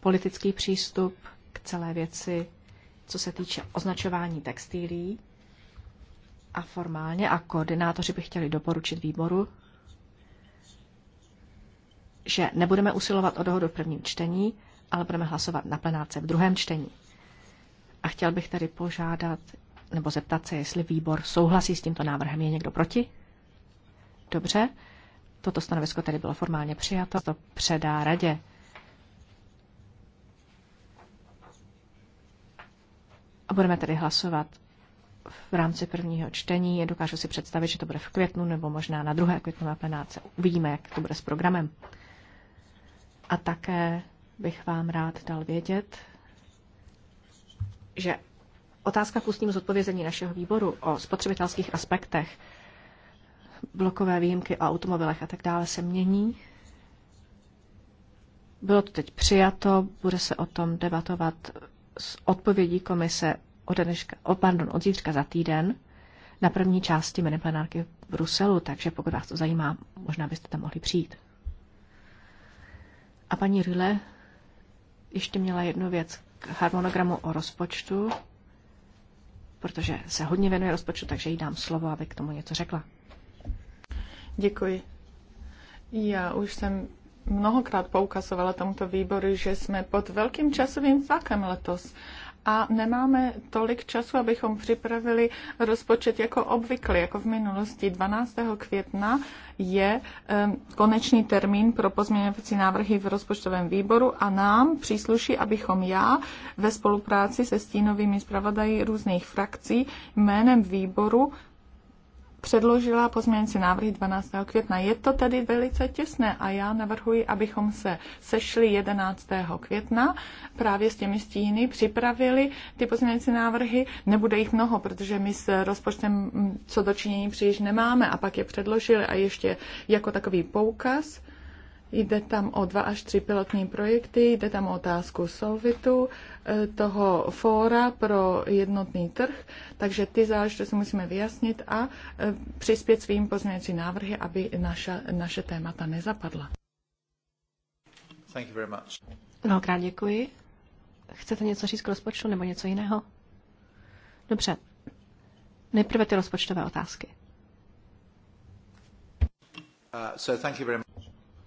politický přístup k celé věci, co se týče označování textilí. A formálně a koordinátoři by chtěli doporučit výboru, že nebudeme usilovat o dohodu v prvním čtení, ale budeme hlasovat na plenáce v druhém čtení. A chtěl bych tady požádat nebo zeptat se, jestli výbor souhlasí s tímto návrhem. Je někdo proti? Dobře. Toto stanovisko tedy bylo formálně přijato. To předá radě. A budeme tedy hlasovat v rámci prvního čtení. Dokážu si představit, že to bude v květnu nebo možná na druhé květnové plenáce. Uvidíme, jak to bude s programem. A také bych vám rád dal vědět, že otázka k ústnímu zodpovězení našeho výboru o spotřebitelských aspektech, blokové výjimky o automobilech a tak dále se mění. Bylo to teď přijato, bude se o tom debatovat s odpovědí komise od, dneška, oh, pardon, od zítřka za týden na první části miniplenárky v Bruselu, takže pokud vás to zajímá, možná byste tam mohli přijít. A paní Rile ještě měla jednu věc k harmonogramu o rozpočtu, protože se hodně věnuje rozpočtu, takže jí dám slovo, aby k tomu něco řekla. Děkuji. Já už jsem mnohokrát poukazovala tomuto výboru, že jsme pod velkým časovým tlakem letos a nemáme tolik času, abychom připravili rozpočet jako obvykle, jako v minulosti. 12. května je um, konečný termín pro pozměňovací návrhy v rozpočtovém výboru a nám přísluší, abychom já ve spolupráci se stínovými zpravodaji různých frakcí jménem výboru předložila pozměňující návrhy 12. května. Je to tedy velice těsné a já navrhuji, abychom se sešli 11. května právě s těmi stíny, připravili ty pozměňující návrhy. Nebude jich mnoho, protože my s rozpočtem mm, co dočinění příliš nemáme a pak je předložili a ještě jako takový poukaz Jde tam o dva až tři pilotní projekty, jde tam o otázku Solvitu, e, toho fóra pro jednotný trh, takže ty záležitosti musíme vyjasnit a e, přispět svým pozměňující návrhy, aby naša, naše témata nezapadla. Thank you very much. Mnohokrát děkuji. Chcete něco říct k rozpočtu nebo něco jiného? Dobře. Nejprve ty rozpočtové otázky. Uh, so thank you very much.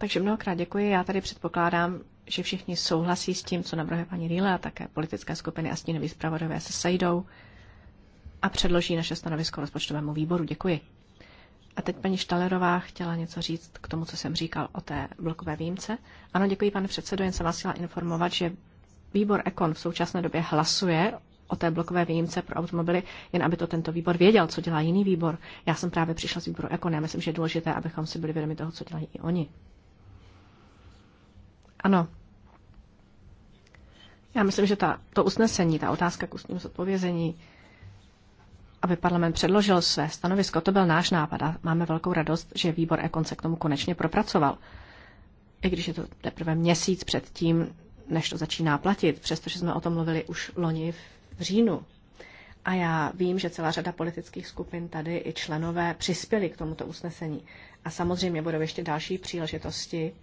Takže mnohokrát děkuji. Já tady předpokládám, že všichni souhlasí s tím, co navrhuje paní Rýle a také politické skupiny a stínoví zpravodové se sejdou a předloží naše stanovisko rozpočtovému výboru. Děkuji. A teď paní Štalerová chtěla něco říct k tomu, co jsem říkal o té blokové výjimce. Ano, děkuji, pane předsedo, jen jsem vás chtěla informovat, že výbor Ekon v současné době hlasuje o té blokové výjimce pro automobily, jen aby to tento výbor věděl, co dělá jiný výbor. Já jsem právě přišla z výboru Ekon, já myslím, že je důležité, abychom si byli vědomi toho, co dělají i oni. Ano. Já myslím, že ta, to usnesení, ta otázka k ústnímu zodpovězení, aby parlament předložil své stanovisko, to byl náš nápad a máme velkou radost, že výbor Ekon se k tomu konečně propracoval. I když je to teprve měsíc před tím, než to začíná platit, přestože jsme o tom mluvili už loni v říjnu. A já vím, že celá řada politických skupin tady i členové přispěli k tomuto usnesení. A samozřejmě budou ještě další příležitosti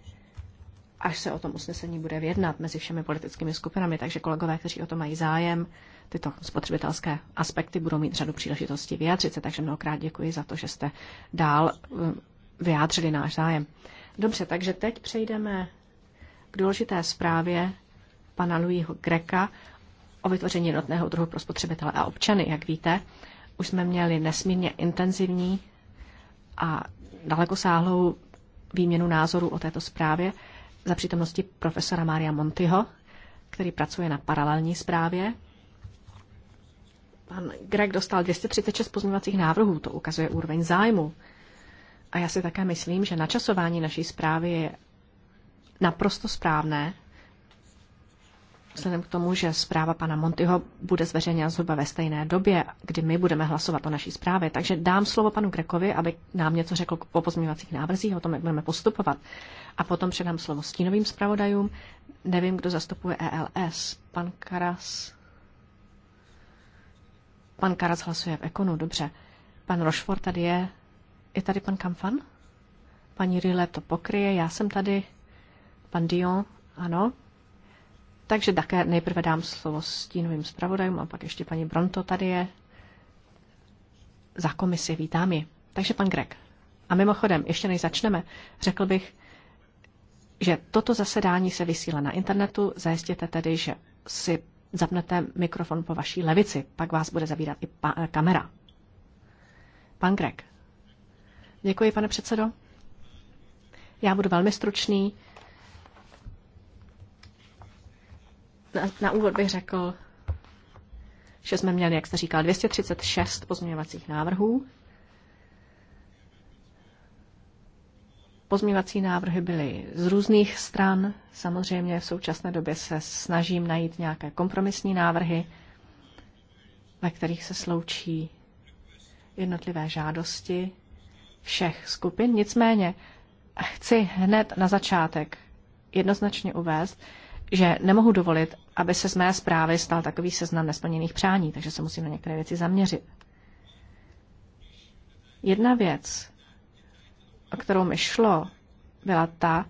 až se o tom usnesení bude vědnat mezi všemi politickými skupinami. Takže kolegové, kteří o to mají zájem, tyto spotřebitelské aspekty budou mít řadu příležitostí vyjádřit se. Takže mnohokrát děkuji za to, že jste dál eh, vyjádřili náš zájem. Dobře, takže teď přejdeme k důležité zprávě pana Louisho Greka o vytvoření jednotného druhu pro spotřebitele a občany. Jak víte, už jsme měli nesmírně intenzivní a dalekosáhlou výměnu názorů o této zprávě za přítomnosti profesora Mária Montyho, který pracuje na paralelní zprávě. Pan Greg dostal 236 pozměňovacích návrhů, to ukazuje úroveň zájmu. A já si také myslím, že načasování naší zprávy je naprosto správné vzhledem k tomu, že zpráva pana Montyho bude zveřejněna zhruba ve stejné době, kdy my budeme hlasovat o naší zprávě. Takže dám slovo panu Grekovi, aby nám něco řekl o pozměňovacích návrzích o tom, jak budeme postupovat. A potom předám slovo stínovým zpravodajům. Nevím, kdo zastupuje ELS. Pan Karas. Pan Karas hlasuje v Ekonu, dobře. Pan Rošford tady je. Je tady pan Kamfan? Paní Rile to pokryje, já jsem tady. Pan Dion, ano, takže také nejprve dám slovo stínovým zpravodajům a pak ještě paní Bronto tady je. Za komisi vítám ji. Takže pan Greg. A mimochodem, ještě než začneme, řekl bych, že toto zasedání se vysílá na internetu. Zajistěte tedy, že si zapnete mikrofon po vaší levici, pak vás bude zavírat i kamera. Pan Greg. Děkuji, pane předsedo. Já budu velmi stručný. na, na úvod bych řekl, že jsme měli, jak jste říkal, 236 pozměňovacích návrhů. Pozměňovací návrhy byly z různých stran. Samozřejmě v současné době se snažím najít nějaké kompromisní návrhy, ve kterých se sloučí jednotlivé žádosti všech skupin. Nicméně chci hned na začátek jednoznačně uvést, že nemohu dovolit, aby se z mé zprávy stal takový seznam nesplněných přání, takže se musím na některé věci zaměřit. Jedna věc, o kterou mi šlo, byla ta,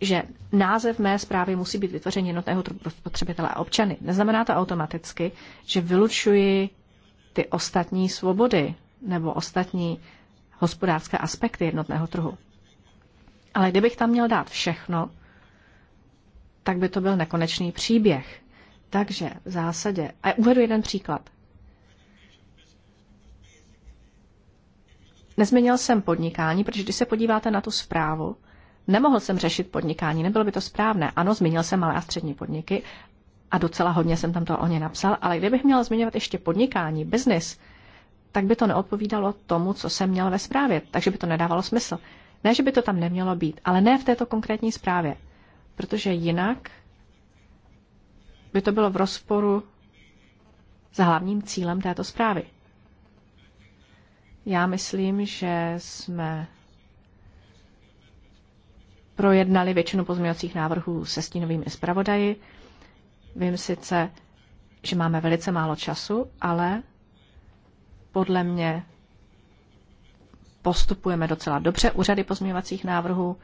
že název mé zprávy musí být vytvořen jednotného pro spotřebitele a občany. Neznamená to automaticky, že vylučuji ty ostatní svobody nebo ostatní hospodářské aspekty jednotného trhu. Ale kdybych tam měl dát všechno, tak by to byl nekonečný příběh. Takže v zásadě, a uvedu jeden příklad. Nezměnil jsem podnikání, protože když se podíváte na tu zprávu, nemohl jsem řešit podnikání, nebylo by to správné. Ano, zmínil jsem malé a střední podniky a docela hodně jsem tam to o ně napsal, ale kdybych měl zmiňovat ještě podnikání, biznis, tak by to neodpovídalo tomu, co jsem měl ve zprávě, takže by to nedávalo smysl. Ne, že by to tam nemělo být, ale ne v této konkrétní zprávě protože jinak by to bylo v rozporu s hlavním cílem této zprávy. Já myslím, že jsme projednali většinu pozměňovacích návrhů se stínovými zpravodaji. Vím sice, že máme velice málo času, ale podle mě postupujeme docela dobře u řady pozměňovacích návrhů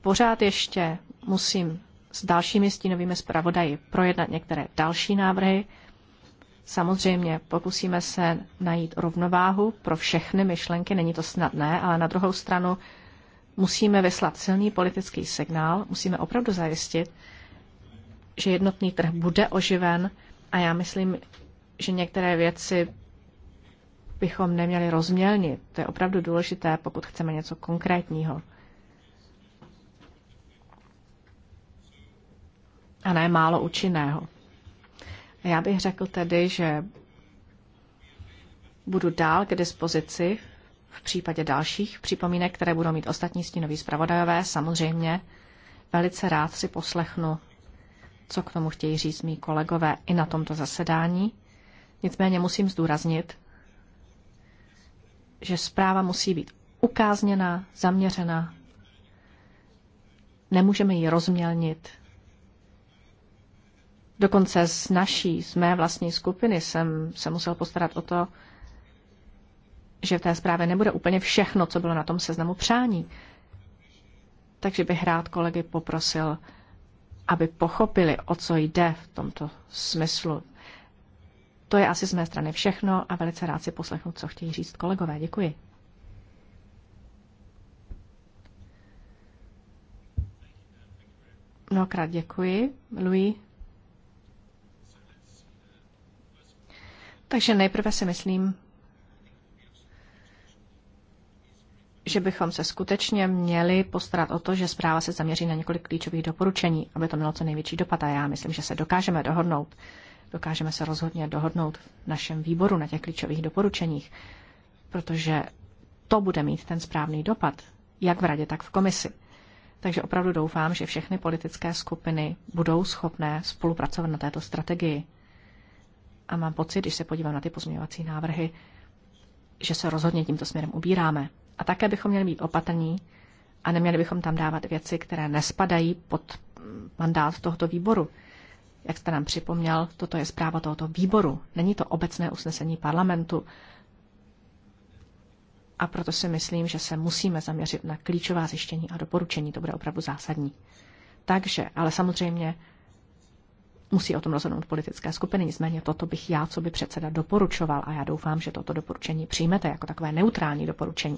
pořád ještě musím s dalšími stínovými zpravodaji projednat některé další návrhy. Samozřejmě pokusíme se najít rovnováhu pro všechny myšlenky, není to snadné, ale na druhou stranu musíme vyslat silný politický signál, musíme opravdu zajistit, že jednotný trh bude oživen a já myslím, že některé věci bychom neměli rozmělnit. To je opravdu důležité, pokud chceme něco konkrétního. a ne málo účinného. Já bych řekl tedy, že budu dál k dispozici v případě dalších připomínek, které budou mít ostatní stínoví zpravodajové. Samozřejmě velice rád si poslechnu, co k tomu chtějí říct mý kolegové i na tomto zasedání. Nicméně musím zdůraznit, že zpráva musí být ukázněná, zaměřená. Nemůžeme ji rozmělnit Dokonce z naší, z mé vlastní skupiny jsem se musel postarat o to, že v té zprávě nebude úplně všechno, co bylo na tom seznamu přání. Takže bych rád kolegy poprosil, aby pochopili, o co jde v tomto smyslu. To je asi z mé strany všechno a velice rád si poslechnu, co chtějí říct kolegové. Děkuji. Mnohokrát děkuji, Louis. Takže nejprve si myslím, že bychom se skutečně měli postarat o to, že zpráva se zaměří na několik klíčových doporučení, aby to mělo co největší dopad. A já myslím, že se dokážeme dohodnout. Dokážeme se rozhodně dohodnout v našem výboru na těch klíčových doporučeních, protože to bude mít ten správný dopad, jak v radě, tak v komisi. Takže opravdu doufám, že všechny politické skupiny budou schopné spolupracovat na této strategii a mám pocit, když se podívám na ty pozměňovací návrhy, že se rozhodně tímto směrem ubíráme. A také bychom měli být opatrní a neměli bychom tam dávat věci, které nespadají pod mandát tohoto výboru. Jak jste nám připomněl, toto je zpráva tohoto výboru. Není to obecné usnesení parlamentu. A proto si myslím, že se musíme zaměřit na klíčová zjištění a doporučení. To bude opravdu zásadní. Takže, ale samozřejmě Musí o tom rozhodnout politické skupiny, nicméně toto bych já, co by předseda, doporučoval a já doufám, že toto doporučení přijmete jako takové neutrální doporučení.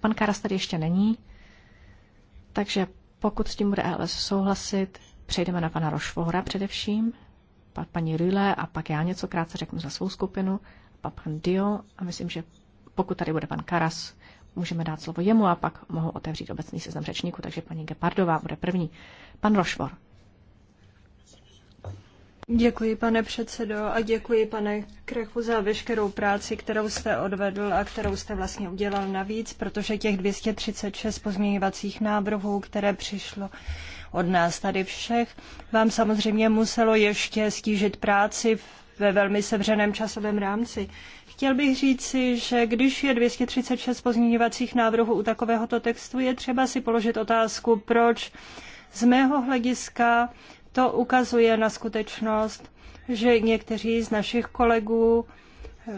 Pan Karas tady ještě není, takže pokud s tím bude ELS souhlasit, přejdeme na pana Rošvohora především, pak paní Rüle a pak já něco krátce řeknu za svou skupinu, pak pan Dio a myslím, že pokud tady bude pan Karas, můžeme dát slovo jemu a pak mohu otevřít obecný seznam řečníků, takže paní Gepardová bude první. Pan Rošvor. Děkuji, pane předsedo, a děkuji, pane Krechu, za veškerou práci, kterou jste odvedl a kterou jste vlastně udělal navíc, protože těch 236 pozměňovacích návrhů, které přišlo od nás tady všech, vám samozřejmě muselo ještě stížit práci ve velmi sevřeném časovém rámci. Chtěl bych říci, že když je 236 pozměňovacích návrhů u takovéhoto textu, je třeba si položit otázku, proč z mého hlediska to ukazuje na skutečnost, že někteří z našich kolegů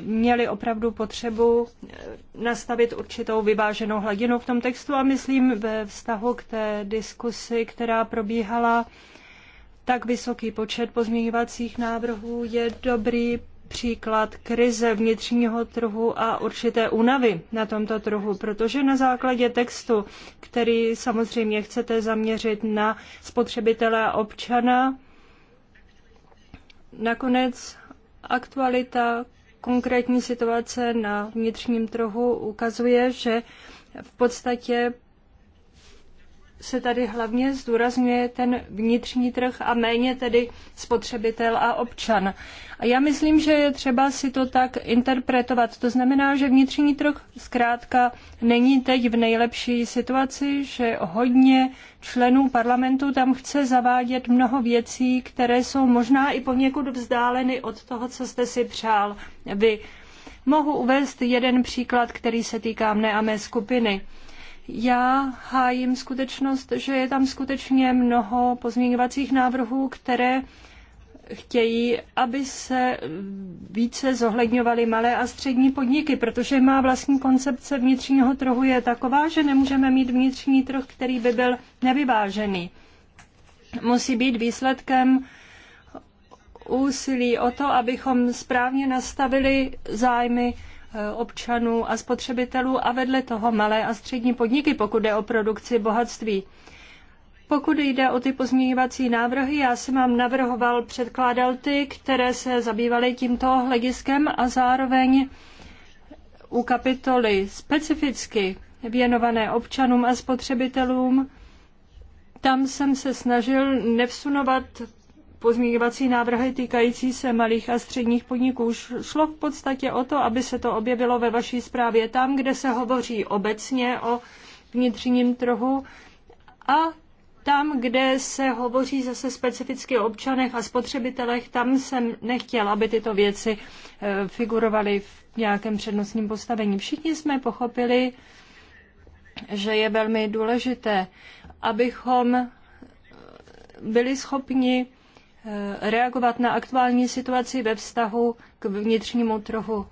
měli opravdu potřebu eh, nastavit určitou vyváženou hladinu v tom textu a myslím ve vztahu k té diskusi, která probíhala, tak vysoký počet pozměňovacích návrhů je dobrý příklad krize vnitřního trhu a určité únavy na tomto trhu, protože na základě textu, který samozřejmě chcete zaměřit na spotřebitele a občana, nakonec aktualita konkrétní situace na vnitřním trhu ukazuje, že v podstatě se tady hlavně zdůrazňuje ten vnitřní trh a méně tedy spotřebitel a občan. A já myslím, že je třeba si to tak interpretovat. To znamená, že vnitřní trh zkrátka není teď v nejlepší situaci, že hodně členů parlamentu tam chce zavádět mnoho věcí, které jsou možná i poněkud vzdáleny od toho, co jste si přál vy. Mohu uvést jeden příklad, který se týká mne a mé skupiny. Já hájím skutečnost, že je tam skutečně mnoho pozměňovacích návrhů, které chtějí, aby se více zohledňovaly malé a střední podniky, protože má vlastní koncepce vnitřního trhu je taková, že nemůžeme mít vnitřní trh, který by byl nevyvážený. Musí být výsledkem úsilí o to, abychom správně nastavili zájmy Eh, občanů a spotřebitelů a vedle toho malé a střední podniky, pokud jde o produkci bohatství. Pokud jde o ty pozměňovací návrhy, já jsem vám navrhoval, předkládal ty, které se zabývaly tímto hlediskem a zároveň u kapitoly specificky věnované občanům a spotřebitelům, tam jsem se snažil nevsunovat pozměňovací návrhy týkající se malých a středních podniků. Šlo v podstatě o to, aby se to objevilo ve vaší zprávě tam, kde se hovoří obecně o vnitřním trhu a tam, kde se hovoří zase specificky o občanech a spotřebitelech, tam jsem nechtěl, aby tyto věci e, figurovaly v nějakém přednostním postavení. Všichni jsme pochopili, že je velmi důležité, abychom byli schopni Eh, reagovat na aktuální situaci ve vztahu k vnitřnímu trhu,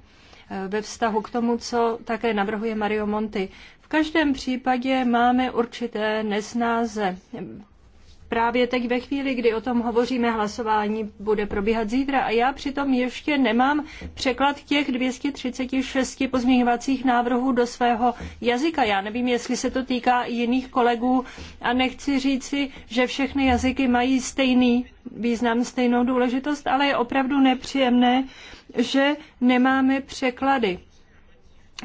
eh, ve vztahu k tomu, co také navrhuje Mario Monti. V každém případě máme určité nesnáze právě teď ve chvíli, kdy o tom hovoříme, hlasování bude probíhat zítra a já přitom ještě nemám překlad těch 236 pozměňovacích návrhů do svého jazyka. Já nevím, jestli se to týká i jiných kolegů a nechci říci, že všechny jazyky mají stejný význam, stejnou důležitost, ale je opravdu nepříjemné, že nemáme překlady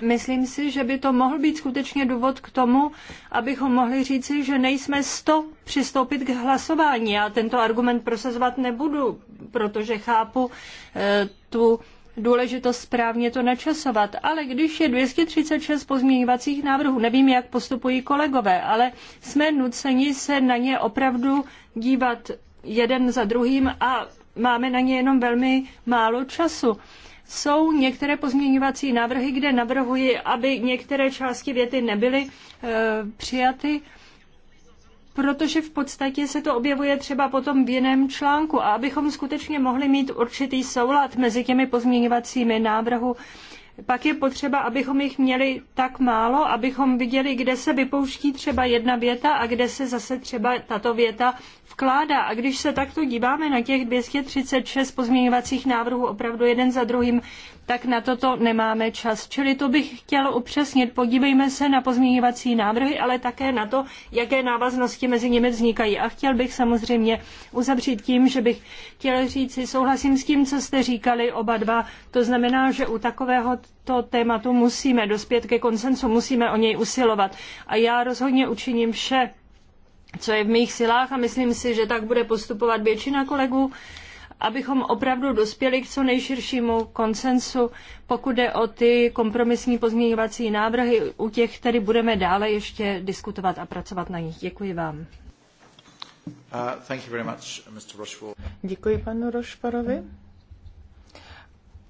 Myslím si, že by to mohl být skutečně důvod k tomu, abychom mohli říci, že nejsme sto přistoupit k hlasování. Já tento argument prosazovat nebudu, protože chápu e, tu důležitost správně to načasovat. Ale když je 236 pozměňovacích návrhů, nevím, jak postupují kolegové, ale jsme nuceni se na ně opravdu dívat jeden za druhým a máme na ně jenom velmi málo času jsou některé pozměňovací návrhy, kde navrhuji, aby některé části věty nebyly eh, přijaty, protože v podstatě se to objevuje třeba potom v jiném článku a abychom skutečně mohli mít určitý soulad mezi těmi pozměňovacími návrhy pak je potřeba, abychom jich měli tak málo, abychom viděli, kde se vypouští třeba jedna věta a kde se zase třeba tato věta vkládá. A když se takto díváme na těch 236 pozměňovacích návrhů opravdu jeden za druhým, tak na toto nemáme čas. Čili to bych chtěla upřesnit. Podívejme se na pozměňovací návrhy, ale také na to, jaké návaznosti mezi nimi vznikají. A chtěl bych samozřejmě uzavřít tím, že bych chtěla říct, si souhlasím s tím, co jste říkali oba dva. To znamená, že u takového to tématu musíme dospět ke konsensu, musíme o něj usilovat. A já rozhodně učiním vše, co je v mých silách a myslím si, že tak bude postupovat většina kolegů abychom opravdu dospěli k co nejširšímu konsensu, pokud jde o ty kompromisní pozměňovací návrhy. U těch tedy budeme dále ještě diskutovat a pracovat na nich. Děkuji vám. Uh, thank you very much, Mr. Děkuji panu Rošparovi.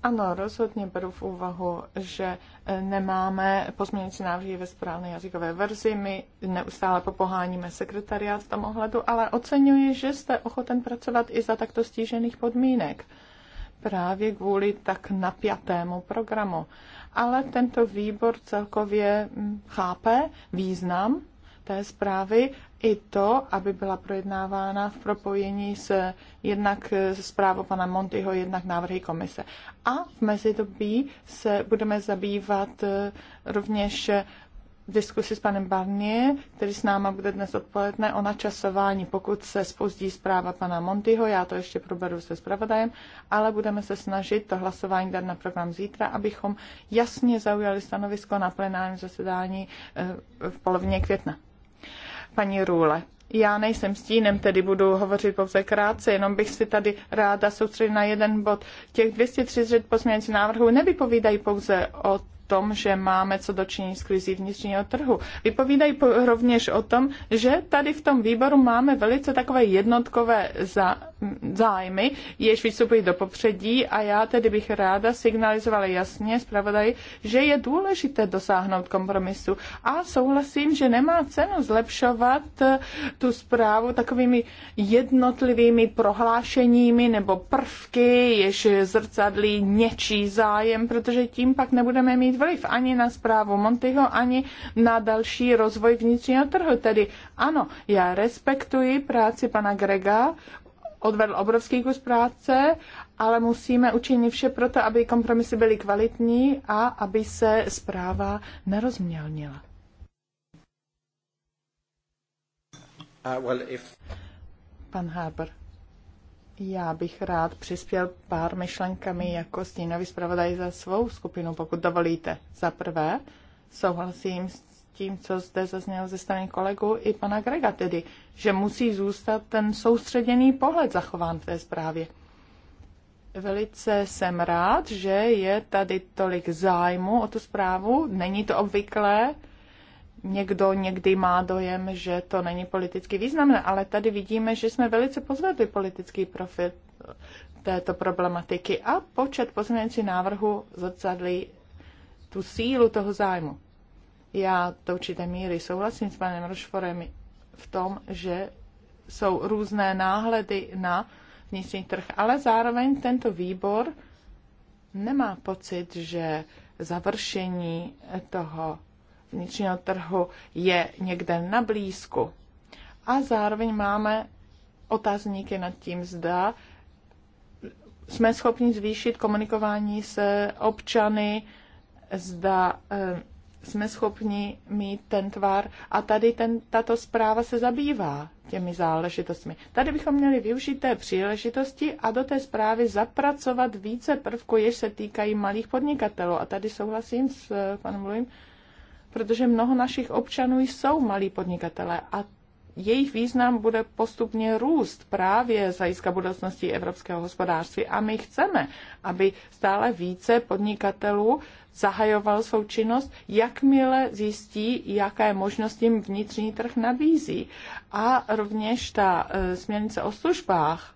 Ano, rozhodně beru v úvahu, že eh, nemáme pozměňující návrhy ve správné jazykové verzi. My neustále popoháníme sekretariát v tom ohledu, ale oceňuji, že jste ochoten pracovat i za takto stížených podmínek právě kvůli tak napjatému programu. Ale tento výbor celkově hm, chápe význam té zprávy i to, aby byla projednávána v propojení s jednak zprávou pana Montyho, jednak návrhy komise. A v mezidobí se budeme zabývat eh, rovněž eh, diskusi s panem Barnier, který s náma bude dnes odpoledne o načasování, pokud se spozdí zpráva pana Montyho, já to ještě proberu se zpravodajem, ale budeme se snažit to hlasování dát na program zítra, abychom jasně zaujali stanovisko na plenárním zasedání eh, v polovině května paní Růle. Já nejsem stínem, tedy budu hovořit pouze krátce, jenom bych si tady ráda soustředila na jeden bod. Těch 230 pozměňovacích návrhů nevypovídají pouze o tom, že máme co dočinit s krizí vnitřního trhu. Vypovídají rovněž o tom, že tady v tom výboru máme velice takové jednotkové za, zájmy, jež vystupují do popředí a já tedy bych ráda signalizovala jasně zpravodaji, že je důležité dosáhnout kompromisu a souhlasím, že nemá cenu zlepšovat eh, tu zprávu takovými jednotlivými prohlášeními nebo prvky, jež zrcadlí něčí zájem, protože tím pak nebudeme mít mít vliv ani na zprávu Montyho, ani na další rozvoj vnitřního trhu. Tedy ano, já respektuji práci pana Grega, odvedl obrovský kus práce, ale musíme učinit vše proto, aby kompromisy byly kvalitní a aby se zpráva nerozmělnila. Uh, well, if... Pan Harper. Já bych rád přispěl pár myšlenkami jako stínový zpravodaj za svou skupinu, pokud dovolíte. Za prvé, souhlasím s tím, co zde zaznělo ze strany kolegu i pana Grega, tedy, že musí zůstat ten soustředěný pohled zachován v té zprávě. Velice jsem rád, že je tady tolik zájmu o tu zprávu. Není to obvyklé, někdo někdy má dojem, že to není politicky významné, ale tady vidíme, že jsme velice pozvedli politický profil této problematiky a počet pozměňující návrhu zrcadlí tu sílu toho zájmu. Já do určité míry souhlasím s panem Rošforem v tom, že jsou různé náhledy na vnitřní trh, ale zároveň tento výbor nemá pocit, že završení toho vnitřního trhu je někde na blízku. A zároveň máme otázníky nad tím, zda jsme schopni zvýšit komunikování se občany, zda eh, jsme schopni mít ten tvar a tady ten, tato zpráva se zabývá těmi záležitostmi. Tady bychom měli využít té příležitosti a do té zprávy zapracovat více prvků, jež se týkají malých podnikatelů. A tady souhlasím s eh, panem Mluvím, protože mnoho našich občanů jsou malí podnikatelé a jejich význam bude postupně růst právě z hlediska budoucnosti evropského hospodářství a my chceme, aby stále více podnikatelů zahajoval svou činnost, jakmile zjistí, jaké možnosti jim vnitřní trh nabízí. A rovněž ta e, směrnice o službách,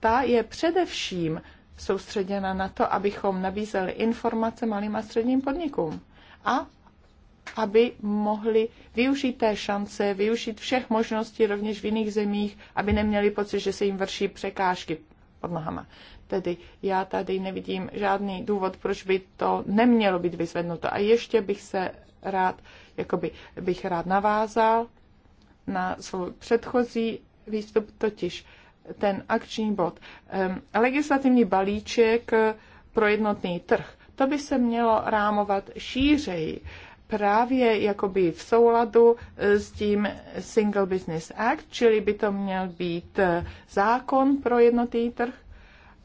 ta je především soustředěna na to, abychom nabízeli informace malým a středním podnikům. A aby mohli využít té šance, využít všech možností rovněž v jiných zemích, aby neměli pocit, že se jim vrší překážky pod nohama. Tedy já tady nevidím žádný důvod, proč by to nemělo být vyzvednuto. A ještě bych se rád, jakoby bych rád navázal na svůj předchozí výstup, totiž ten akční bod. Ehm, legislativní balíček pro jednotný trh. To by se mělo rámovat šířeji právě jakoby v souladu e, s tím Single Business Act, čili by to měl být e, zákon pro jednotý trh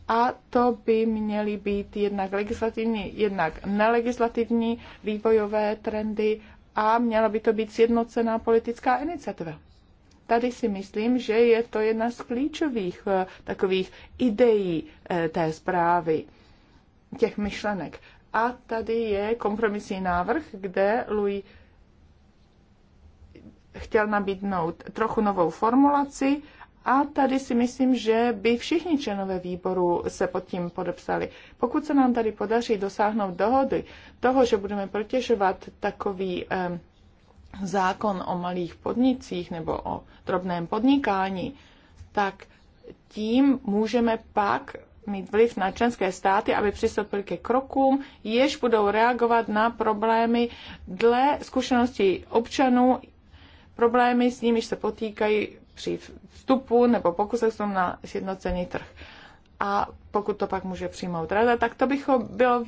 a to by měly být jednak legislativní, jednak nelegislativní vývojové trendy a měla by to být sjednocená politická iniciativa. Tady si myslím, že je to jedna z klíčových e, takových ideí té zprávy, těch myšlenek. A tady je kompromisní návrh, kde Louis chtěl nabídnout trochu novou formulaci a tady si myslím, že by všichni členové výboru se pod tím podepsali. Pokud se nám tady podaří dosáhnout dohody toho, že budeme protěžovat takový eh, zákon o malých podnicích nebo o drobném podnikání, tak tím můžeme pak mít vliv na členské státy, aby přistoupili ke krokům, jež budou reagovat na problémy dle zkušeností občanů, problémy, s nimiž se potýkají při vstupu nebo pokusech na sjednocený trh. A pokud to pak může přijmout rada, tak to bych bylo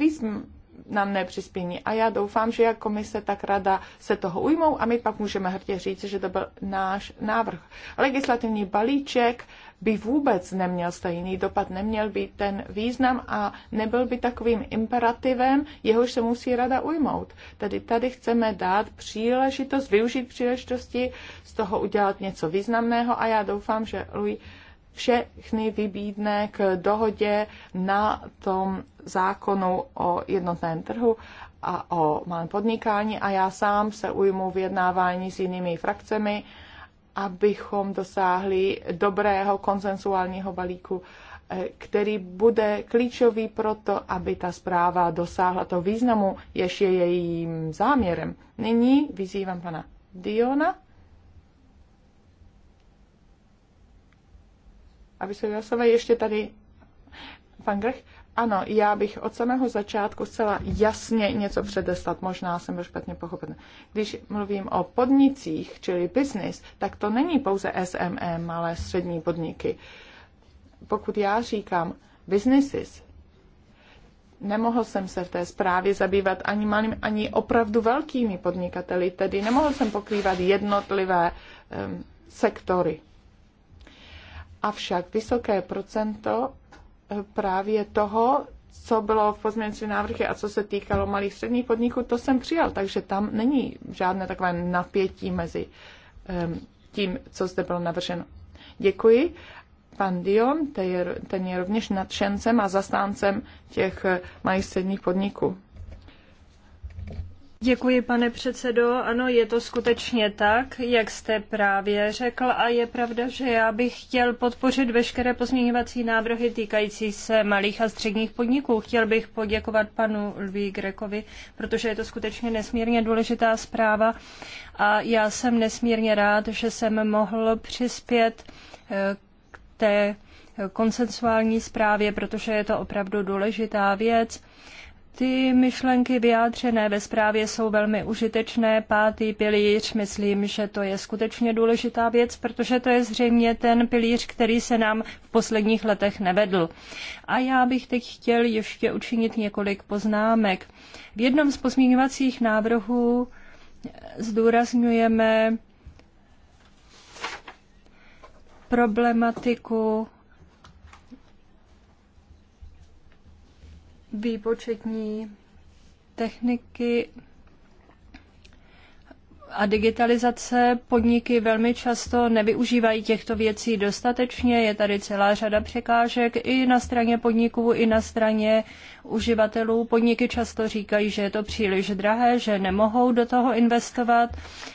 nám přispění. A já doufám, že jak komise, tak rada se toho ujmou a my pak můžeme hrdě říct, že to byl náš návrh. Legislativní balíček by vůbec neměl stejný dopad, neměl by ten význam a nebyl by takovým imperativem, jehož se musí rada ujmout. Tedy tady chceme dát příležitost, využít příležitosti, z toho udělat něco významného a já doufám, že Louis všechny vybídne k dohodě na tom zákonu o jednotném trhu a o malém podnikání a já sám se ujmu vyjednávání s jinými frakcemi abychom dosáhli dobrého konsensuálního balíku, eh, který bude klíčový pro to, aby ta zpráva dosáhla toho významu, jež je jejím záměrem. Nyní vyzývám pana Diona, aby se vyhlasovali ještě tady pan Grech. Ano, já bych od samého začátku zcela jasně něco předeslat, možná jsem byl špatně pochopen. Když mluvím o podnicích, čili business, tak to není pouze SME, malé střední podniky. Pokud já říkám businesses, nemohl jsem se v té zprávě zabývat ani malým, ani opravdu velkými podnikateli, tedy nemohl jsem pokrývat jednotlivé um, sektory. Avšak vysoké procento právě toho, co bylo v pozměňovacím návrhy a co se týkalo malých středních podniků, to jsem přijal, takže tam není žádné takové napětí mezi tím, co zde bylo navrženo. Děkuji. Pan Dion, ten je rovněž nadšencem a zastáncem těch malých středních podniků. Děkuji, pane předsedo. Ano, je to skutečně tak, jak jste právě řekl a je pravda, že já bych chtěl podpořit veškeré pozměňovací návrhy týkající se malých a středních podniků. Chtěl bych poděkovat panu Lví Grekovi, protože je to skutečně nesmírně důležitá zpráva a já jsem nesmírně rád, že jsem mohl přispět eh, k té konsensuální zprávě, protože je to opravdu důležitá věc. Ty myšlenky vyjádřené ve zprávě jsou velmi užitečné. Pátý pilíř, myslím, že to je skutečně důležitá věc, protože to je zřejmě ten pilíř, který se nám v posledních letech nevedl. A já bych teď chtěl ještě učinit několik poznámek. V jednom z pozměňovacích návrhů zdůrazňujeme problematiku výpočetní techniky a digitalizace podniky velmi často nevyužívají těchto věcí dostatečně. Je tady celá řada překážek i na straně podniků, i na straně uživatelů. Podniky často říkají, že je to příliš drahé, že nemohou do toho investovat,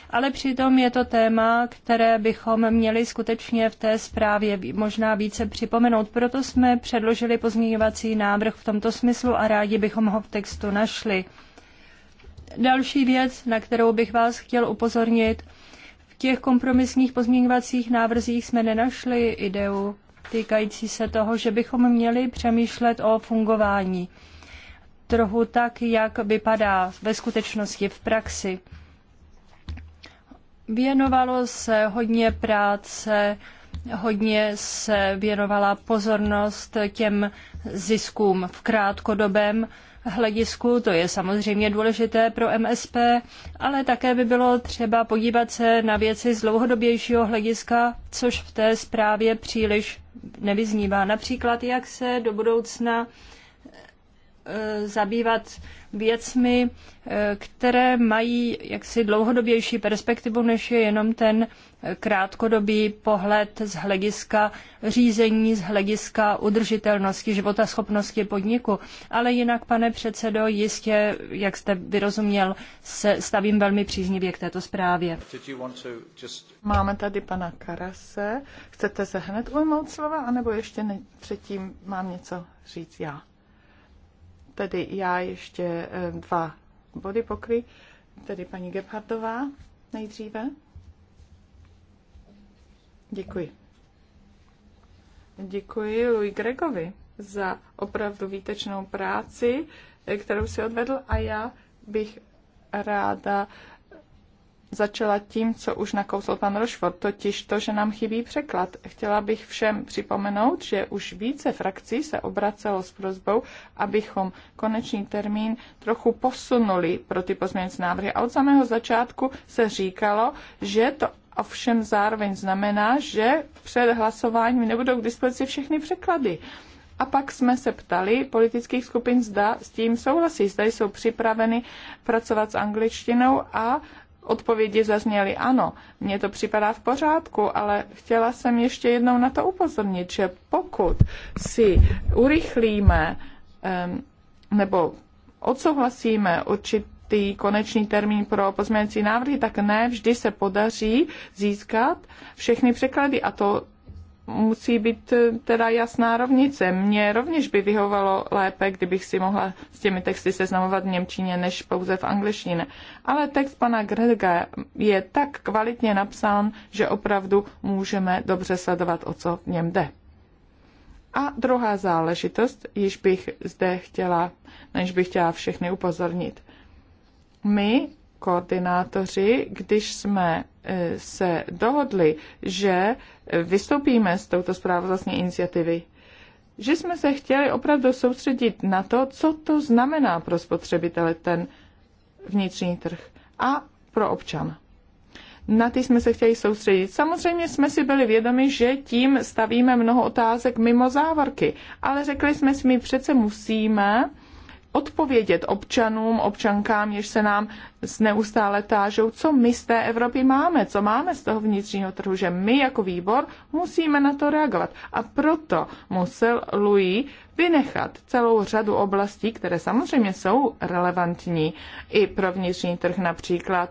ale přitom je to téma, které bychom měli skutečně v té zprávě možná více připomenout. Proto jsme předložili pozměňovací návrh v tomto smyslu a rádi bychom ho v textu našli. Další věc, na kterou bych vás chtěl upozornit, v těch kompromisních pozměňovacích návrzích jsme nenašli ideu týkající se toho, že bychom měli přemýšlet o fungování trhu tak, jak vypadá ve skutečnosti v praxi. Věnovalo se hodně práce, hodně se věnovala pozornost těm ziskům v krátkodobém hledisku, to je samozřejmě důležité pro MSP, ale také by bylo třeba podívat se na věci z dlouhodobějšího hlediska, což v té zprávě příliš nevyznívá. Například, jak se do budoucna Eh, zabývat věcmi, eh, které mají jaksi dlouhodobější perspektivu, než je jenom ten eh, krátkodobý pohled z hlediska řízení, z hlediska udržitelnosti, životaschopnosti podniku. Ale jinak, pane předsedo, jistě, jak jste vyrozuměl, se stavím velmi příznivě k této zprávě. Just... Máme tady pana Karase. Chcete se hned ujmout slova, anebo ještě ne, předtím mám něco říct já? tedy já ještě eh, dva body pokry, tedy paní Gebhardová nejdříve. Děkuji. Děkuji Louis Gregovi za opravdu výtečnou práci, eh, kterou si odvedl a já bych ráda začala tím, co už nakousl pan Rošvor, totiž to, že nám chybí překlad. Chtěla bych všem připomenout, že už více frakcí se obracelo s prozbou, abychom konečný termín trochu posunuli pro ty pozměňující návrhy. A od samého začátku se říkalo, že to ovšem zároveň znamená, že před hlasováním nebudou k dispozici všechny překlady. A pak jsme se ptali politických skupin, zda s tím souhlasí, zda jsou připraveny pracovat s angličtinou a Odpovědi zazněly ano, mně to připadá v pořádku, ale chtěla jsem ještě jednou na to upozornit, že pokud si urychlíme nebo odsouhlasíme určitý konečný termín pro pozměňující návrhy, tak ne vždy se podaří získat všechny překlady a to musí být eh, teda jasná rovnice. Mně rovněž by vyhovovalo lépe, kdybych si mohla s těmi texty seznamovat v Němčině, než pouze v angličtině. Ale text pana Grega je tak kvalitně napsán, že opravdu můžeme dobře sledovat, o co v něm jde. A druhá záležitost, již bych zde chtěla, než bych chtěla všechny upozornit. My koordinátoři, když jsme e, se dohodli, že e, vystoupíme s touto zprávou vlastně iniciativy, že jsme se chtěli opravdu soustředit na to, co to znamená pro spotřebitele ten vnitřní trh a pro občana. Na ty jsme se chtěli soustředit. Samozřejmě jsme si byli vědomi, že tím stavíme mnoho otázek mimo závorky, ale řekli jsme si, my přece musíme odpovědět občanům, občankám, jež se nám neustále tážou, co my z té Evropy máme, co máme z toho vnitřního trhu, že my jako výbor musíme na to reagovat. A proto musel Louis vynechat celou řadu oblastí, které samozřejmě jsou relevantní i pro vnitřní trh, například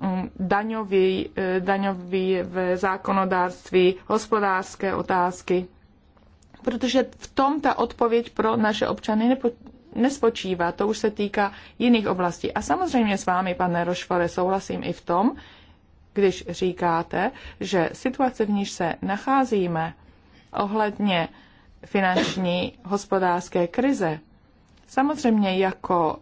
mm, daňový, eh, daňový v zákonodárství, hospodářské otázky, protože v tom ta odpověď pro naše občany nepo, nespočívá, to už se týká jiných oblastí. A samozřejmě s vámi, pane Rošfore, souhlasím i v tom, když říkáte, že situace, v níž se nacházíme ohledně finanční hospodářské krize, samozřejmě jako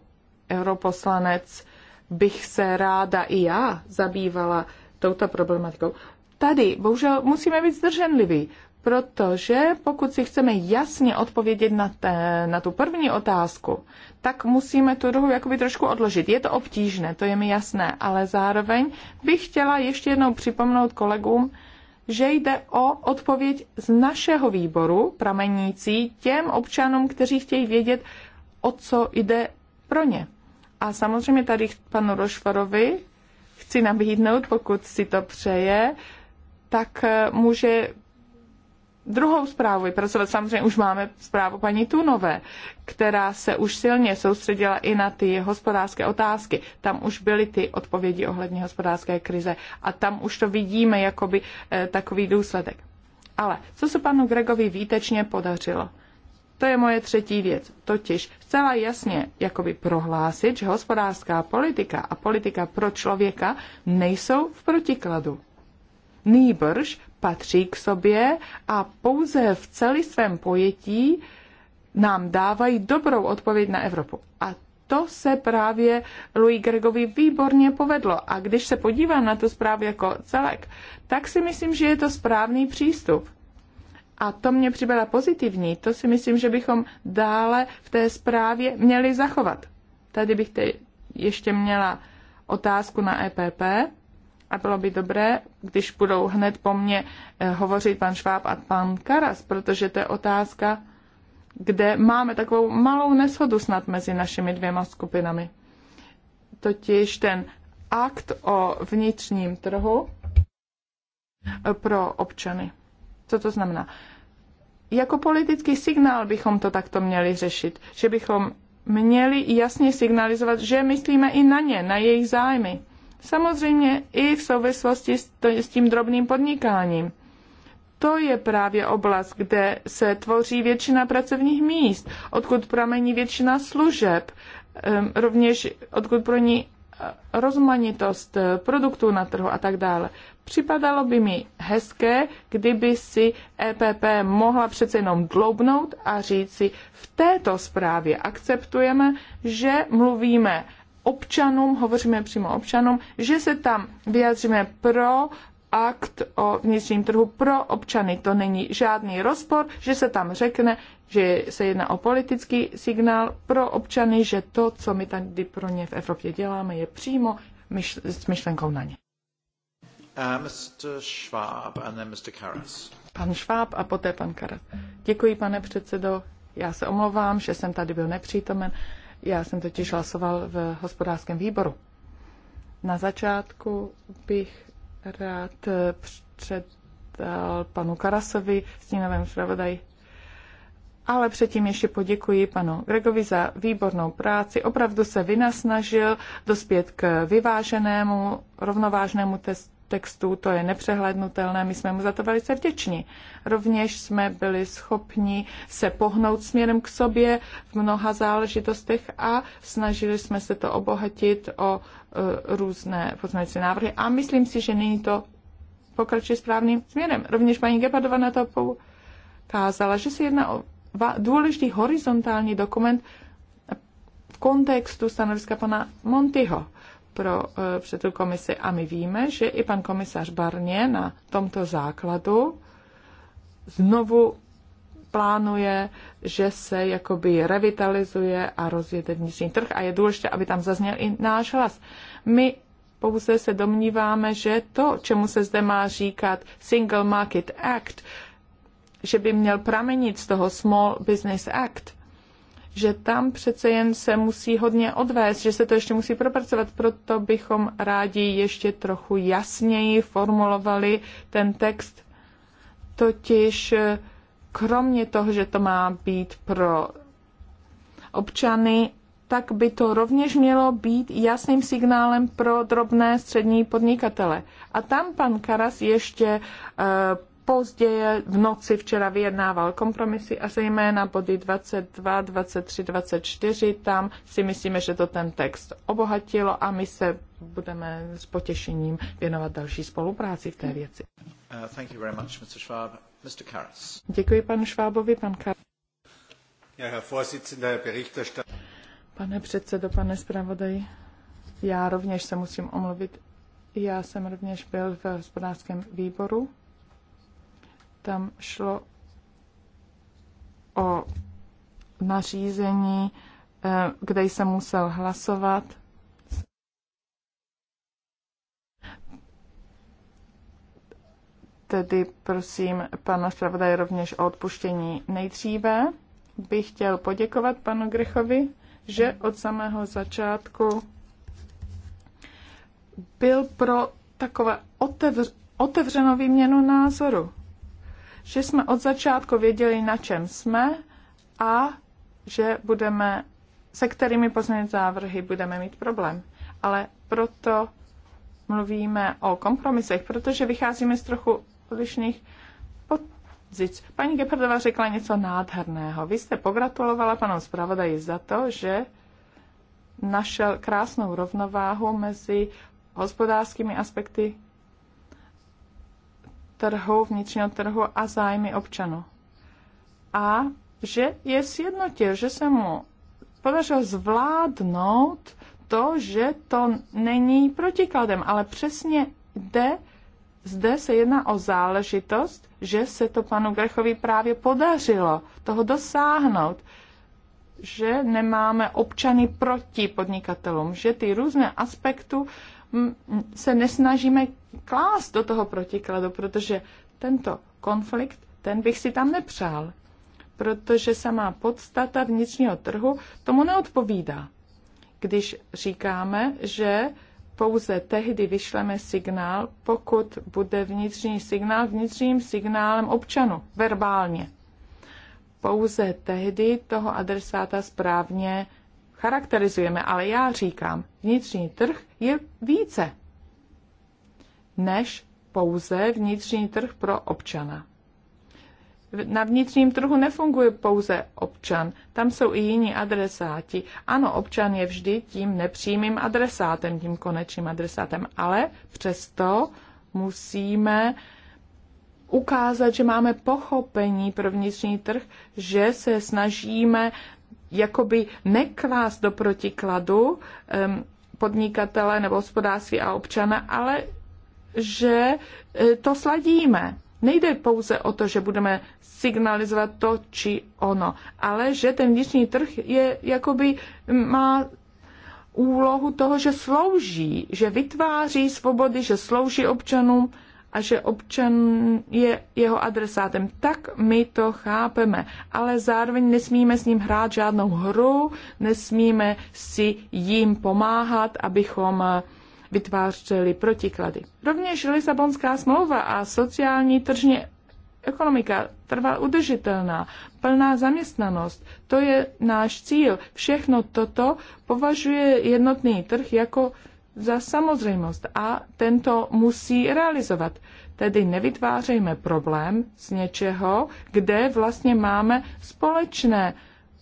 europoslanec bych se ráda i já zabývala touto problematikou. Tady bohužel musíme být zdrženliví, Protože pokud si chceme jasně odpovědět na, te, na tu první otázku, tak musíme tu druhou jakoby trošku odložit. Je to obtížné, to je mi jasné, ale zároveň bych chtěla ještě jednou připomnout kolegům, že jde o odpověď z našeho výboru, pramenící těm občanům, kteří chtějí vědět, o co jde pro ně. A samozřejmě tady panu Rošvarovi chci nabídnout, pokud si to přeje, tak eh, může druhou zprávu vypracovat. Samozřejmě už máme zprávu paní Tunové, která se už silně soustředila i na ty hospodářské otázky. Tam už byly ty odpovědi ohledně hospodářské krize a tam už to vidíme jakoby e, takový důsledek. Ale co se panu Gregovi výtečně podařilo? To je moje třetí věc, totiž zcela jasně jakoby prohlásit, že hospodářská politika a politika pro člověka nejsou v protikladu. Nýbrž patří k sobě a pouze v celém svém pojetí nám dávají dobrou odpověď na Evropu. A to se právě Louis Gregovi výborně povedlo. A když se podívám na tu zprávu jako celek, tak si myslím, že je to správný přístup. A to mě připadá pozitivní. To si myslím, že bychom dále v té zprávě měli zachovat. Tady bych te ještě měla otázku na EPP. A bylo by dobré, když budou hned po mně eh, hovořit pan Šváb a pan Karas, protože to je otázka, kde máme takovou malou neshodu snad mezi našimi dvěma skupinami. Totiž ten akt o vnitřním trhu eh, pro občany. Co to znamená? Jako politický signál bychom to takto měli řešit, že bychom měli jasně signalizovat, že myslíme i na ně, na jejich zájmy Samozřejmě i v souvislosti s tím drobným podnikáním. To je právě oblast, kde se tvoří většina pracovních míst, odkud pramení většina služeb, ehm, rovněž odkud pro ní eh, rozmanitost eh, produktů na trhu a tak dále. Připadalo by mi hezké, kdyby si EPP mohla přece jenom dloubnout a říci, v této zprávě akceptujeme, že mluvíme občanům, hovoříme přímo občanům, že se tam vyjadříme pro akt o vnitřním trhu pro občany. To není žádný rozpor, že se tam řekne, že se jedná o politický signál pro občany, že to, co my tady pro ně v Evropě děláme, je přímo myšl- s myšlenkou na ně. Uh, Mr. Schwab and then Mr. Karas. Pan Schwab a poté pan Karas. Děkuji, pane předsedo. Já se omlouvám, že jsem tady byl nepřítomen. Uh, já jsem totiž hlasoval v hospodářském výboru. Na začátku bych rád předal panu Karasovi, stínovém zpravodaj. ale předtím ještě poděkuji panu Gregovi za výbornou práci. Opravdu se vynasnažil dospět k vyváženému, rovnovážnému testu textů, to je nepřehlednutelné, my jsme mu za to velice vděční. Rovněž jsme byli schopni se pohnout směrem k sobě v mnoha záležitostech a snažili jsme se to obohatit o e, různé pozměňovací návrhy a myslím si, že nyní to pokračuje správným směrem. Rovněž paní Gebadova na to poukázala, že se jedná o důležitý horizontální dokument v kontextu stanoviska pana Montyho pro eh, předu komisi. A my víme, že i pan komisař Barně na tomto základu znovu plánuje, že se jakoby revitalizuje a rozjede vnitřní trh a je důležité, aby tam zazněl i náš hlas. My pouze se domníváme, že to, čemu se zde má říkat Single Market Act, že by měl pramenit z toho Small Business Act, že tam přece jen se musí hodně odvést, že se to ještě musí propracovat. Proto bychom rádi ještě trochu jasněji formulovali ten text. Totiž eh, kromě toho, že to má být pro občany, tak by to rovněž mělo být jasným signálem pro drobné střední podnikatele. A tam pan Karas ještě uh, Později v noci včera vyjednával kompromisy a zejména body 22, 23, 24. Tam si myslíme, že to ten text obohatilo a my se budeme s potěšením věnovat další spolupráci v té věci. Uh, thank you very much, Mr. Schwab. Mr. Karas. Děkuji panu Švábovi, pan Karas. Ja, Pane předsedo, pane zpravodaj, já rovněž se musím omluvit. Já jsem rovněž byl v hospodářském výboru tam šlo o nařízení, eh, kde jsem musel hlasovat. Tedy prosím pana zpravodaje rovněž o odpuštění nejdříve. Bych chtěl poděkovat panu Grechovi, že od samého začátku byl pro takové otevř, otevřenou výměnu názoru že jsme od začátku věděli, na čem jsme a že budeme, se kterými pozměnit závrhy budeme mít problém. Ale proto mluvíme o kompromisech, protože vycházíme z trochu odlišných pozic. Paní Gepardová řekla něco nádherného. Vy jste pogratulovala panu zpravodaji za to, že našel krásnou rovnováhu mezi hospodářskými aspekty trhu, vnitřního trhu a zájmy občanů. A že je sjednotil, že se mu podařilo zvládnout to, že to není protikladem, ale přesně jde, zde se jedná o záležitost, že se to panu Grechovi právě podařilo toho dosáhnout, že nemáme občany proti podnikatelům, že ty různé aspekty se nesnažíme klást do toho protikladu, protože tento konflikt, ten bych si tam nepřál, protože sama podstata vnitřního trhu tomu neodpovídá. Když říkáme, že pouze tehdy vyšleme signál, pokud bude vnitřní signál vnitřním signálem občanu, verbálně. Pouze tehdy toho adresáta správně charakterizujeme, ale já říkám, vnitřní trh je více než pouze vnitřní trh pro občana. Na vnitřním trhu nefunguje pouze občan, tam jsou i jiní adresáti. Ano, občan je vždy tím nepřímým adresátem, tím konečným adresátem, ale přesto musíme ukázat, že máme pochopení pro vnitřní trh, že se snažíme jakoby neklást do protikladu um, podnikatele nebo hospodářství a občana, ale že e, to sladíme. Nejde pouze o to, že budeme signalizovat to či ono, ale že ten vnitřní trh je jakoby má úlohu toho, že slouží, že vytváří svobody, že slouží občanům, a že občan je jeho adresátem. Tak my to chápeme, ale zároveň nesmíme s ním hrát žádnou hru, nesmíme si jim pomáhat, abychom eh, vytvářeli protiklady. Rovněž Lisabonská smlouva a sociální tržně ekonomika trvá udržitelná, plná zaměstnanost, to je náš cíl. Všechno toto považuje jednotný trh jako za samozřejmost a tento musí realizovat. Tedy nevytvářejme problém z něčeho, kde vlastně máme společné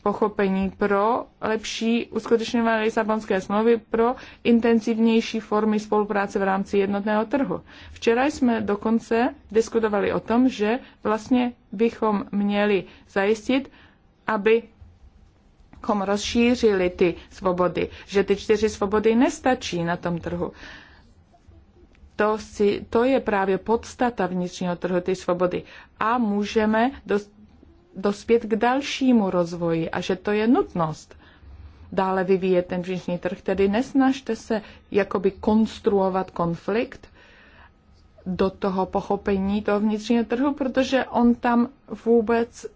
pochopení pro lepší uskutečňování Lisabonské smlouvy, pro intenzivnější formy spolupráce v rámci jednotného trhu. Včera jsme dokonce diskutovali o tom, že vlastně bychom měli zajistit, aby abychom rozšířili ty svobody, že ty čtyři svobody nestačí na tom trhu. To, si, to je právě podstata vnitřního trhu, ty svobody. A můžeme dost, dospět k dalšímu rozvoji a že to je nutnost dále vyvíjet ten vnitřní trh. Tedy nesnažte se jakoby konstruovat konflikt, do toho pochopení toho vnitřního trhu, protože on tam vůbec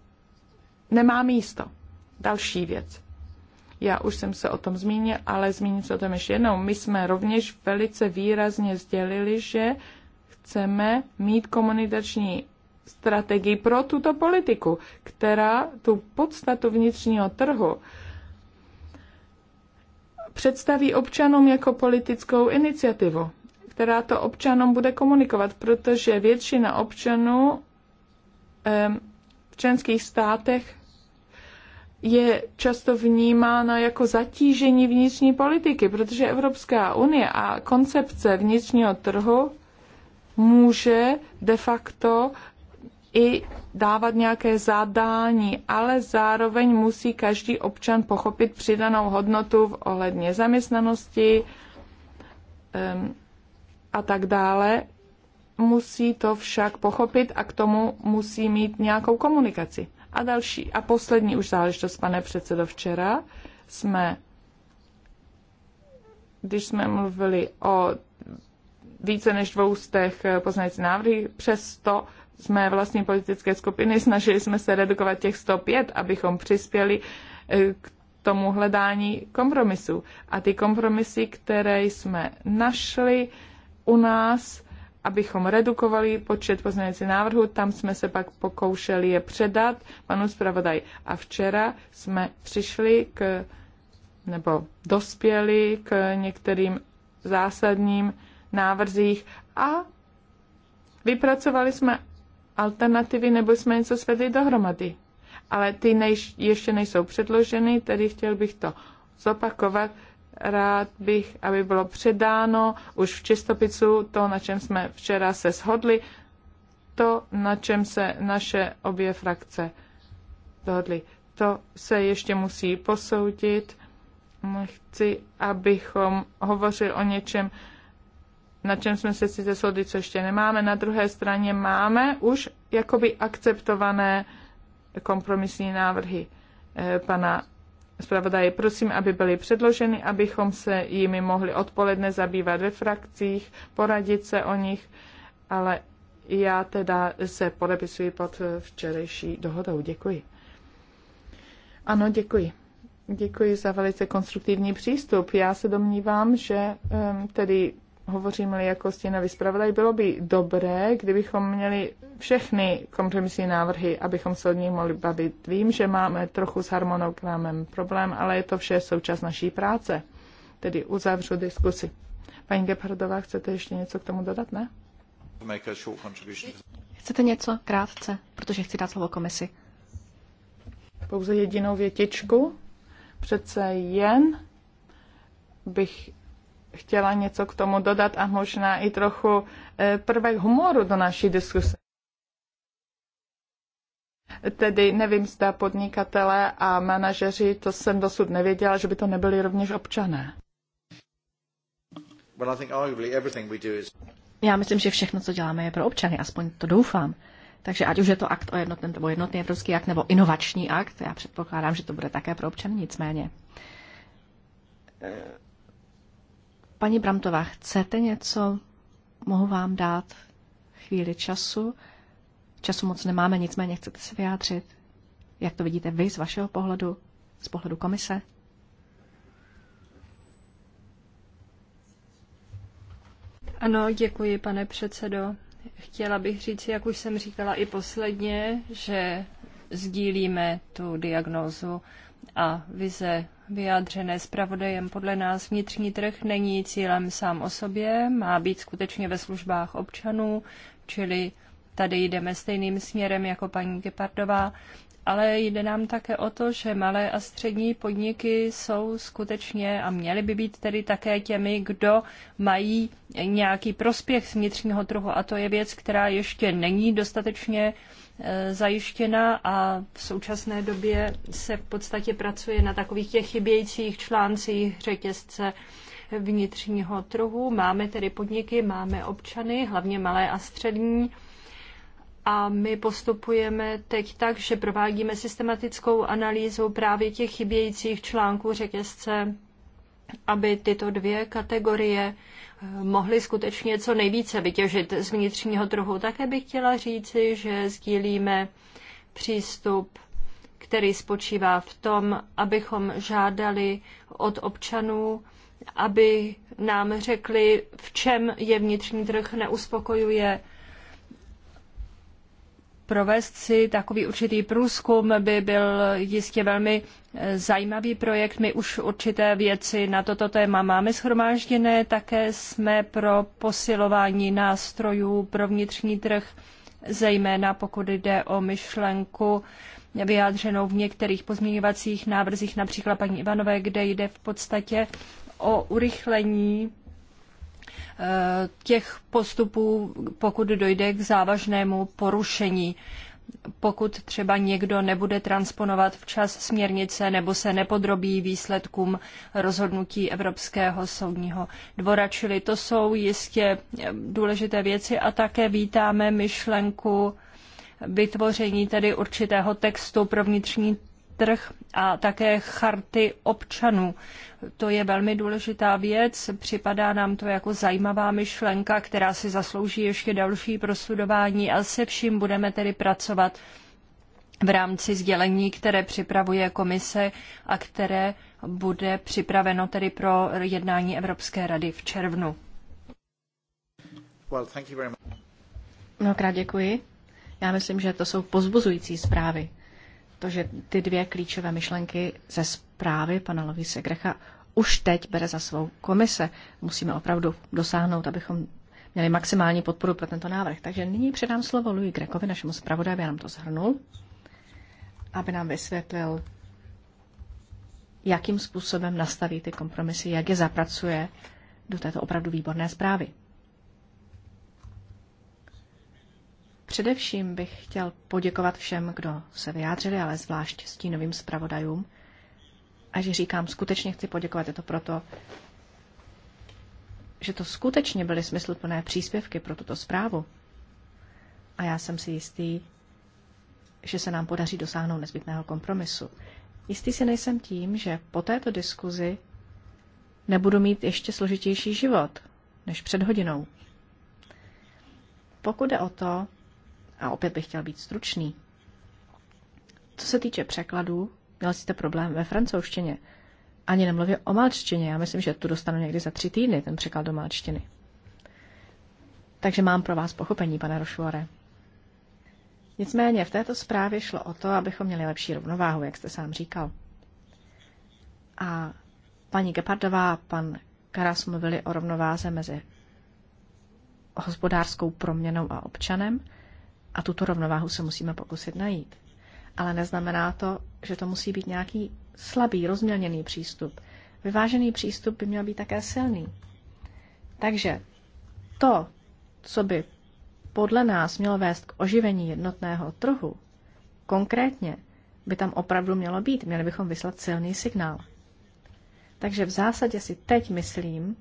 nemá místo. Další věc. Já už jsem se o tom zmínil, ale zmíním se o tom ještě jednou. My jsme rovněž velice výrazně sdělili, že chceme mít komunitační strategii pro tuto politiku, která tu podstatu vnitřního trhu představí občanům jako politickou iniciativu, která to občanům bude komunikovat, protože většina občanů v členských státech je často vnímána jako zatížení vnitřní politiky, protože Evropská unie a koncepce vnitřního trhu může de facto i dávat nějaké zadání, ale zároveň musí každý občan pochopit přidanou hodnotu v ohledně zaměstnanosti um, a tak dále. Musí to však pochopit a k tomu musí mít nějakou komunikaci. A další a poslední už záležitost, pane předsedo, včera jsme, když jsme mluvili o více než dvoustech eh, poznající návrhy, přesto jsme vlastní politické skupiny snažili jsme se redukovat těch 105, abychom přispěli eh, k tomu hledání kompromisu. A ty kompromisy, které jsme našli u nás, abychom redukovali počet pozměňovacích návrhů, tam jsme se pak pokoušeli je předat panu zpravodaji. A včera jsme přišli k, nebo dospěli k některým zásadním návrzích a vypracovali jsme alternativy nebo jsme něco svedli dohromady. Ale ty nejš, ještě nejsou předloženy, tedy chtěl bych to zopakovat, rád bych, aby bylo předáno už v čistopicu to, na čem jsme včera se shodli, to, na čem se naše obě frakce dohodly. To se ještě musí posoudit. Chci, abychom hovořili o něčem, na čem jsme se sice shodli, co ještě nemáme. Na druhé straně máme už jakoby akceptované kompromisní návrhy eh, pana zpravodaje prosím, aby byly předloženy, abychom se jimi mohli odpoledne zabývat ve frakcích, poradit se o nich, ale já teda se podepisuji pod včerejší dohodou. Děkuji. Ano, děkuji. Děkuji za velice konstruktivní přístup. Já se domnívám, že ehm, tedy hovoříme-li jako stěna zpravodaj, bylo by dobré, kdybychom měli všechny kompromisní návrhy, abychom se od nich mohli bavit. Vím, že máme trochu s harmonogramem problém, ale je to vše součást naší práce. Tedy uzavřu diskusi. Paní Gebhardová, chcete ještě něco k tomu dodat, ne? Chcete něco krátce, protože chci dát slovo komisi. Pouze jedinou větičku. Přece jen bych chtěla něco k tomu dodat a možná i trochu eh, prvek humoru do naší diskuse. Tedy nevím, zda podnikatele a manažeři, to jsem dosud nevěděla, že by to nebyli rovněž občané. Já myslím, že všechno, co děláme, je pro občany, aspoň to doufám. Takže ať už je to akt o jednotném nebo jednotný evropský akt nebo inovační akt, já předpokládám, že to bude také pro občany, nicméně eh, Paní Bramtová, chcete něco? Mohu vám dát chvíli času? Času moc nemáme, nicméně chcete se vyjádřit. Jak to vidíte vy z vašeho pohledu, z pohledu komise? Ano, děkuji, pane předsedo. Chtěla bych říct, jak už jsem říkala i posledně, že sdílíme tu diagnózu a vize vyjádřené zpravodajem podle nás vnitřní trh není cílem sám o sobě, má být skutečně ve službách občanů, čili tady jdeme stejným směrem jako paní Gepardová, ale jde nám také o to, že malé a střední podniky jsou skutečně a měly by být tedy také těmi, kdo mají nějaký prospěch z vnitřního trhu a to je věc, která ještě není dostatečně uh, Eh, zajištěna a v současné době se v podstatě pracuje na takových těch chybějících článcích řetězce vnitřního trhu. Máme tedy podniky, máme občany, hlavně malé a střední. A my postupujeme teď tak, že provádíme systematickou analýzu právě těch chybějících článků řetězce, aby tyto dvě kategorie mohli skutečně co nejvíce vytěžit z vnitřního trhu. Také bych chtěla říci, že sdílíme přístup, který spočívá v tom, abychom žádali od občanů, aby nám řekli, v čem je vnitřní trh neuspokojuje. Provést si takový určitý průzkum by byl jistě velmi zajímavý projekt. My už určité věci na toto téma máme schromážděné, také jsme pro posilování nástrojů pro vnitřní trh, zejména pokud jde o myšlenku vyjádřenou v některých pozměňovacích návrzích, například paní Ivanové, kde jde v podstatě o urychlení eh, těch postupů, pokud dojde k závažnému porušení pokud třeba někdo nebude transponovat včas směrnice nebo se nepodrobí výsledkům rozhodnutí Evropského soudního dvora. Čili to jsou jistě eh, důležité věci a také vítáme myšlenku vytvoření tedy určitého textu pro vnitřní trh a také charty občanů. To je velmi důležitá věc, připadá nám to jako zajímavá myšlenka, která si zaslouží ještě další prosudování a se vším budeme tedy pracovat v rámci sdělení, které připravuje komise a které bude připraveno tedy pro jednání Evropské rady v červnu. Well, Mnohokrát děkuji. Já myslím, že to jsou pozbuzující zprávy. Takže ty dvě klíčové myšlenky ze zprávy pana Lovise Grecha už teď bere za svou komise. Musíme opravdu dosáhnout, abychom měli maximální podporu pro tento návrh. Takže nyní předám slovo Louis Grekovi, našemu zpravodaji, aby nám to zhrnul, aby nám vysvětlil, jakým způsobem nastaví ty kompromisy, jak je zapracuje do této opravdu výborné zprávy. Především bych chtěl poděkovat všem, kdo se vyjádřili, ale zvlášť stínovým zpravodajům. A že říkám, skutečně chci poděkovat, je to proto, že to skutečně byly smysluplné příspěvky pro tuto zprávu. A já jsem si jistý, že se nám podaří dosáhnout nezbytného kompromisu. Jistý si nejsem tím, že po této diskuzi nebudu mít ještě složitější život než před hodinou. Pokud jde o to, a opět bych chtěl být stručný. Co se týče překladů, měl jste problém ve francouzštině. Ani nemluvě o malčtině. Já myslím, že tu dostanu někdy za tři týdny ten překlad do malčtiny. Takže mám pro vás pochopení, pane Rošvore. Nicméně v této zprávě šlo o to, abychom měli lepší rovnováhu, jak jste sám říkal. A paní Gepardová a pan Karas mluvili o rovnováze mezi hospodářskou proměnou a občanem – a tuto rovnováhu se musíme pokusit najít. Ale neznamená to, že to musí být nějaký slabý, rozmělněný přístup. Vyvážený přístup by měl být také silný. Takže to, co by podle nás mělo vést k oživení jednotného trhu, konkrétně by tam opravdu mělo být. Měli bychom vyslat silný signál. Takže v zásadě si teď myslím,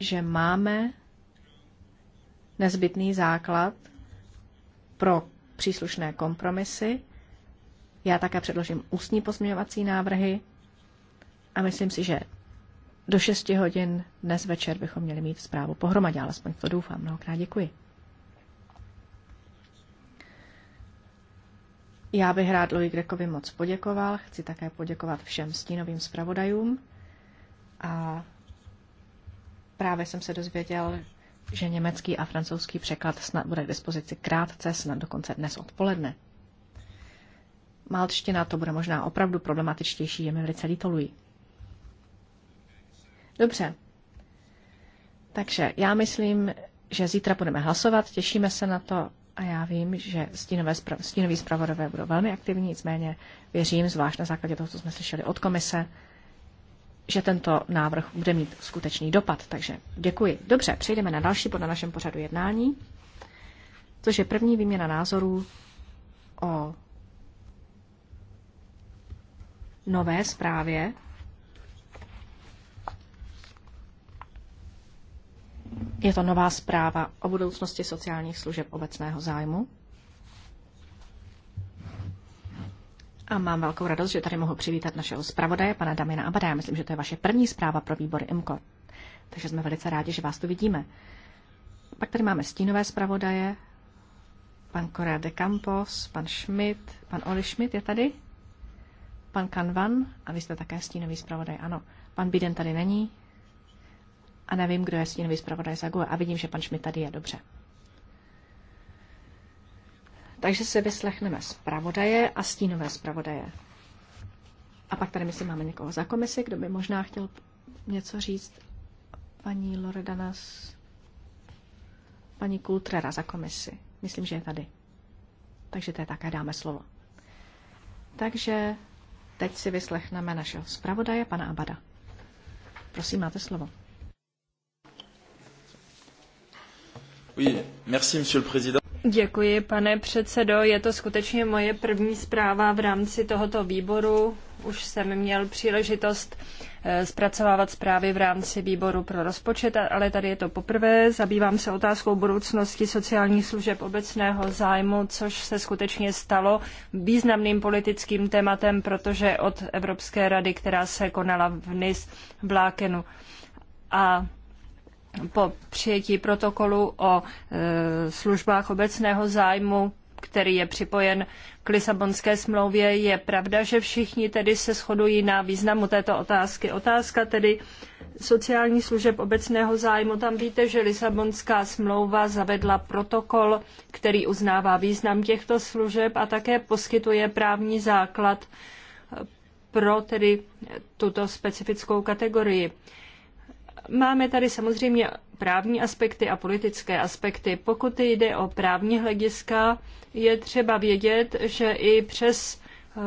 že máme nezbytný základ pro příslušné kompromisy. Já také předložím ústní pozměňovací návrhy a myslím si, že do 6 hodin dnes večer bychom měli mít zprávu pohromadě, alespoň to doufám. Mnohokrát děkuji. Já bych rád Loji Grekovi moc poděkoval. Chci také poděkovat všem stínovým zpravodajům. A právě jsem se dozvěděl, že německý a francouzský překlad snad bude k dispozici krátce, snad dokonce dnes odpoledne. Maltština to bude možná opravdu problematičtější, je mi velice lítolují. Dobře. Takže já myslím, že zítra budeme hlasovat, těšíme se na to a já vím, že stínové spra- stínoví zpravodové budou velmi aktivní, nicméně věřím, zvlášť na základě toho, co jsme slyšeli od komise, že tento návrh bude mít skutečný dopad. Takže děkuji. Dobře, přejdeme na další bod na našem pořadu jednání, což je první výměna názorů o nové zprávě Je to nová zpráva o budoucnosti sociálních služeb obecného zájmu. a mám velkou radost, že tady mohu přivítat našeho zpravodaje, pana Damina Abada. Já myslím, že to je vaše první zpráva pro výbor IMCO. Takže jsme velice rádi, že vás tu vidíme. Pak tady máme stínové zpravodaje, pan Correa de Campos, pan Schmidt, pan Oli Schmidt je tady, pan Kanvan a vy jste také stínový zpravodaj, ano. Pan Biden tady není a nevím, kdo je stínový zpravodaj za GUE a vidím, že pan Schmidt tady je, dobře. Takže si vyslechneme zpravodaje a stínové zpravodaje. A pak tady myslím máme někoho za komisi, kdo by možná chtěl něco říct. Paní z... paní Kultrera za komisi. Myslím, že je tady. Takže je také dáme slovo. Takže teď si vyslechneme našeho zpravodaje, pana Abada. Prosím, máte slovo. Oui, merci, monsieur le président. Děkuji, pane předsedo. Je to skutečně moje první zpráva v rámci tohoto výboru. Už jsem měl příležitost eh, zpracovávat zprávy v rámci výboru pro rozpočet, ale tady je to poprvé. Zabývám se otázkou budoucnosti sociálních služeb obecného zájmu, což se skutečně stalo významným politickým tématem, protože od Evropské rady, která se konala v NIS v Lákenu. A po přijetí protokolu o e, službách obecného zájmu, který je připojen k Lisabonské smlouvě, je pravda, že všichni tedy se shodují na významu této otázky. Otázka tedy sociální služeb obecného zájmu. Tam víte, že Lisabonská smlouva zavedla protokol, který uznává význam těchto služeb a také poskytuje právní základ pro tedy tuto specifickou kategorii. Máme tady samozřejmě právní aspekty a politické aspekty. Pokud jde o právní hlediska, je třeba vědět, že i přes eh,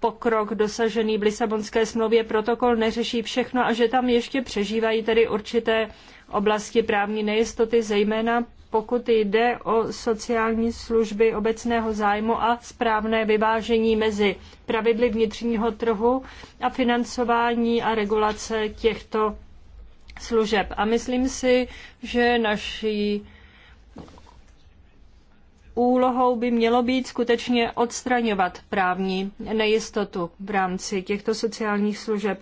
pokrok dosažený v Lisabonské smlouvě protokol neřeší všechno a že tam ještě přežívají tedy určité oblasti právní nejistoty, zejména pokud jde o sociální služby obecného zájmu a správné vyvážení mezi pravidly vnitřního trhu a financování a regulace těchto služeb. A myslím si, že naší úlohou by mělo být skutečně odstraňovat právní nejistotu v rámci těchto sociálních služeb.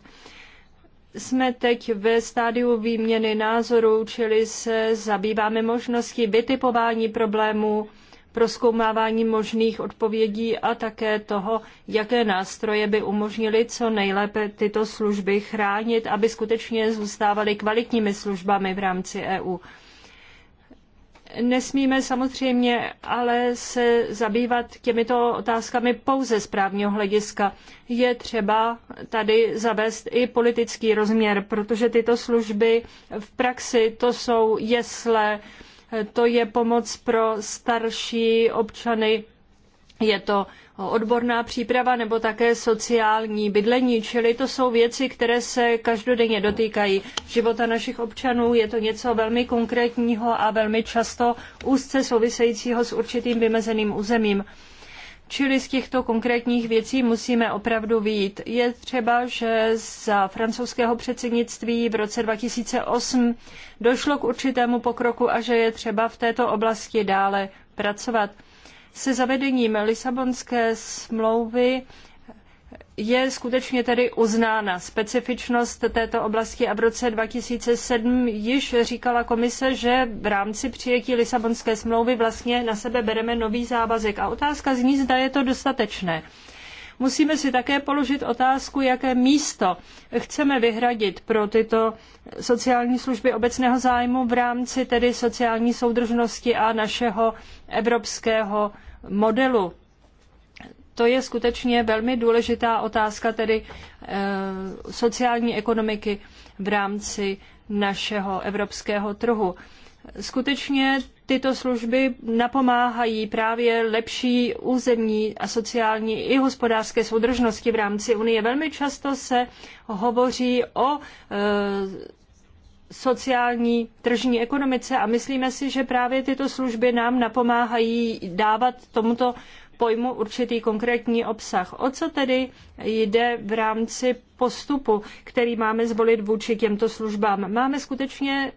Jsme teď ve stádiu výměny názorů, čili se zabýváme možností vytypování problémů proskoumávání možných odpovědí a také toho, jaké nástroje by umožnily co nejlépe tyto služby chránit, aby skutečně zůstávaly kvalitními službami v rámci EU. Nesmíme samozřejmě ale se zabývat těmito otázkami pouze z právního hlediska. Je třeba tady zavést i politický rozměr, protože tyto služby v praxi to jsou jesle, to je pomoc pro starší občany. Je to odborná příprava nebo také sociální bydlení, čili to jsou věci, které se každodenně dotýkají života našich občanů. Je to něco velmi konkrétního a velmi často úzce souvisejícího s určitým vymezeným územím. Čili z těchto konkrétních věcí musíme opravdu vyjít. Je třeba, že za francouzského předsednictví v roce 2008 došlo k určitému pokroku a že je třeba v této oblasti dále pracovat. Se zavedením Lisabonské smlouvy je skutečně tedy uznána specifičnost této oblasti a v roce 2007 již říkala komise, že v rámci přijetí Lisabonské smlouvy vlastně na sebe bereme nový závazek. A otázka zní, zda je to dostatečné. Musíme si také položit otázku, jaké místo chceme vyhradit pro tyto sociální služby obecného zájmu v rámci tedy sociální soudržnosti a našeho evropského modelu to je skutečně velmi důležitá otázka tedy eh, sociální ekonomiky v rámci našeho evropského trhu. Skutečně tyto služby napomáhají právě lepší územní a sociální i hospodářské soudržnosti v rámci Unie. Velmi často se hovoří o e, sociální tržní ekonomice a myslíme si, že právě tyto služby nám napomáhají dávat tomuto pojmu určitý konkrétní obsah. O co tedy jde v rámci postupu, který máme zvolit vůči těmto službám. Máme skutečně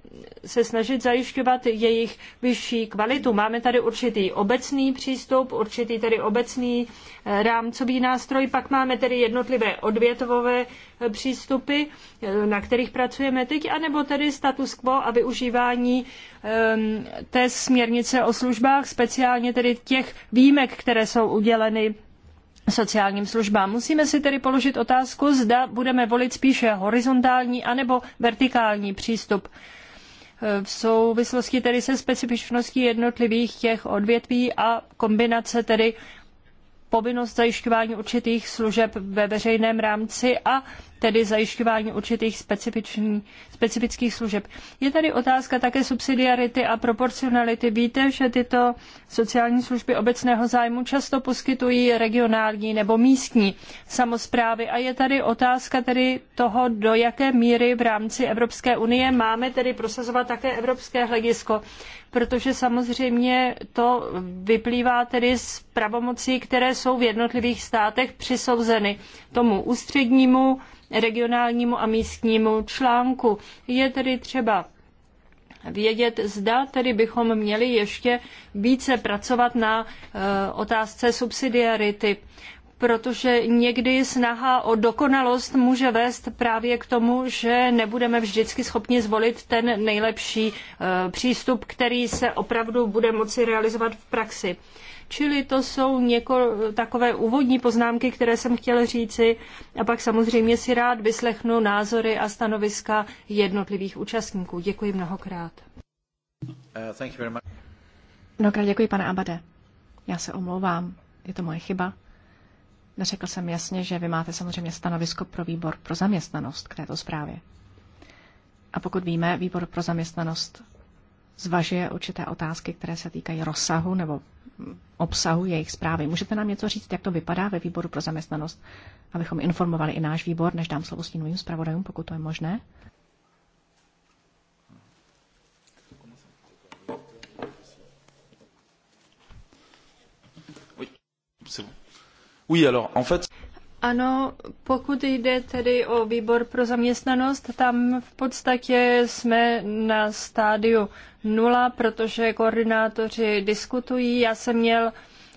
se snažit zajišťovat jejich vyšší kvalitu. Máme tady určitý obecný přístup, určitý tedy obecný eh, rámcový nástroj, pak máme tedy jednotlivé odvětvové eh, přístupy, eh, na kterých pracujeme teď, anebo tedy status quo a využívání ehm, té směrnice o službách, speciálně tedy těch výjimek, které jsou uděleny sociálním službám. Musíme si tedy položit otázku, zda budeme volit spíše horizontální anebo vertikální přístup v souvislosti tedy se specifičností jednotlivých těch odvětví a kombinace tedy povinnost zajišťování určitých služeb ve veřejném rámci a tedy zajišťování určitých specifických služeb. Je tady otázka také subsidiarity a proporcionality. Víte, že tyto sociální služby obecného zájmu často poskytují regionální nebo místní samozprávy a je tady otázka tedy toho, do jaké míry v rámci Evropské unie máme tedy prosazovat také evropské hledisko protože samozřejmě to vyplývá tedy z pravomocí, které jsou v jednotlivých státech přisouzeny tomu ústřednímu regionálnímu a místnímu článku. Je tedy třeba vědět, zda tedy bychom měli ještě více pracovat na eh, otázce subsidiarity protože někdy snaha o dokonalost může vést právě k tomu, že nebudeme vždycky schopni zvolit ten nejlepší eh, přístup, který se opravdu bude moci realizovat v praxi. Čili to jsou něko, takové úvodní poznámky, které jsem chtěla říci a pak samozřejmě si rád vyslechnu názory a stanoviska jednotlivých účastníků. Děkuji mnohokrát. Uh, Mnohokrát děkuji, pane Abade. Já se omlouvám, je to moje chyba. Neřekl jsem jasně, že vy máte samozřejmě stanovisko pro výbor pro zaměstnanost k této zprávě. A pokud víme, výbor pro zaměstnanost zvažuje určité otázky, které se týkají rozsahu nebo obsahu jejich zprávy. Můžete nám něco říct, jak to vypadá ve výboru pro zaměstnanost, abychom informovali i náš výbor, než dám slovo stínovým zpravodajům, pokud to je možné? Oui, alors en fait... Ano, pokud jde tedy o výbor pro zaměstnanost, tam v podstatě jsme na stádiu nula, protože koordinátoři diskutují. Já jsem měl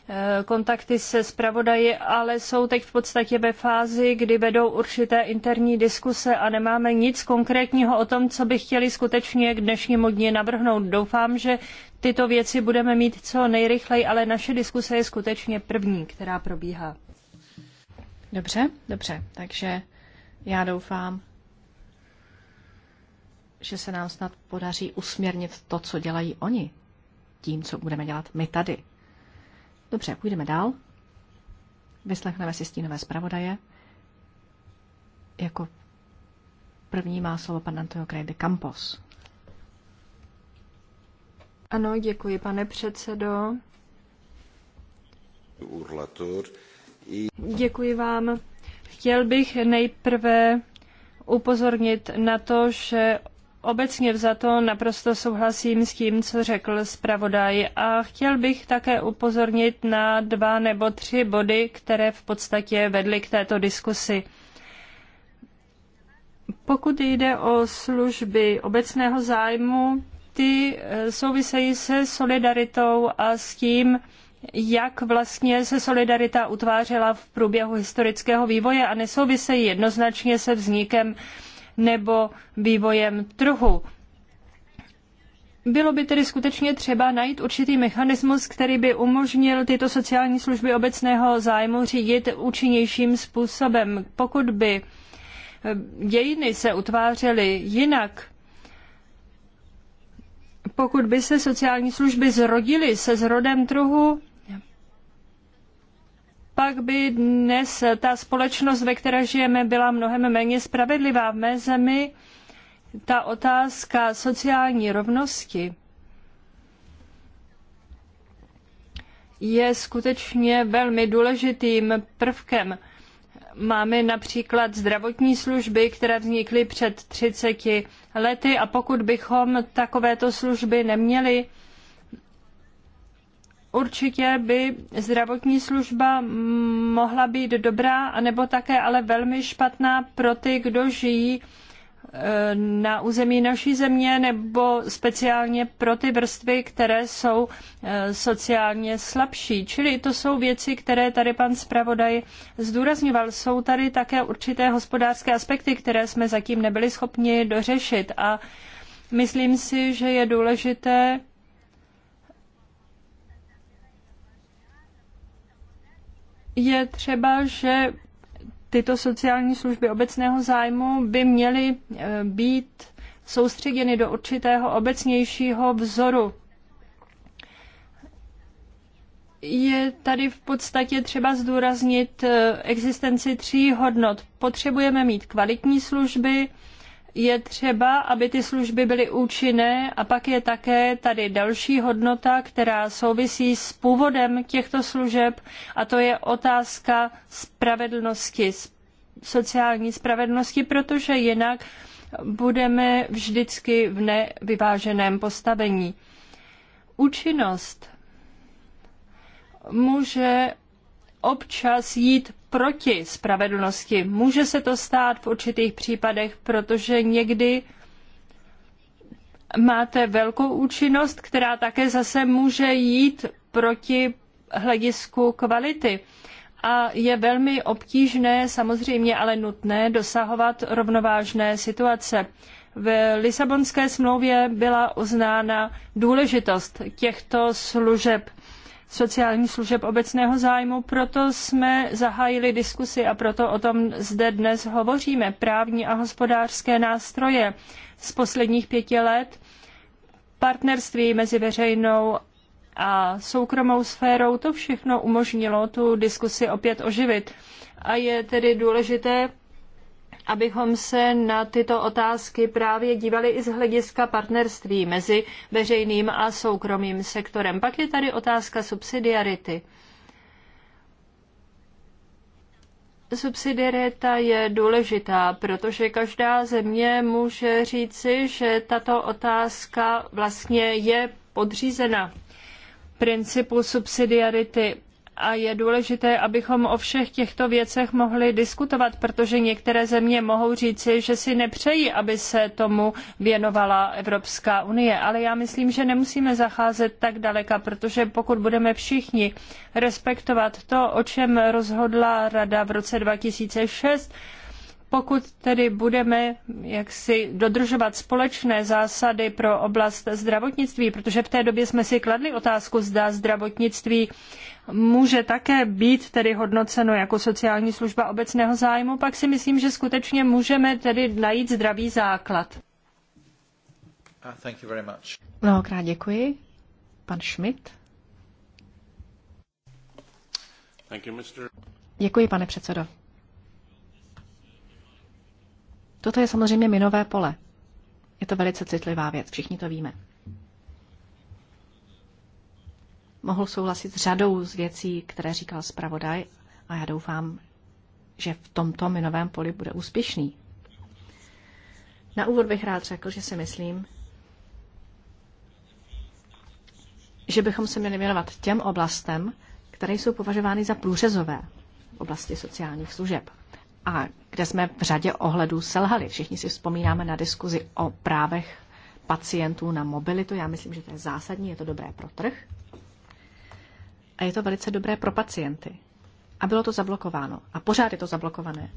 eh, kontakty se zpravodaji, ale jsou teď v podstatě ve fázi, kdy vedou určité interní diskuse a nemáme nic konkrétního o tom, co by chtěli skutečně k dnešnímu dní navrhnout. Doufám, že tyto věci budeme mít co nejrychleji, ale naše diskuse je skutečně první, která probíhá. Dobře, dobře, takže já doufám, že se nám snad podaří usměrnit to, co dělají oni, tím, co budeme dělat my tady. Dobře, půjdeme dál. Vyslechneme si stínové zpravodaje. Jako první má slovo pan Antonio Krajde Campos. Ano, děkuji, pane předsedo. Urlator. Děkuji vám. Chtěl bych nejprve upozornit na to, že obecně vzato naprosto souhlasím s tím, co řekl zpravodaj a chtěl bych také upozornit na dva nebo tři body, které v podstatě vedly k této diskusi. Pokud jde o služby obecného zájmu, ty eh, souvisejí se solidaritou a s tím, jak vlastně se solidarita utvářela v průběhu historického vývoje a nesouvisejí jednoznačně se vznikem nebo vývojem trhu. Bylo by tedy skutečně třeba najít určitý mechanismus, který by umožnil tyto sociální služby obecného zájmu řídit účinnějším způsobem. Pokud by dějiny se utvářely jinak, pokud by se sociální služby zrodily se zrodem trhu, pak by dnes ta společnost, ve které žijeme, byla mnohem méně spravedlivá. V mé zemi ta otázka sociální rovnosti je skutečně velmi důležitým prvkem Máme například zdravotní služby, které vznikly před 30 lety a pokud bychom takovéto služby neměli, určitě by zdravotní služba mohla být dobrá, anebo také ale velmi špatná pro ty, kdo žijí Eh, na území naší země nebo speciálně pro ty vrstvy, které jsou eh, sociálně slabší. Čili to jsou věci, které tady pan zpravodaj zdůrazňoval. Jsou tady také určité hospodářské aspekty, které jsme zatím nebyli schopni dořešit a myslím si, že je důležité je třeba, že tyto sociální služby obecného zájmu by měly e, být soustředěny do určitého obecnějšího vzoru. Je tady v podstatě třeba zdůraznit e, existenci tří hodnot. Potřebujeme mít kvalitní služby, je třeba, aby ty služby byly účinné a pak je také tady další hodnota, která souvisí s původem těchto služeb a to je otázka spravedlnosti, sociální spravedlnosti, protože jinak budeme vždycky v nevyváženém postavení. Účinnost může občas jít proti spravedlnosti. Může se to stát v určitých případech, protože někdy máte velkou účinnost, která také zase může jít proti hledisku kvality. A je velmi obtížné, samozřejmě ale nutné, dosahovat rovnovážné situace. V Lisabonské smlouvě byla uznána důležitost těchto služeb sociálních služeb obecného zájmu, proto jsme zahájili diskusi a proto o tom zde dnes hovoříme. Právní a hospodářské nástroje z posledních pěti let, partnerství mezi veřejnou a soukromou sférou, to všechno umožnilo tu diskusi opět oživit. A je tedy důležité abychom se na tyto otázky právě dívali i z hlediska partnerství mezi veřejným a soukromým sektorem. Pak je tady otázka subsidiarity. Subsidiarita je důležitá, protože každá země může říci, že tato otázka vlastně je podřízena principu subsidiarity a je důležité, abychom o všech těchto věcech mohli diskutovat, protože některé země mohou říci, že si nepřejí, aby se tomu věnovala Evropská unie. Ale já myslím, že nemusíme zacházet tak daleka, protože pokud budeme všichni respektovat to, o čem rozhodla Rada v roce 2006, pokud tedy budeme jaksi dodržovat společné zásady pro oblast zdravotnictví, protože v té době jsme si kladli otázku, zda zdravotnictví může také být tedy hodnoceno jako sociální služba obecného zájmu, pak si myslím, že skutečně můžeme tedy najít zdravý základ. Ah, thank you very much. Mnohokrát děkuji. Pan Schmidt. Thank you, Mr. Děkuji, pane předsedo. Toto je samozřejmě minové pole. Je to velice citlivá věc, všichni to víme. mohl souhlasit s řadou z věcí, které říkal zpravodaj a já doufám, že v tomto minovém poli bude úspěšný. Na úvod bych rád řekl, že si myslím, že bychom se měli věnovat těm oblastem, které jsou považovány za průřezové v oblasti sociálních služeb a kde jsme v řadě ohledů selhali. Všichni si vzpomínáme na diskuzi o právech pacientů na mobilitu. Já myslím, že to je zásadní, je to dobré pro trh a je to velice dobré pro pacienty. A bylo to zablokováno. A pořád je to zablokované.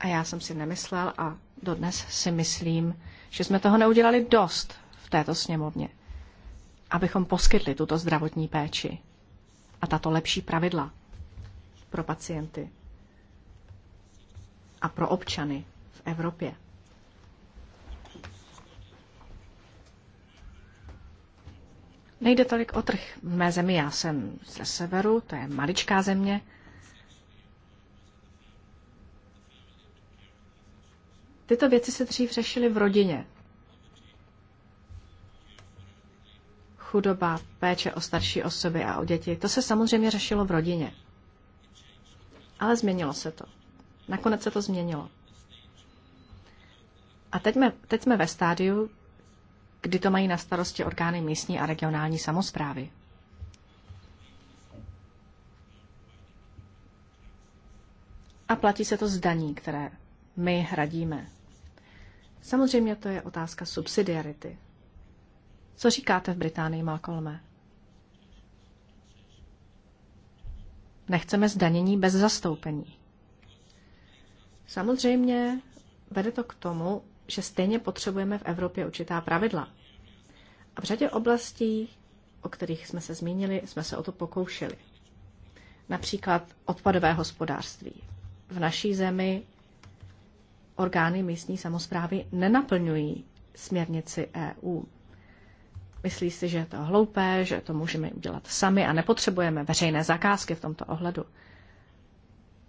A já jsem si nemyslel a dodnes si myslím, že jsme toho neudělali dost v této sněmovně, abychom poskytli tuto zdravotní péči a tato lepší pravidla pro pacienty a pro občany v Evropě. Nejde tolik o trh. V mé zemi já jsem ze severu, to je maličká země. Tyto věci se dřív řešily v rodině. Chudoba, péče o starší osoby a o děti, to se samozřejmě řešilo v rodině. Ale změnilo se to. Nakonec se to změnilo. A teď jsme, teď jsme ve stádiu, kdy to mají na starosti orgány místní a regionální samozprávy. A platí se to z daní, které my hradíme. Samozřejmě to je otázka subsidiarity. Co říkáte v Británii, Malcolme? Nechceme zdanění bez zastoupení. Samozřejmě vede to k tomu, že stejně potřebujeme v Evropě určitá pravidla. A v řadě oblastí, o kterých jsme se zmínili, jsme se o to pokoušeli. Například odpadové hospodářství. V naší zemi orgány místní samozprávy nenaplňují směrnici EU. Myslí si, že je to hloupé, že to můžeme udělat sami a nepotřebujeme veřejné zakázky v tomto ohledu.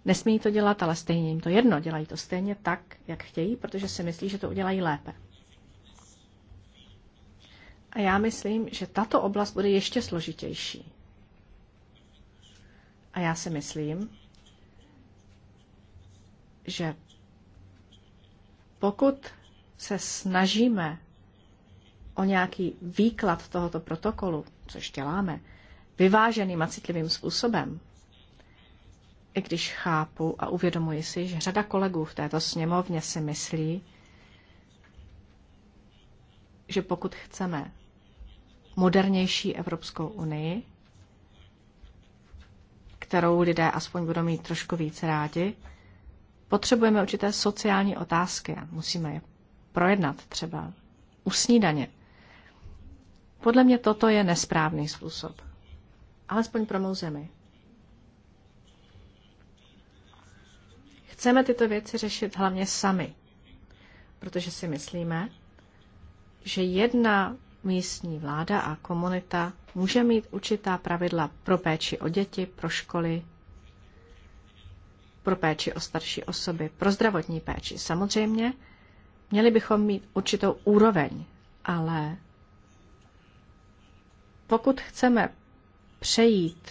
Nesmí to dělat, ale stejně jim to jedno. Dělají to stejně tak, jak chtějí, protože si myslí, že to udělají lépe. A já myslím, že tato oblast bude ještě složitější. A já si myslím, že pokud se snažíme o nějaký výklad tohoto protokolu, což děláme, vyváženým a citlivým způsobem, i když chápu a uvědomuji si, že řada kolegů v této sněmovně si myslí, že pokud chceme modernější Evropskou unii, kterou lidé aspoň budou mít trošku víc rádi, potřebujeme určité sociální otázky a musíme je projednat třeba u snídaně. Podle mě toto je nesprávný způsob. Alespoň pro mou zemi. Chceme tyto věci řešit hlavně sami, protože si myslíme, že jedna místní vláda a komunita může mít určitá pravidla pro péči o děti, pro školy, pro péči o starší osoby, pro zdravotní péči. Samozřejmě měli bychom mít určitou úroveň, ale pokud chceme přejít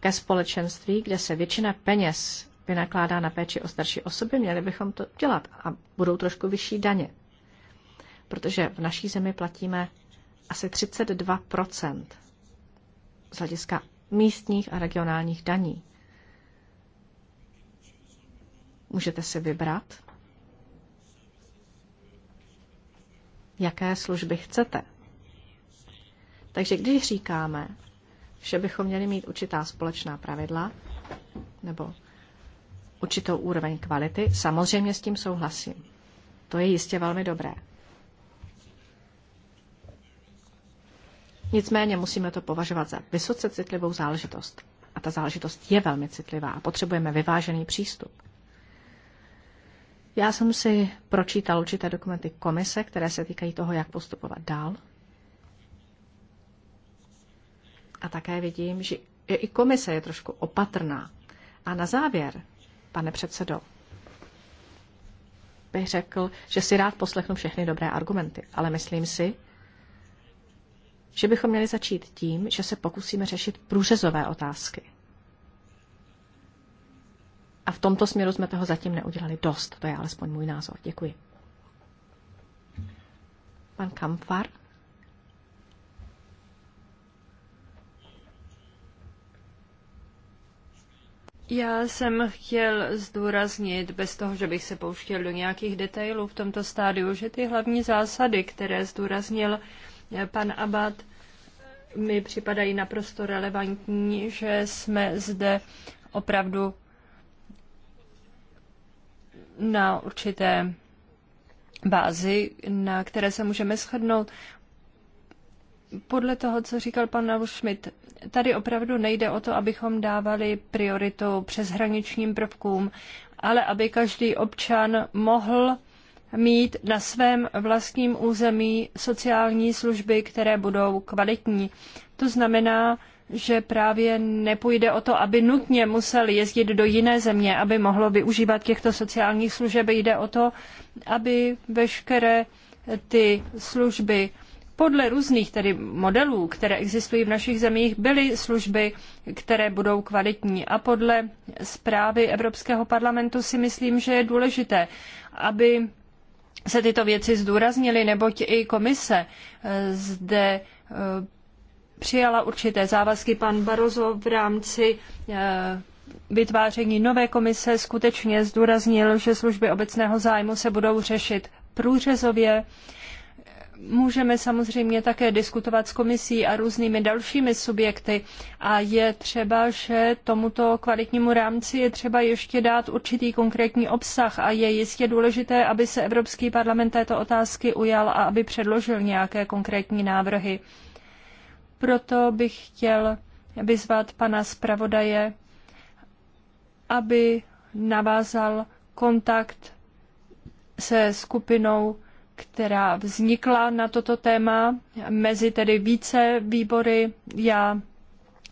ke společenství, kde se většina peněz vynakládá na péči o starší osoby, měli bychom to dělat a budou trošku vyšší daně. Protože v naší zemi platíme asi 32 z hlediska místních a regionálních daní. Můžete si vybrat, jaké služby chcete. Takže když říkáme, že bychom měli mít určitá společná pravidla, nebo určitou úroveň kvality, samozřejmě s tím souhlasím. To je jistě velmi dobré. Nicméně musíme to považovat za vysoce citlivou záležitost. A ta záležitost je velmi citlivá a potřebujeme vyvážený přístup. Já jsem si pročítal určité dokumenty komise, které se týkají toho, jak postupovat dál. A také vidím, že i komise je trošku opatrná. A na závěr pane předsedo. Bych řekl, že si rád poslechnu všechny dobré argumenty, ale myslím si, že bychom měli začít tím, že se pokusíme řešit průřezové otázky. A v tomto směru jsme toho zatím neudělali dost. To je alespoň můj názor. Děkuji. Pan Kamfar. Já jsem chtěl zdůraznit, bez toho, že bych se pouštěl do nějakých detailů v tomto stádiu, že ty hlavní zásady, které zdůraznil eh, pan Abad, mi připadají naprosto relevantní, že jsme zde opravdu na určité bázi, na které se můžeme shodnout podle toho, co říkal pan Nalu Schmidt, tady opravdu nejde o to, abychom dávali prioritu přeshraničním prvkům, ale aby každý občan mohl mít na svém vlastním území sociální služby, které budou kvalitní. To znamená, že právě nepůjde o to, aby nutně musel jezdit do jiné země, aby mohlo využívat těchto sociálních služeb. Jde o to, aby veškeré ty služby podle různých tedy modelů, které existují v našich zemích, byly služby, které budou kvalitní. A podle zprávy Evropského parlamentu si myslím, že je důležité, aby se tyto věci zdůraznily, neboť i komise eh, zde eh, přijala určité závazky pan Barroso v rámci eh, vytváření nové komise skutečně zdůraznil, že služby obecného zájmu se budou řešit průřezově můžeme samozřejmě také diskutovat s komisí a různými dalšími subjekty a je třeba, že tomuto kvalitnímu rámci je třeba ještě dát určitý konkrétní obsah a je jistě důležité, aby se Evropský parlament této otázky ujal a aby předložil nějaké konkrétní návrhy. Proto bych chtěl vyzvat pana zpravodaje, aby navázal kontakt se skupinou která vznikla na toto téma mezi tedy více výbory. Já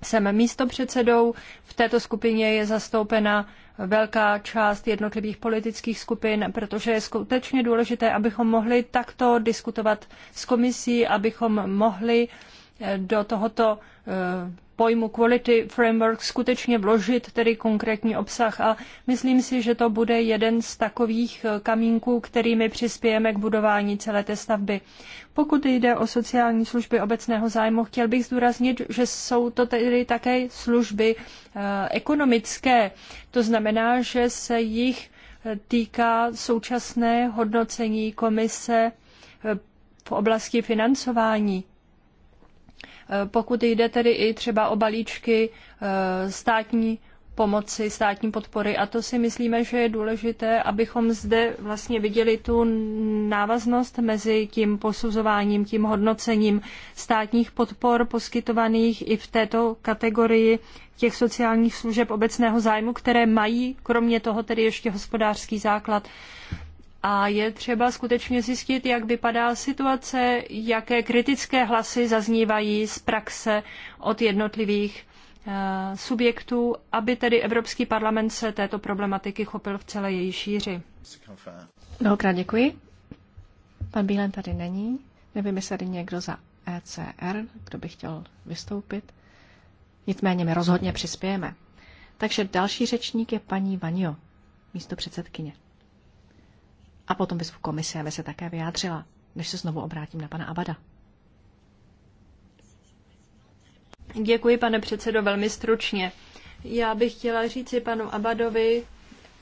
jsem místopředsedou, v této skupině je zastoupena velká část jednotlivých politických skupin, protože je skutečně důležité, abychom mohli takto diskutovat s komisí, abychom mohli uh, do tohoto eh, pojmu Quality Framework skutečně vložit tedy konkrétní obsah a myslím si, že to bude jeden z takových eh, kamínků, kterými přispějeme k budování celé té stavby. Pokud jde o sociální služby obecného zájmu, chtěl bych zdůraznit, že jsou to tedy také služby eh, ekonomické. To znamená, že se jich týká současné hodnocení komise v oblasti financování pokud jde tedy i třeba o balíčky eh, státní pomoci, státní podpory. A to si myslíme, že je důležité, abychom zde vlastně viděli tu návaznost mezi tím posuzováním, tím hodnocením státních podpor poskytovaných i v této kategorii těch sociálních služeb obecného zájmu, které mají kromě toho tedy ještě hospodářský základ a je třeba skutečně zjistit, jak vypadá situace, jaké kritické hlasy zaznívají z praxe od jednotlivých eh, subjektů, aby tedy Evropský parlament se této problematiky chopil v celé její šíři. Mnohokrát děkuji. Pan Bílen tady není. Nevím, jestli tady někdo za ECR, kdo by chtěl vystoupit. Nicméně my rozhodně přispějeme. Takže další řečník je paní Vanio, místo předsedkyně a potom vyzvu komise, aby se také vyjádřila, než se znovu obrátím na pana Abada. Děkuji, pane předsedo, velmi stručně. Já bych chtěla říci panu Abadovi,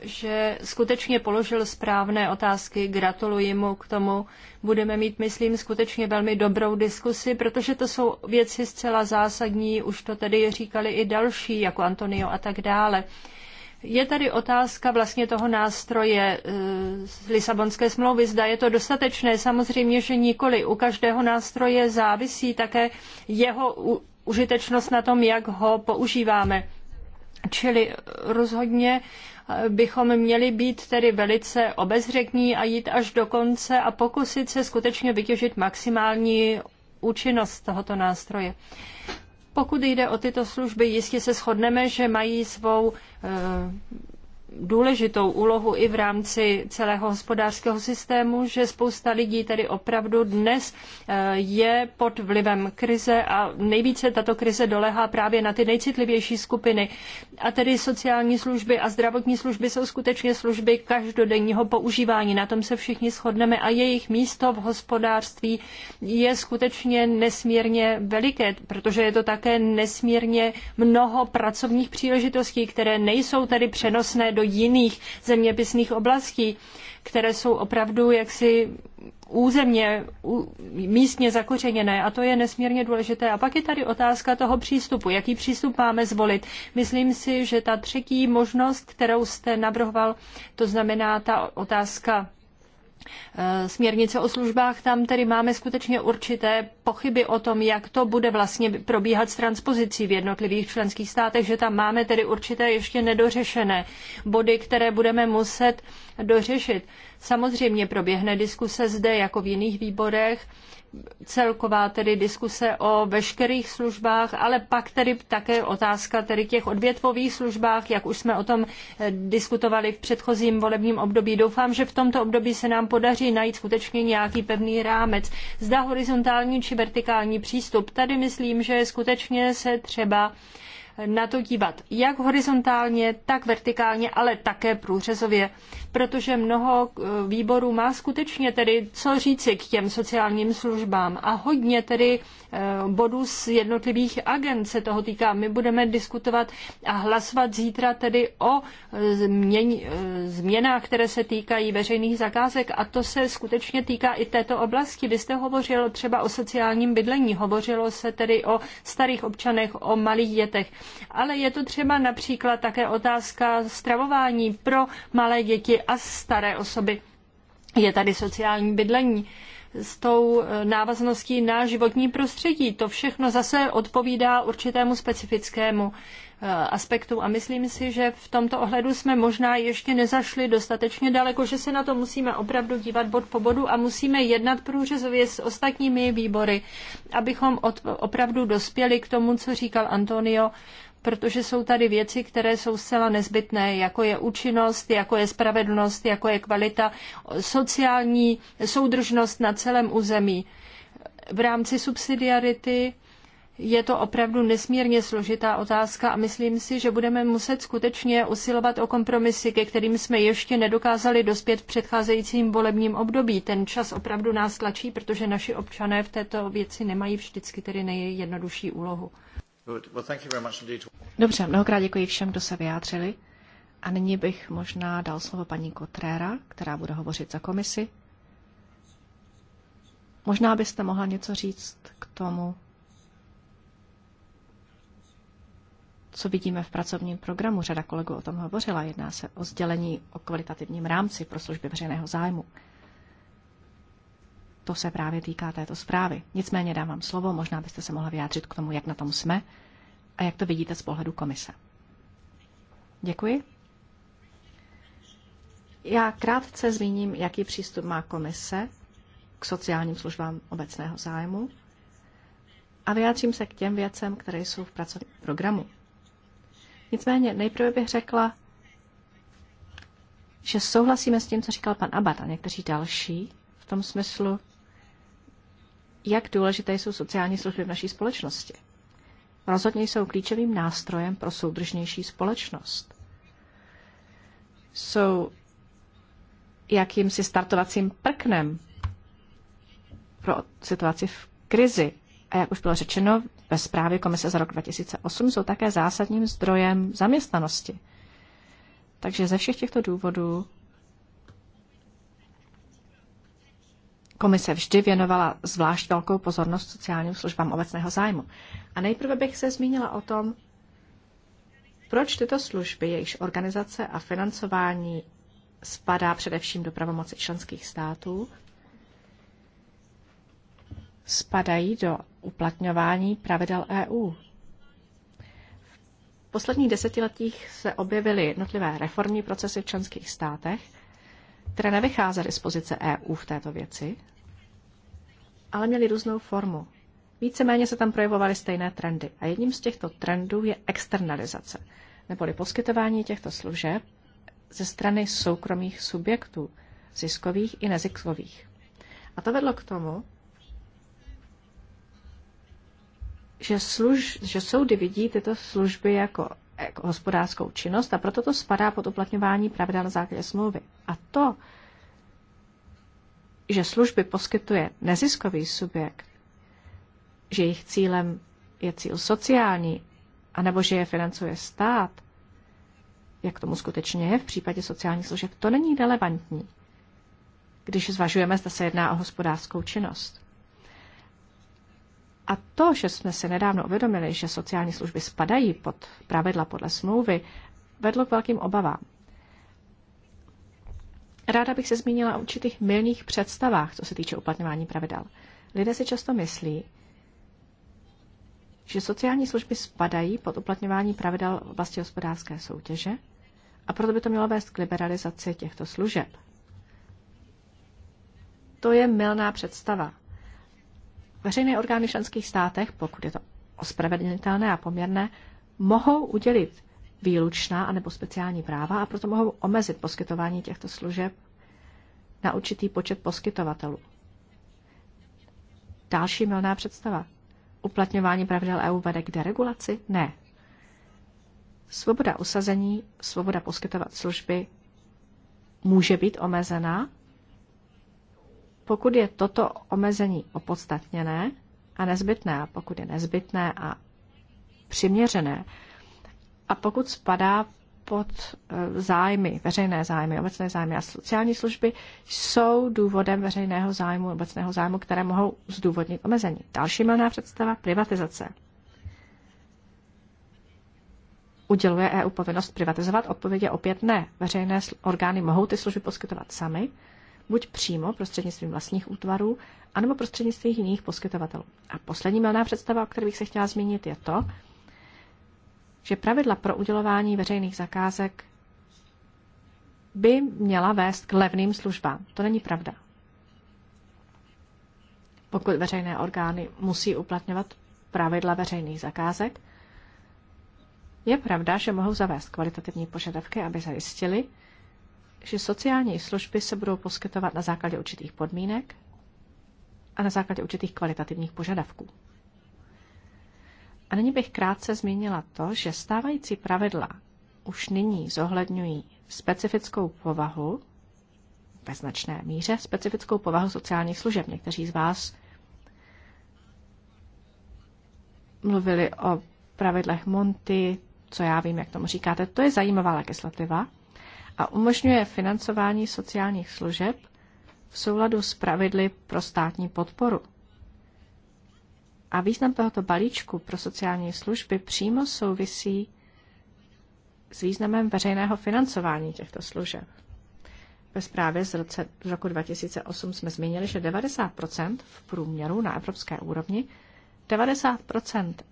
že skutečně položil správné otázky. Gratuluji mu k tomu. Budeme mít, myslím, skutečně velmi dobrou diskusi, protože to jsou věci zcela zásadní. Už to tedy říkali i další, jako Antonio a tak dále. Je tady otázka vlastně toho nástroje eh, z Lisabonské smlouvy. Zda je to dostatečné? Samozřejmě, že nikoli. U každého nástroje závisí také jeho užitečnost na tom, jak ho používáme. Čili eh, rozhodně eh, bychom měli být tedy velice obezřetní a jít až do konce a pokusit se skutečně vytěžit maximální účinnost tohoto nástroje. Pokud jde o tyto služby, jistě se shodneme, že mají svou eh, důležitou úlohu i v rámci celého hospodářského systému, že spousta lidí tady opravdu dnes eh, je pod vlivem krize a nejvíce tato krize dolehá právě na ty nejcitlivější skupiny. A tedy sociální služby a zdravotní služby jsou skutečně služby každodenního používání. Na tom se všichni shodneme a jejich místo v hospodářství je skutečně nesmírně veliké, protože je to také nesmírně mnoho pracovních příležitostí, které nejsou tedy přenosné do jiných zeměpisných oblastí, které jsou opravdu jaksi územně, místně zakořeněné a to je nesmírně důležité. A pak je tady otázka toho přístupu. Jaký přístup máme zvolit? Myslím si, že ta třetí možnost, kterou jste navrhoval, to znamená ta otázka Eh, směrnice o službách, tam tedy máme skutečně určité pochyby o tom, jak to bude vlastně probíhat s transpozicí v jednotlivých členských státech, že tam máme tedy určité ještě nedořešené body, které budeme muset dořešit. Samozřejmě proběhne diskuse zde jako v jiných výborech celková tedy diskuse o veškerých službách, ale pak tedy také otázka tedy těch odvětvových službách, jak už jsme o tom eh, diskutovali v předchozím volebním období. Doufám, že v tomto období se nám podaří najít skutečně nějaký pevný rámec. Zda horizontální či vertikální přístup. Tady myslím, že skutečně se třeba na to dívat jak horizontálně, tak vertikálně, ale také průřezově protože mnoho eh, výborů má skutečně tedy co říci k těm sociálním službám a hodně tedy eh, bodů z jednotlivých agent se toho týká. My budeme diskutovat a hlasovat zítra tedy o eh, změň, změnách, které se týkají veřejných zakázek a to se skutečně týká i této oblasti. Vy jste hovořil třeba o sociálním bydlení, hovořilo se tedy o starých občanech, o malých dětech, ale je to třeba například také otázka stravování pro malé děti a staré osoby. Je tady sociální bydlení s tou e, návazností na životní prostředí. To všechno zase odpovídá určitému specifickému e, aspektu a myslím si, že v tomto ohledu jsme možná ještě nezašli dostatečně daleko, že se na to musíme opravdu dívat bod po bodu a musíme jednat průřezově s ostatními výbory, abychom opravdu dospěli k tomu, co říkal Antonio protože jsou tady věci, které jsou zcela nezbytné, jako je účinnost, jako je spravedlnost, jako je kvalita, sociální soudržnost na celém území. V rámci subsidiarity je to opravdu nesmírně složitá otázka a myslím si, že budeme muset skutečně usilovat o kompromisy, ke kterým jsme ještě nedokázali dospět v předcházejícím volebním období. Ten čas opravdu nás tlačí, protože naši občané v této věci nemají vždycky tedy nejjednodušší úlohu. Dobře, mnohokrát děkuji všem, kdo se vyjádřili. A nyní bych možná dal slovo paní Kotréra, která bude hovořit za komisi. Možná byste mohla něco říct k tomu, co vidíme v pracovním programu. Řada kolegů o tom hovořila. Jedná se o sdělení o kvalitativním rámci pro služby veřejného zájmu to se právě týká této zprávy. Nicméně dávám slovo, možná byste se mohla vyjádřit k tomu, jak na tom jsme a jak to vidíte z pohledu komise. Děkuji. Já krátce zmíním, jaký přístup má komise k sociálním službám obecného zájmu a vyjádřím se k těm věcem, které jsou v pracovním programu. Nicméně nejprve bych řekla, že souhlasíme s tím, co říkal pan Abad a někteří další, v tom smyslu, jak důležité jsou sociální služby v naší společnosti. Rozhodně jsou klíčovým nástrojem pro soudržnější společnost. Jsou jakýmsi startovacím prknem pro situaci v krizi. A jak už bylo řečeno, ve zprávě Komise za rok 2008 jsou také zásadním zdrojem zaměstnanosti. Takže ze všech těchto důvodů Komise vždy věnovala zvlášť velkou pozornost sociálním službám obecného zájmu. A nejprve bych se zmínila o tom, proč tyto služby, jejichž organizace a financování spadá především do pravomoci členských států, spadají do uplatňování pravidel EU. V posledních desetiletích se objevily jednotlivé reformní procesy v členských státech které nevycházely z pozice EU v této věci, ale měly různou formu. Víceméně se tam projevovaly stejné trendy. A jedním z těchto trendů je externalizace, neboli poskytování těchto služeb ze strany soukromých subjektů, ziskových i neziskových. A to vedlo k tomu, že, služ, že soudy vidí tyto služby jako jako hospodářskou činnost a proto to spadá pod uplatňování pravidel na základě smlouvy. A to, že služby poskytuje neziskový subjekt, že jejich cílem je cíl sociální, anebo že je financuje stát, jak tomu skutečně je v případě sociálních služeb, to není relevantní, když zvažujeme, zda se jedná o hospodářskou činnost. A to, že jsme se nedávno uvědomili, že sociální služby spadají pod pravidla podle smlouvy, vedlo k velkým obavám. Ráda bych se zmínila o určitých milných představách, co se týče uplatňování pravidel. Lidé si často myslí, že sociální služby spadají pod uplatňování pravidel v oblasti hospodářské soutěže a proto by to mělo vést k liberalizaci těchto služeb. To je milná představa veřejné orgány v členských státech, pokud je to ospravedlnitelné a poměrné, mohou udělit výlučná anebo speciální práva a proto mohou omezit poskytování těchto služeb na určitý počet poskytovatelů. Další milná představa. Uplatňování pravidel EU vede k deregulaci? Ne. Svoboda usazení, svoboda poskytovat služby může být omezená pokud je toto omezení opodstatněné a nezbytné, a pokud je nezbytné a přiměřené, a pokud spadá pod eh, zájmy, veřejné zájmy, obecné zájmy a sociální služby jsou důvodem veřejného zájmu, obecného zájmu, které mohou zdůvodnit omezení. Další milná představa privatizace. Uděluje EU povinnost privatizovat? Odpověď je opět ne. Veřejné orgány mohou ty služby poskytovat sami, buď přímo prostřednictvím vlastních útvarů, anebo prostřednictvím jiných poskytovatelů. A poslední milná představa, o které bych se chtěla zmínit, je to, že pravidla pro udělování veřejných zakázek by měla vést k levným službám. To není pravda. Pokud veřejné orgány musí uplatňovat pravidla veřejných zakázek, je pravda, že mohou zavést kvalitativní požadavky, aby zajistili, že sociální služby se budou poskytovat na základě určitých podmínek a na základě určitých kvalitativních požadavků. A nyní bych krátce zmínila to, že stávající pravidla už nyní zohledňují specifickou povahu, ve značné míře, specifickou povahu sociálních služeb. Někteří z vás mluvili o pravidlech Monty, co já vím, jak tomu říkáte. To je zajímavá legislativa, a umožňuje financování sociálních služeb v souladu s pravidly pro státní podporu. A význam tohoto balíčku pro sociální služby přímo souvisí s významem veřejného financování těchto služeb. Ve zprávě z, roce, z roku 2008 jsme zmínili, že 90 v průměru na evropské úrovni 90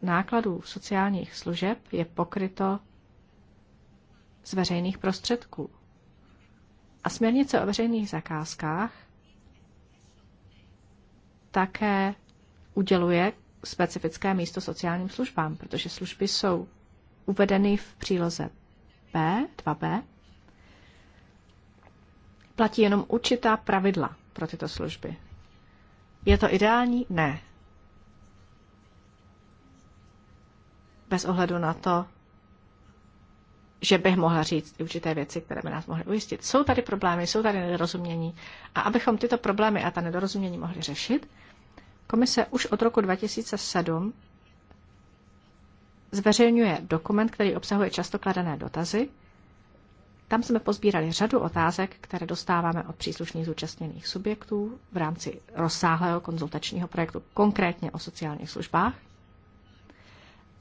nákladů sociálních služeb je pokryto z veřejných prostředků. A směrnice o veřejných zakázkách také uděluje specifické místo sociálním službám, protože služby jsou uvedeny v příloze B, 2B. Platí jenom určitá pravidla pro tyto služby. Je to ideální? Ne. Bez ohledu na to, že bych mohla říct i určité věci, které by nás mohly ujistit. Jsou tady problémy, jsou tady nedorozumění a abychom tyto problémy a ta nedorozumění mohli řešit, komise už od roku 2007 zveřejňuje dokument, který obsahuje často kladené dotazy. Tam jsme pozbírali řadu otázek, které dostáváme od příslušných zúčastněných subjektů v rámci rozsáhlého konzultačního projektu, konkrétně o sociálních službách.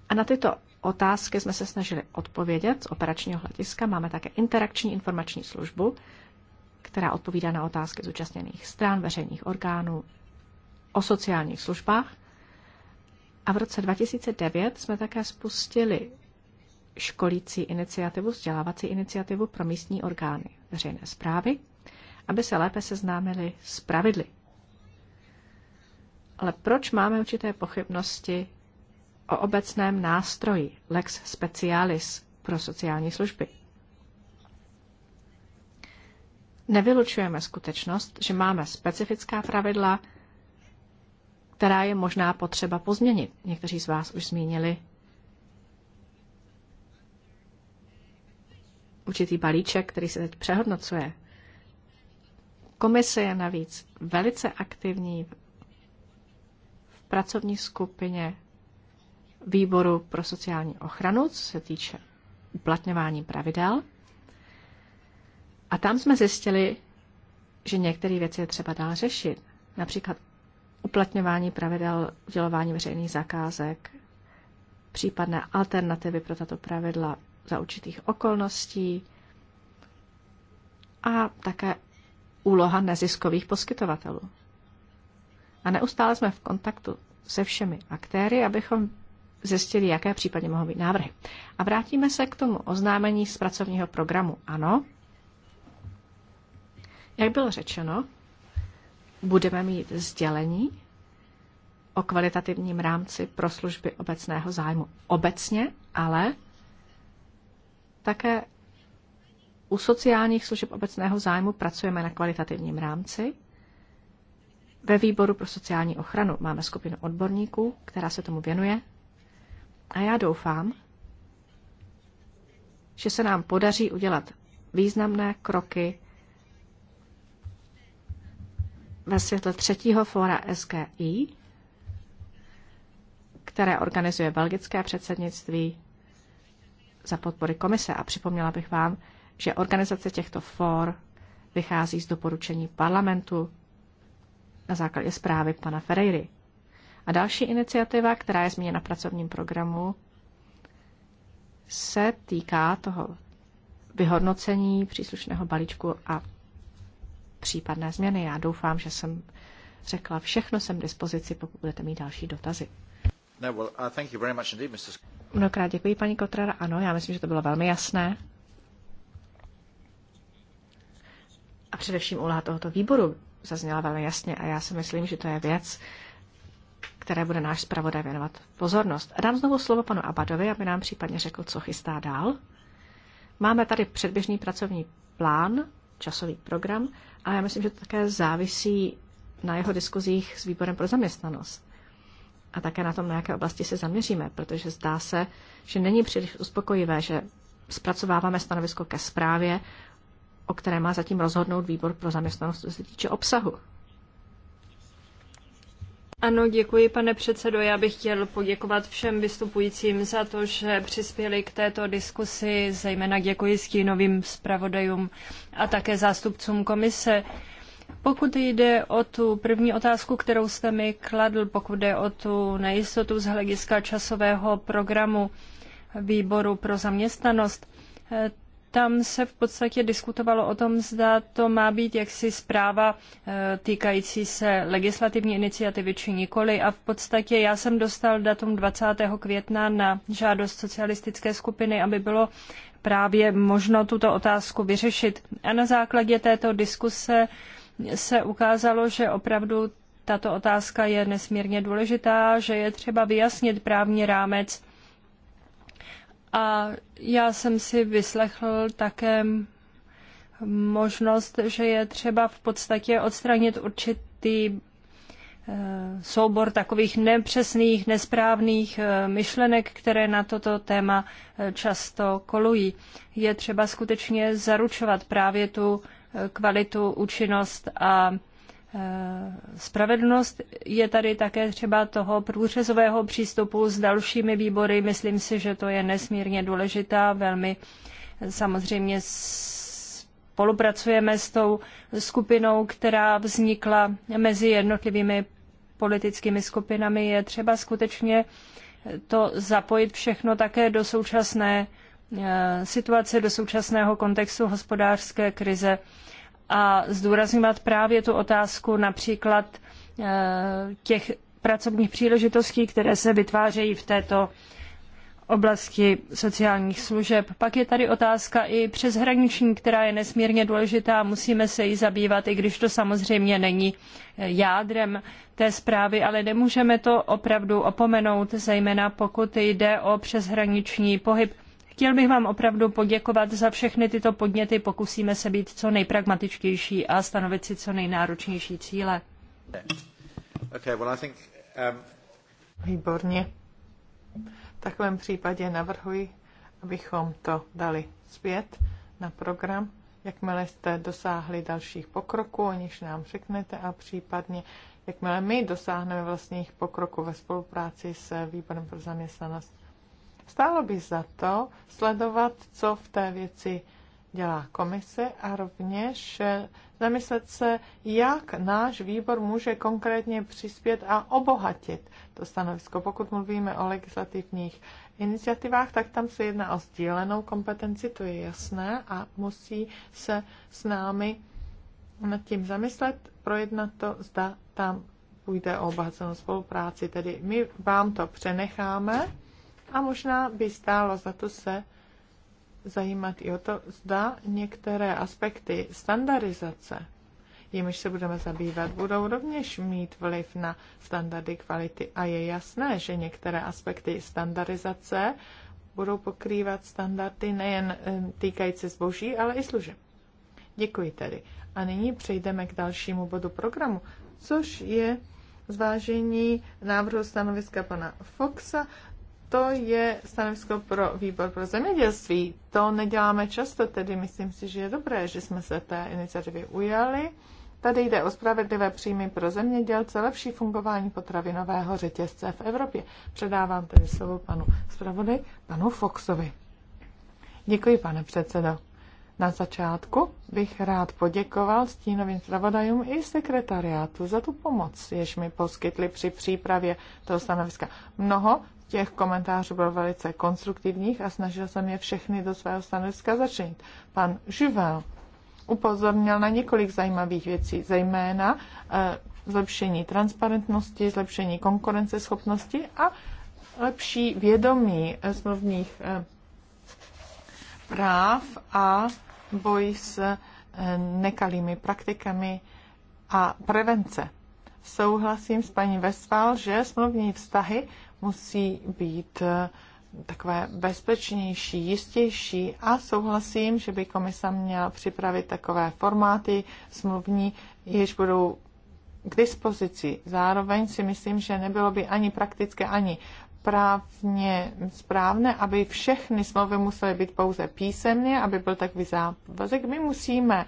A na tyto otázky jsme se snažili odpovědět z operačního hlediska. Máme také interakční informační službu, která odpovídá na otázky zúčastněných stran, veřejných orgánů o sociálních službách. A v roce 2009 jsme také spustili školící iniciativu, vzdělávací iniciativu pro místní orgány veřejné zprávy, aby se lépe seznámili s pravidly. Ale proč máme určité pochybnosti o obecném nástroji lex specialis pro sociální služby. Nevylučujeme skutečnost, že máme specifická pravidla, která je možná potřeba pozměnit. Někteří z vás už zmínili určitý balíček, který se teď přehodnocuje. Komise je navíc velice aktivní v pracovní skupině výboru pro sociální ochranu, co se týče uplatňování pravidel. A tam jsme zjistili, že některé věci je třeba dál řešit. Například uplatňování pravidel udělování veřejných zakázek, případné alternativy pro tato pravidla za určitých okolností a také úloha neziskových poskytovatelů. A neustále jsme v kontaktu se všemi aktéry, abychom zjistili, jaké případně mohou být návrhy. A vrátíme se k tomu oznámení z pracovního programu. Ano, jak bylo řečeno, budeme mít sdělení o kvalitativním rámci pro služby obecného zájmu obecně, ale také u sociálních služeb obecného zájmu pracujeme na kvalitativním rámci. Ve výboru pro sociální ochranu máme skupinu odborníků, která se tomu věnuje. A já doufám, že se nám podaří udělat významné kroky ve světle třetího fóra SKI, které organizuje belgické předsednictví za podpory komise. A připomněla bych vám, že organizace těchto fór vychází z doporučení parlamentu na základě zprávy pana Ferreira. A další iniciativa, která je zmíněna na pracovním programu, se týká toho vyhodnocení příslušného balíčku a případné změny. Já doufám, že jsem řekla všechno, jsem k dispozici, pokud budete mít další dotazy. No, well, uh, indeed, Mnohokrát děkuji, paní Kotrara. Ano, já myslím, že to bylo velmi jasné. A především úloha tohoto výboru zazněla velmi jasně a já si myslím, že to je věc, které bude náš zpravodaj věnovat pozornost. A dám znovu slovo panu Abadovi, aby nám případně řekl, co chystá dál. Máme tady předběžný pracovní plán, časový program a já myslím, že to také závisí na jeho diskuzích s výborem pro zaměstnanost. A také na tom, na jaké oblasti se zaměříme, protože zdá se, že není příliš uspokojivé, že zpracováváme stanovisko ke zprávě, o které má zatím rozhodnout výbor pro zaměstnanost, co se týče obsahu. Ano, děkuji, pane předsedo. Já bych chtěl poděkovat všem vystupujícím za to, že přispěli k této diskusi. Zejména děkuji stínovým zpravodajům a také zástupcům komise. Pokud jde o tu první otázku, kterou jste mi kladl, pokud jde o tu nejistotu z hlediska časového programu výboru pro zaměstnanost, tam se v podstatě diskutovalo o tom, zda to má být jaksi zpráva eh, týkající se legislativní iniciativy či nikoli. A v podstatě já jsem dostal datum 20. května na žádost socialistické skupiny, aby bylo právě možno tuto otázku vyřešit. A na základě této diskuse se ukázalo, že opravdu tato otázka je nesmírně důležitá, že je třeba vyjasnit právní rámec a já jsem si vyslechl také možnost, že je třeba v podstatě odstranit určitý eh, soubor takových nepřesných, nesprávných eh, myšlenek, které na toto téma eh, často kolují. Je třeba skutečně zaručovat právě tu kvalitu, účinnost a Eh, spravedlnost. Je tady také třeba toho průřezového přístupu s dalšími výbory. Myslím si, že to je nesmírně důležitá, velmi eh, samozřejmě spolupracujeme s tou skupinou, která vznikla mezi jednotlivými politickými skupinami. Je třeba skutečně eh, to zapojit všechno také do současné situace, do současného kontextu hospodářské krize a zdůrazňovat právě tu otázku například eh, těch pracovních příležitostí, které se vytvářejí v této oblasti sociálních služeb. Pak je tady otázka i přeshraniční, která je nesmírně důležitá. Musíme se jí zabývat, i když to samozřejmě není eh, jádrem té zprávy, ale nemůžeme to opravdu opomenout, zejména pokud jde o přeshraniční pohyb. Chtěl bych vám opravdu poděkovat za všechny tyto podněty. Pokusíme se být co nejpragmatičtější a stanovit si co nejnáročnější cíle. Um, Výborně. V takovém případě navrhuji, abychom to dali zpět na program, jakmile jste dosáhli dalších pokroků, o nichž nám řeknete a případně, jakmile my dosáhneme vlastních pokroků ve spolupráci s Výborem pro zaměstnanost Stálo by za to sledovat, co v té věci dělá komise a rovněž eh, zamyslet se, jak náš výbor může konkrétně přispět a obohatit to stanovisko. Pokud mluvíme o legislativních iniciativách, tak tam se jedná o sdílenou kompetenci, to je jasné a musí se s námi nad tím zamyslet, projednat to, zda tam půjde o obohacenou spolupráci. Tedy my vám to přenecháme a možná by stálo za to se zajímat i o to, zda některé aspekty standardizace, jimiž se budeme zabývat, budou rovněž mít vliv na standardy kvality. A je jasné, že některé aspekty standardizace budou pokrývat standardy nejen eh, týkající zboží, ale i služeb. Děkuji tedy. A nyní přejdeme k dalšímu bodu programu, což je zvážení návrhu stanoviska pana Foxa to je stanovisko pro výbor pro zemědělství. To neděláme často, tedy myslím si, že je dobré, že jsme se té iniciativy ujali. Tady jde o spravedlivé příjmy pro zemědělce, lepší fungování potravinového řetězce v Evropě. Předávám tedy slovo panu zpravodaj, panu Foxovi. Děkuji, pane předsedo. Na začátku bych rád poděkoval stínovým zpravodajům i sekretariátu za tu pomoc, jež mi poskytli při přípravě toho stanoviska. Mnoho Těch komentářů byl velice konstruktivních a snažil jsem je všechny do svého stanoviska začít. Pan Živel upozornil na několik zajímavých věcí, zejména eh, zlepšení transparentnosti, zlepšení konkurenceschopnosti a lepší vědomí eh, smluvních eh, práv a boj s nekalými praktikami a prevence. Souhlasím s paní Vesval, že smluvní vztahy musí být eh, takové bezpečnější, jistější a souhlasím, že by komisa měla připravit takové formáty smluvní, jež budou k dispozici. Zároveň si myslím, že nebylo by ani praktické, ani právně správné, aby všechny smlouvy musely být pouze písemně, aby byl takový závazek. My musíme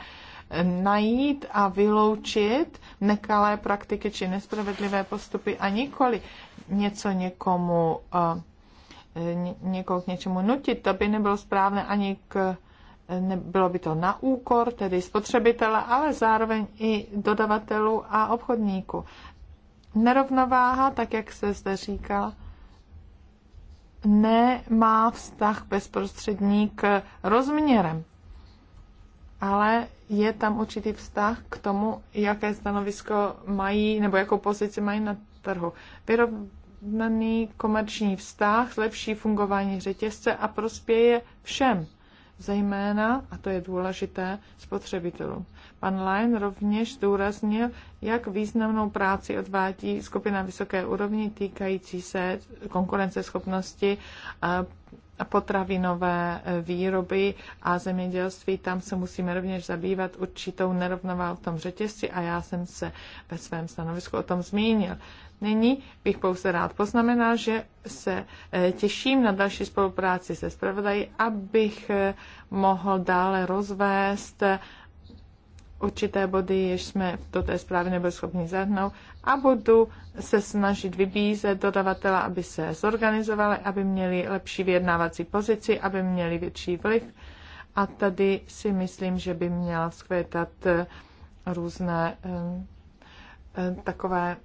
eh, najít a vyloučit nekalé praktiky či nespravedlivé postupy a nikoli něco někomu, e, někoho k něčemu nutit, to by nebylo správné ani k e, bylo by to na úkor tedy spotřebitele, ale zároveň i dodavatelů a obchodníků. Nerovnováha, tak jak se zde říká, nemá vztah bezprostřední k rozměrem, ale je tam určitý vztah k tomu, jaké stanovisko mají nebo jakou pozici mají na trhu. Vyro- snadný komerční vztah, zlepší fungování řetězce a prospěje všem, zejména, a to je důležité, spotřebitelům. Pan Lein rovněž zdůraznil, jak významnou práci odvádí skupina vysoké úrovni týkající se konkurenceschopnosti potravinové e, výroby a zemědělství. Tam se musíme rovněž zabývat určitou nerovnováhou v tom řetězci a já jsem se ve svém stanovisku o tom zmínil. Nyní bych pouze rád poznamenal, že se eh, těším na další spolupráci se zpravodají, abych eh, mohl dále rozvést eh, určité body, jež jsme do té zprávy nebyli schopni zahrnout a budu se snažit vybízet dodavatele, aby se zorganizovali, aby měli lepší vyjednávací pozici, aby měli větší vliv. A tady si myslím, že by měla vzkvětat různé takové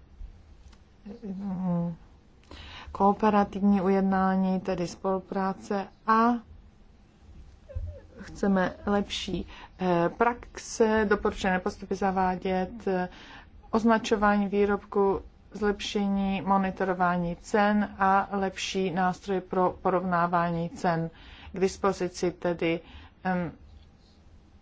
kooperativní ujednání, tedy spolupráce a chceme lepší eh, praxe, doporučené postupy zavádět, eh, označování výrobku, zlepšení monitorování cen a lepší nástroj pro porovnávání cen. K dispozici tedy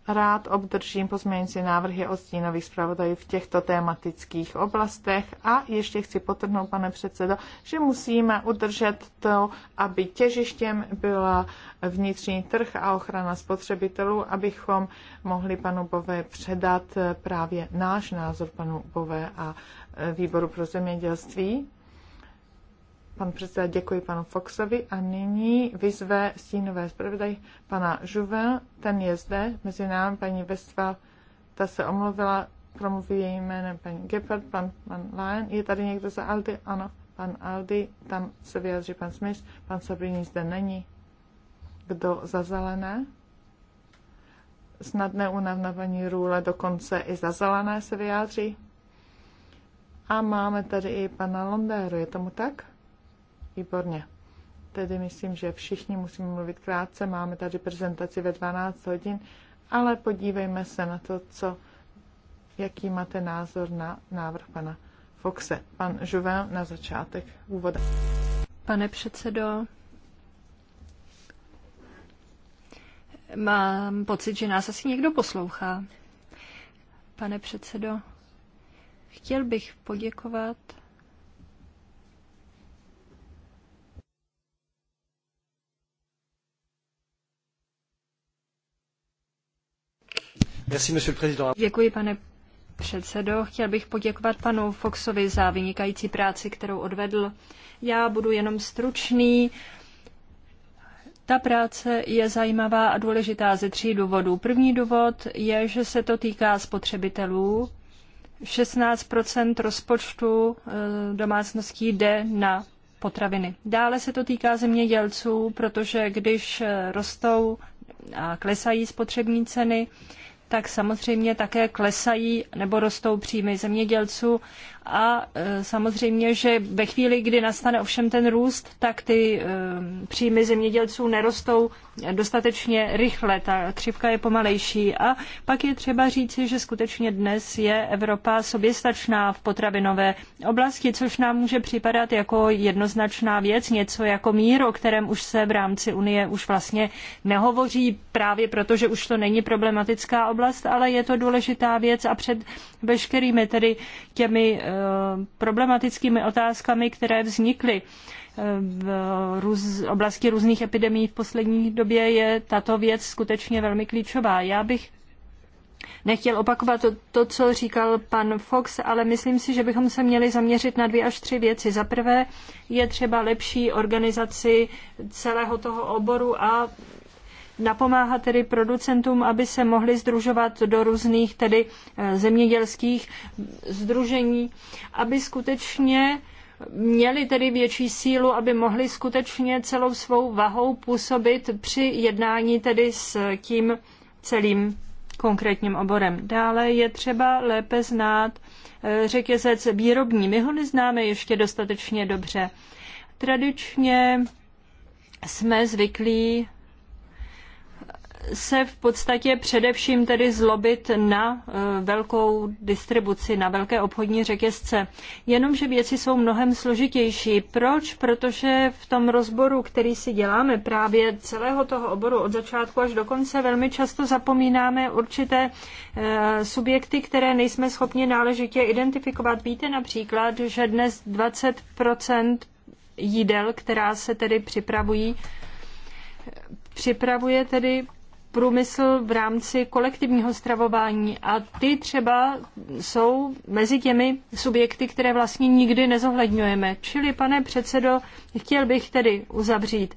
rád obdržím pozměňující návrhy od stínových zpravodajů v těchto tématických oblastech a ještě chci potrhnout, pane předsedo, že musíme udržet to, aby těžištěm byla vnitřní trh a ochrana spotřebitelů, abychom mohli panu Bové předat právě náš názor panu Bové a výboru pro zemědělství. Pan předseda děkuji panu Foxovi a nyní vyzve stínové zpravodaj pana Žuvel, ten je zde mezi námi, paní Westphal, ta se omluvila, promluví její jménem paní Gepard, pan, pan Lyon, je tady někdo za Aldi? Ano, pan Aldi, tam se vyjadří pan Smith, pan Sabrini zde není. Kdo za zelené? Snad neunavna Růle, dokonce i za zelené se vyjádří. A máme tady i pana Londéru, je tomu tak? Výborně. Tedy myslím, že všichni musíme mluvit krátce. Máme tady prezentaci ve 12 hodin, ale podívejme se na to, co, jaký máte názor na návrh pana Foxe. Pan Žuvel na začátek úvoda. Pane předsedo, mám pocit, že nás asi někdo poslouchá. Pane předsedo, chtěl bych poděkovat Děkuji, pane předsedo. Chtěl bych poděkovat panu Foxovi za vynikající práci, kterou odvedl. Já budu jenom stručný. Ta práce je zajímavá a důležitá ze tří důvodů. První důvod je, že se to týká spotřebitelů. 16 rozpočtu eh, domácností jde na potraviny. Dále se to týká zemědělců, protože když eh, rostou a klesají spotřební ceny, tak samozřejmě také klesají nebo rostou příjmy zemědělců a e, samozřejmě, že ve chvíli, kdy nastane ovšem ten růst, tak ty e, příjmy zemědělců nerostou dostatečně rychle. Ta křivka je pomalejší. A pak je třeba říci, že skutečně dnes je Evropa soběstačná v potravinové oblasti, což nám může připadat jako jednoznačná věc, něco jako mír, o kterém už se v rámci Unie už vlastně nehovoří právě proto, že už to není problematická oblast, ale je to důležitá věc a před veškerými tedy těmi e, problematickými otázkami, které vznikly eh, v růz, oblasti různých epidemií v poslední době, je tato věc skutečně velmi klíčová. Já bych nechtěl opakovat to, to, co říkal pan Fox, ale myslím si, že bychom se měli zaměřit na dvě až tři věci. Za prvé je třeba lepší organizaci celého toho oboru a napomáhá tedy producentům, aby se mohli združovat do různých tedy eh, zemědělských združení, aby skutečně měli tedy větší sílu, aby mohli skutečně celou svou vahou působit při jednání tedy s tím celým konkrétním oborem. Dále je třeba lépe znát eh, řetězec výrobní. My ho neznáme ještě dostatečně dobře. Tradičně jsme zvyklí se v podstatě především tedy zlobit na e, velkou distribuci, na velké obchodní řetězce. Jenomže věci jsou mnohem složitější. Proč? Protože v tom rozboru, který si děláme právě celého toho oboru od začátku až do konce, velmi často zapomínáme určité e, subjekty, které nejsme schopni náležitě identifikovat. Víte například, že dnes 20 jídel, která se tedy připravují, připravuje tedy průmysl v rámci kolektivního stravování a ty třeba jsou mezi těmi subjekty, které vlastně nikdy nezohledňujeme. Čili, pane předsedo, chtěl bych tedy uzavřít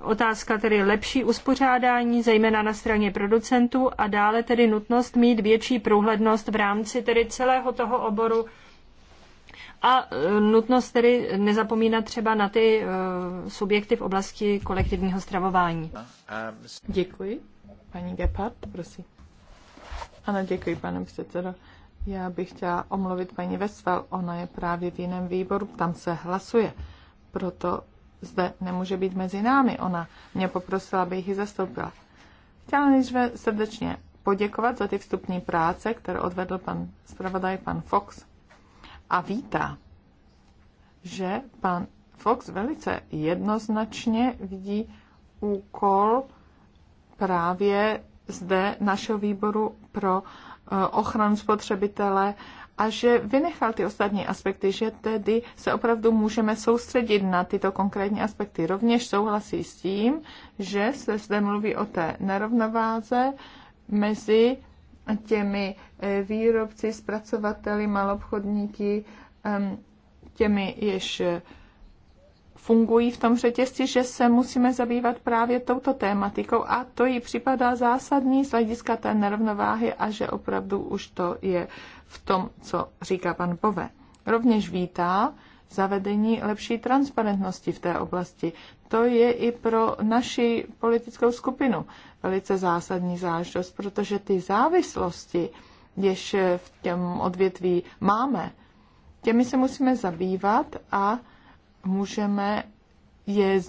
otázka tedy lepší uspořádání, zejména na straně producentů a dále tedy nutnost mít větší průhlednost v rámci tedy celého toho oboru a e, nutnost tedy nezapomínat třeba na ty e, subjekty v oblasti kolektivního stravování. Děkuji. Paní gepard, prosím. Ano, děkuji, pane předsedo. Já bych chtěla omluvit paní Vesval, ona je právě v jiném výboru, tam se hlasuje. Proto zde nemůže být mezi námi. Ona mě poprosila, aby ji zastoupila. Chtěla než srdečně poděkovat za ty vstupní práce, které odvedl pan zpravodaj, pan Fox. A vítá, že pan Fox velice jednoznačně vidí úkol právě zde našeho výboru pro eh, ochranu spotřebitele a že vynechal ty ostatní aspekty, že tedy se opravdu můžeme soustředit na tyto konkrétní aspekty. Rovněž souhlasí s tím, že se zde mluví o té nerovnováze mezi těmi eh, výrobci, zpracovateli, malobchodníky, těmi jež eh, fungují v tom řetězci, že se musíme zabývat právě touto tématikou a to jí připadá zásadní z hlediska té nerovnováhy a že opravdu už to je v tom, co říká pan Bove. Rovněž vítá zavedení lepší transparentnosti v té oblasti. To je i pro naši politickou skupinu velice zásadní záležitost, protože ty závislosti, jež v těm odvětví máme, těmi se musíme zabývat a můžeme je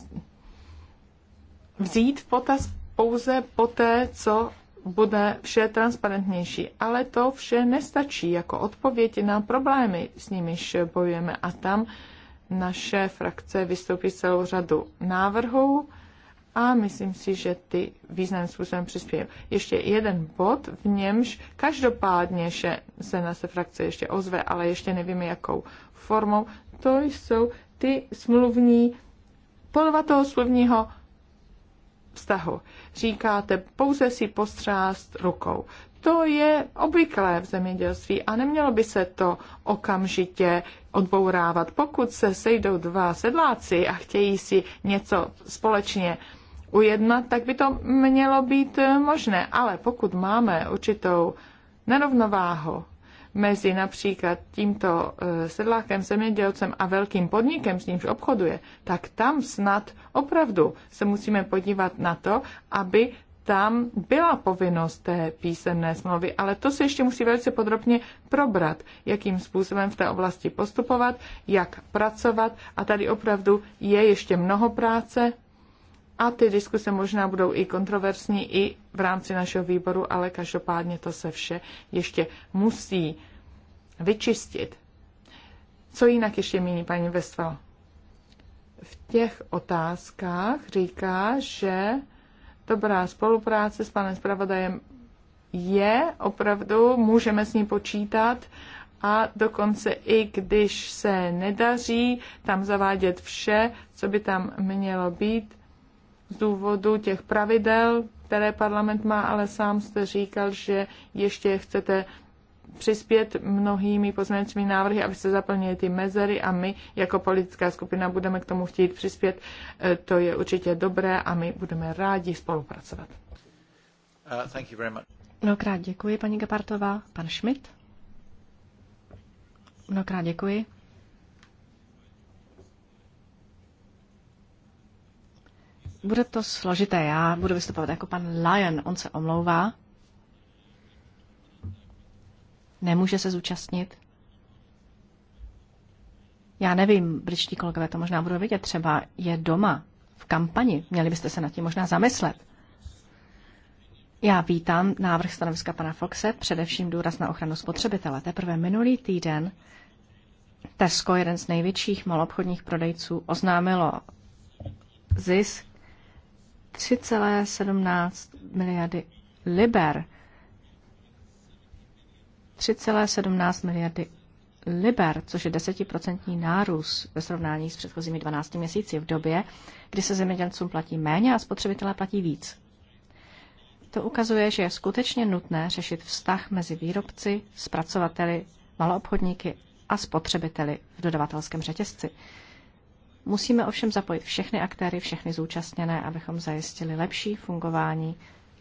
vzít v potaz pouze poté, co bude vše transparentnější. Ale to vše nestačí jako odpověď na problémy, s nimiž bojujeme. A tam naše frakce vystoupí celou řadu návrhů a myslím si, že ty významným způsobem přispějí. Ještě jeden bod, v němž každopádně se naše frakce ještě ozve, ale ještě nevíme jakou formou, to jsou ty smluvní, polova toho smluvního vztahu. Říkáte pouze si postřást rukou. To je obvyklé v zemědělství a nemělo by se to okamžitě odbourávat. Pokud se sejdou dva sedláci a chtějí si něco společně ujednat, tak by to mělo být možné. Ale pokud máme určitou nerovnováhu mezi například tímto e, sedlákem, zemědělcem a velkým podnikem, s nímž obchoduje, tak tam snad opravdu se musíme podívat na to, aby tam byla povinnost té písemné smlouvy, ale to se ještě musí velice podrobně probrat, jakým způsobem v té oblasti postupovat, jak pracovat a tady opravdu je ještě mnoho práce a ty diskuse možná budou i kontroverzní, i v rámci našeho výboru, ale každopádně to se vše ještě musí vyčistit. Co jinak ještě míní paní Vestval? V těch otázkách říká, že dobrá spolupráce s panem zpravodajem je opravdu, můžeme s ní počítat a dokonce i když se nedaří tam zavádět vše, co by tam mělo být, z důvodu těch pravidel, které parlament má, ale sám jste říkal, že ještě chcete přispět mnohými pozměňovacími návrhy, aby se zaplnily ty mezery a my jako politická skupina budeme k tomu chtít přispět. E, to je určitě dobré a my budeme rádi spolupracovat. Uh, thank you very much. Mnohokrát děkuji, paní Gapartová. Pan Schmidt? Mnohokrát děkuji. Bude to složité. Já budu vystupovat jako pan Lyon. On se omlouvá. Nemůže se zúčastnit. Já nevím, britští kolegové to možná budou vidět. Třeba je doma, v kampani. Měli byste se nad tím možná zamyslet. Já vítám návrh stanoviska pana Foxe, především důraz na ochranu spotřebitele. Teprve minulý týden Tesco, jeden z největších malobchodních prodejců, oznámilo zisk 3,17 miliardy liber. 3,17 miliardy liber, což je desetiprocentní nárůst ve srovnání s předchozími 12 měsíci v době, kdy se zemědělcům platí méně a spotřebitelé platí víc. To ukazuje, že je skutečně nutné řešit vztah mezi výrobci, zpracovateli, maloobchodníky a spotřebiteli v dodavatelském řetězci. Musíme ovšem zapojit všechny aktéry, všechny zúčastněné, abychom zajistili lepší fungování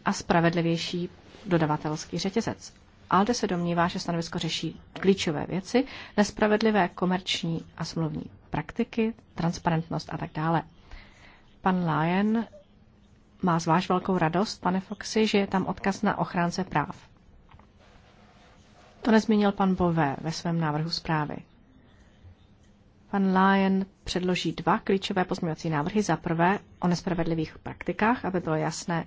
a spravedlivější dodavatelský řetězec. Alde se domnívá, že stanovisko řeší klíčové věci, nespravedlivé komerční a smluvní praktiky, transparentnost a tak dále. Pan Lyon má zvlášť velkou radost, pane Foxy, že je tam odkaz na ochránce práv. To nezmínil pan Bové ve svém návrhu zprávy. Pan Lyon předloží dva klíčové pozměňovací návrhy. Za prvé o nespravedlivých praktikách, aby bylo jasné,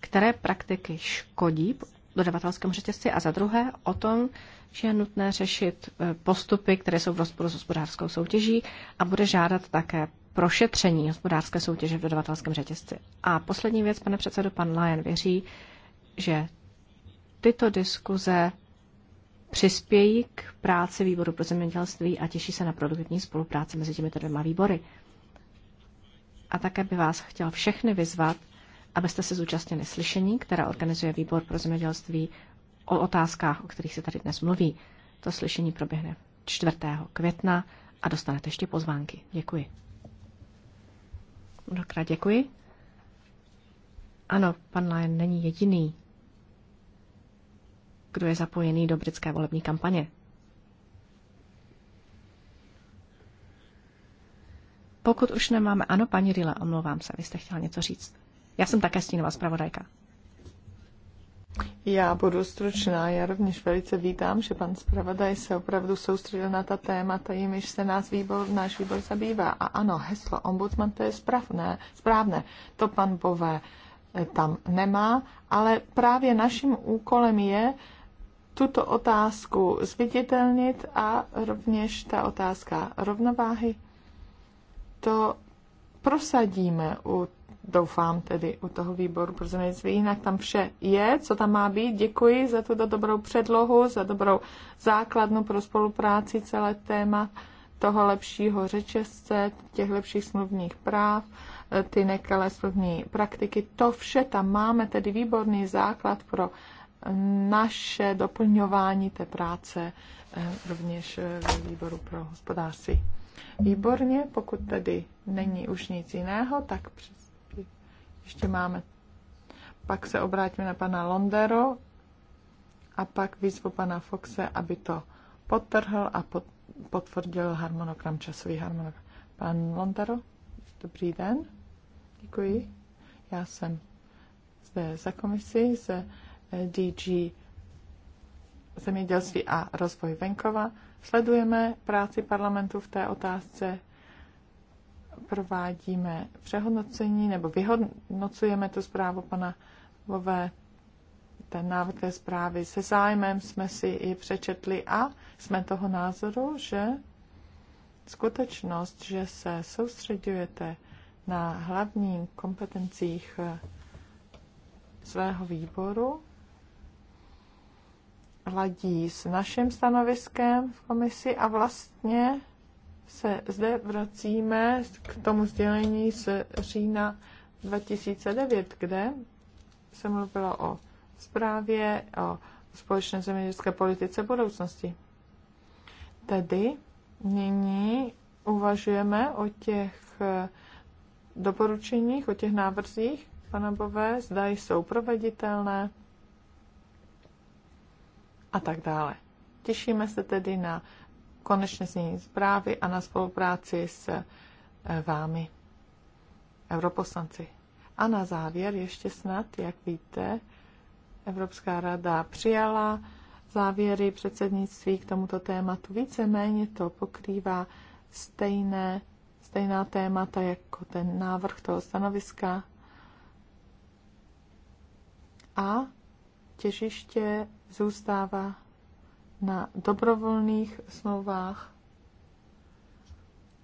které praktiky škodí dodavatelskému řetězci a za druhé o tom, že je nutné řešit e, postupy, které jsou v rozporu s hospodářskou soutěží a bude žádat také prošetření hospodářské soutěže v dodavatelském řetězci. A poslední věc, pane předsedo, pan Lyon věří, že tyto diskuze přispějí k práci výboru pro zemědělství a těší se na produktivní spolupráci mezi těmito dvěma výbory. A také by vás chtěl všechny vyzvat, abyste se zúčastnili slyšení, které organizuje výbor pro zemědělství o otázkách, o kterých se tady dnes mluví. To slyšení proběhne 4. května a dostanete ještě pozvánky. Děkuji. Mnohokrát děkuji. Ano, pan Lajen není jediný, kdo je zapojený do britské volební kampaně. Pokud už nemáme, ano, paní Rila, omlouvám se, vy jste chtěla něco říct. Já jsem také stínová zpravodajka. Já budu stručná. Já rovněž velice vítám, že pan zpravodaj se opravdu soustředil na ta témata, jimiž se nás výbor, náš výbor zabývá. A ano, heslo ombudsman to je správné. správné. To pan Bové eh, tam nemá, ale právě naším úkolem je tuto otázku zviditelnit a rovněž ta otázka rovnováhy. To prosadíme u doufám tedy u toho výboru pro zemědělství. Jinak tam vše je, co tam má být. Děkuji za tuto dobrou předlohu, za dobrou základnu pro spolupráci celé téma toho lepšího řečesce, těch lepších smluvních práv, eh, ty nekalé smluvní praktiky. To vše tam máme, tedy výborný základ pro naše doplňování té práce eh, rovněž eh, ve výboru pro hospodářství. Výborně, pokud tedy není už nic jiného, tak ještě máme. Pak se obrátíme na pana Londero a pak výzvu pana Foxe, aby to potrhl a potvrdil harmonogram, časový harmonogram. Pan Londero, dobrý den. Děkuji. Já jsem zde za komisi, se DG zemědělství a rozvoj venkova. Sledujeme práci parlamentu v té otázce, provádíme přehodnocení nebo vyhodnocujeme tu zprávu pana Vové, ten návrh té zprávy. Se zájmem jsme si ji přečetli a jsme toho názoru, že skutečnost, že se soustředujete na hlavních kompetencích svého výboru, ladí s naším stanoviskem v komisi a vlastně se zde vracíme k tomu sdělení z října 2009, kde se mluvilo o zprávě o společné zemědělské politice budoucnosti. Tedy nyní uvažujeme o těch eh, doporučeních, o těch návrzích pana Bové, zda jsou proveditelné, a tak dále. Těšíme se tedy na konečné znění zprávy a na spolupráci s eh, vámi, europoslanci. A na závěr ještě snad, jak víte, Evropská rada přijala závěry předsednictví k tomuto tématu. Víceméně to pokrývá stejné, stejná témata jako ten návrh toho stanoviska. A těžiště zůstává na dobrovolných smlouvách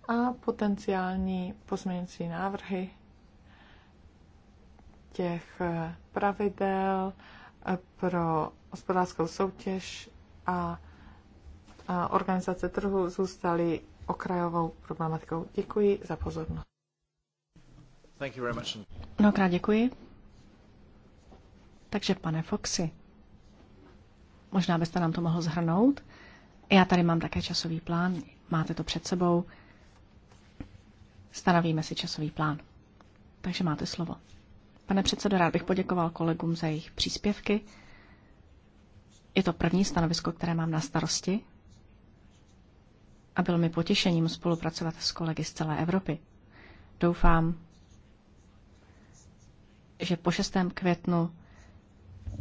a potenciální pozměňující návrhy těch pravidel pro hospodářskou soutěž a, organizace trhu zůstaly okrajovou problematikou. Děkuji za pozornost. Mnohokrát děkuji. Takže pane Foxy, Možná byste nám to mohl zhrnout. Já tady mám také časový plán, máte to před sebou. Stanovíme si časový plán. Takže máte slovo. Pane předsedo, rád bych poděkoval kolegům za jejich příspěvky. Je to první stanovisko, které mám na starosti a bylo mi potěšením spolupracovat s kolegy z celé Evropy. Doufám, že po 6. květnu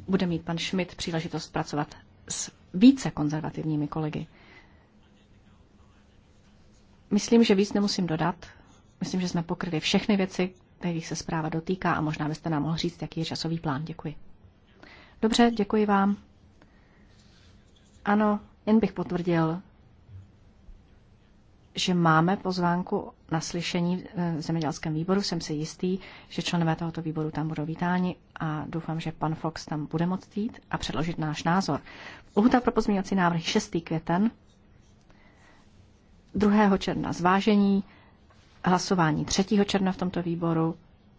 bude mít pan Schmidt příležitost pracovat s více konzervativními kolegy. Myslím, že víc nemusím dodat. Myslím, že jsme pokryli všechny věci, kterých se zpráva dotýká a možná byste nám mohl říct, jaký je časový plán. Děkuji. Dobře, děkuji vám. Ano, jen bych potvrdil, že máme pozvánku na slyšení eh, v zemědělském výboru. Jsem si jistý, že členové tohoto výboru tam budou vítáni a doufám, že pan Fox tam bude moct jít a předložit náš názor. Lhuta pro pozměňovací návrhy 6. květen, 2. června zvážení, hlasování 3. června v tomto výboru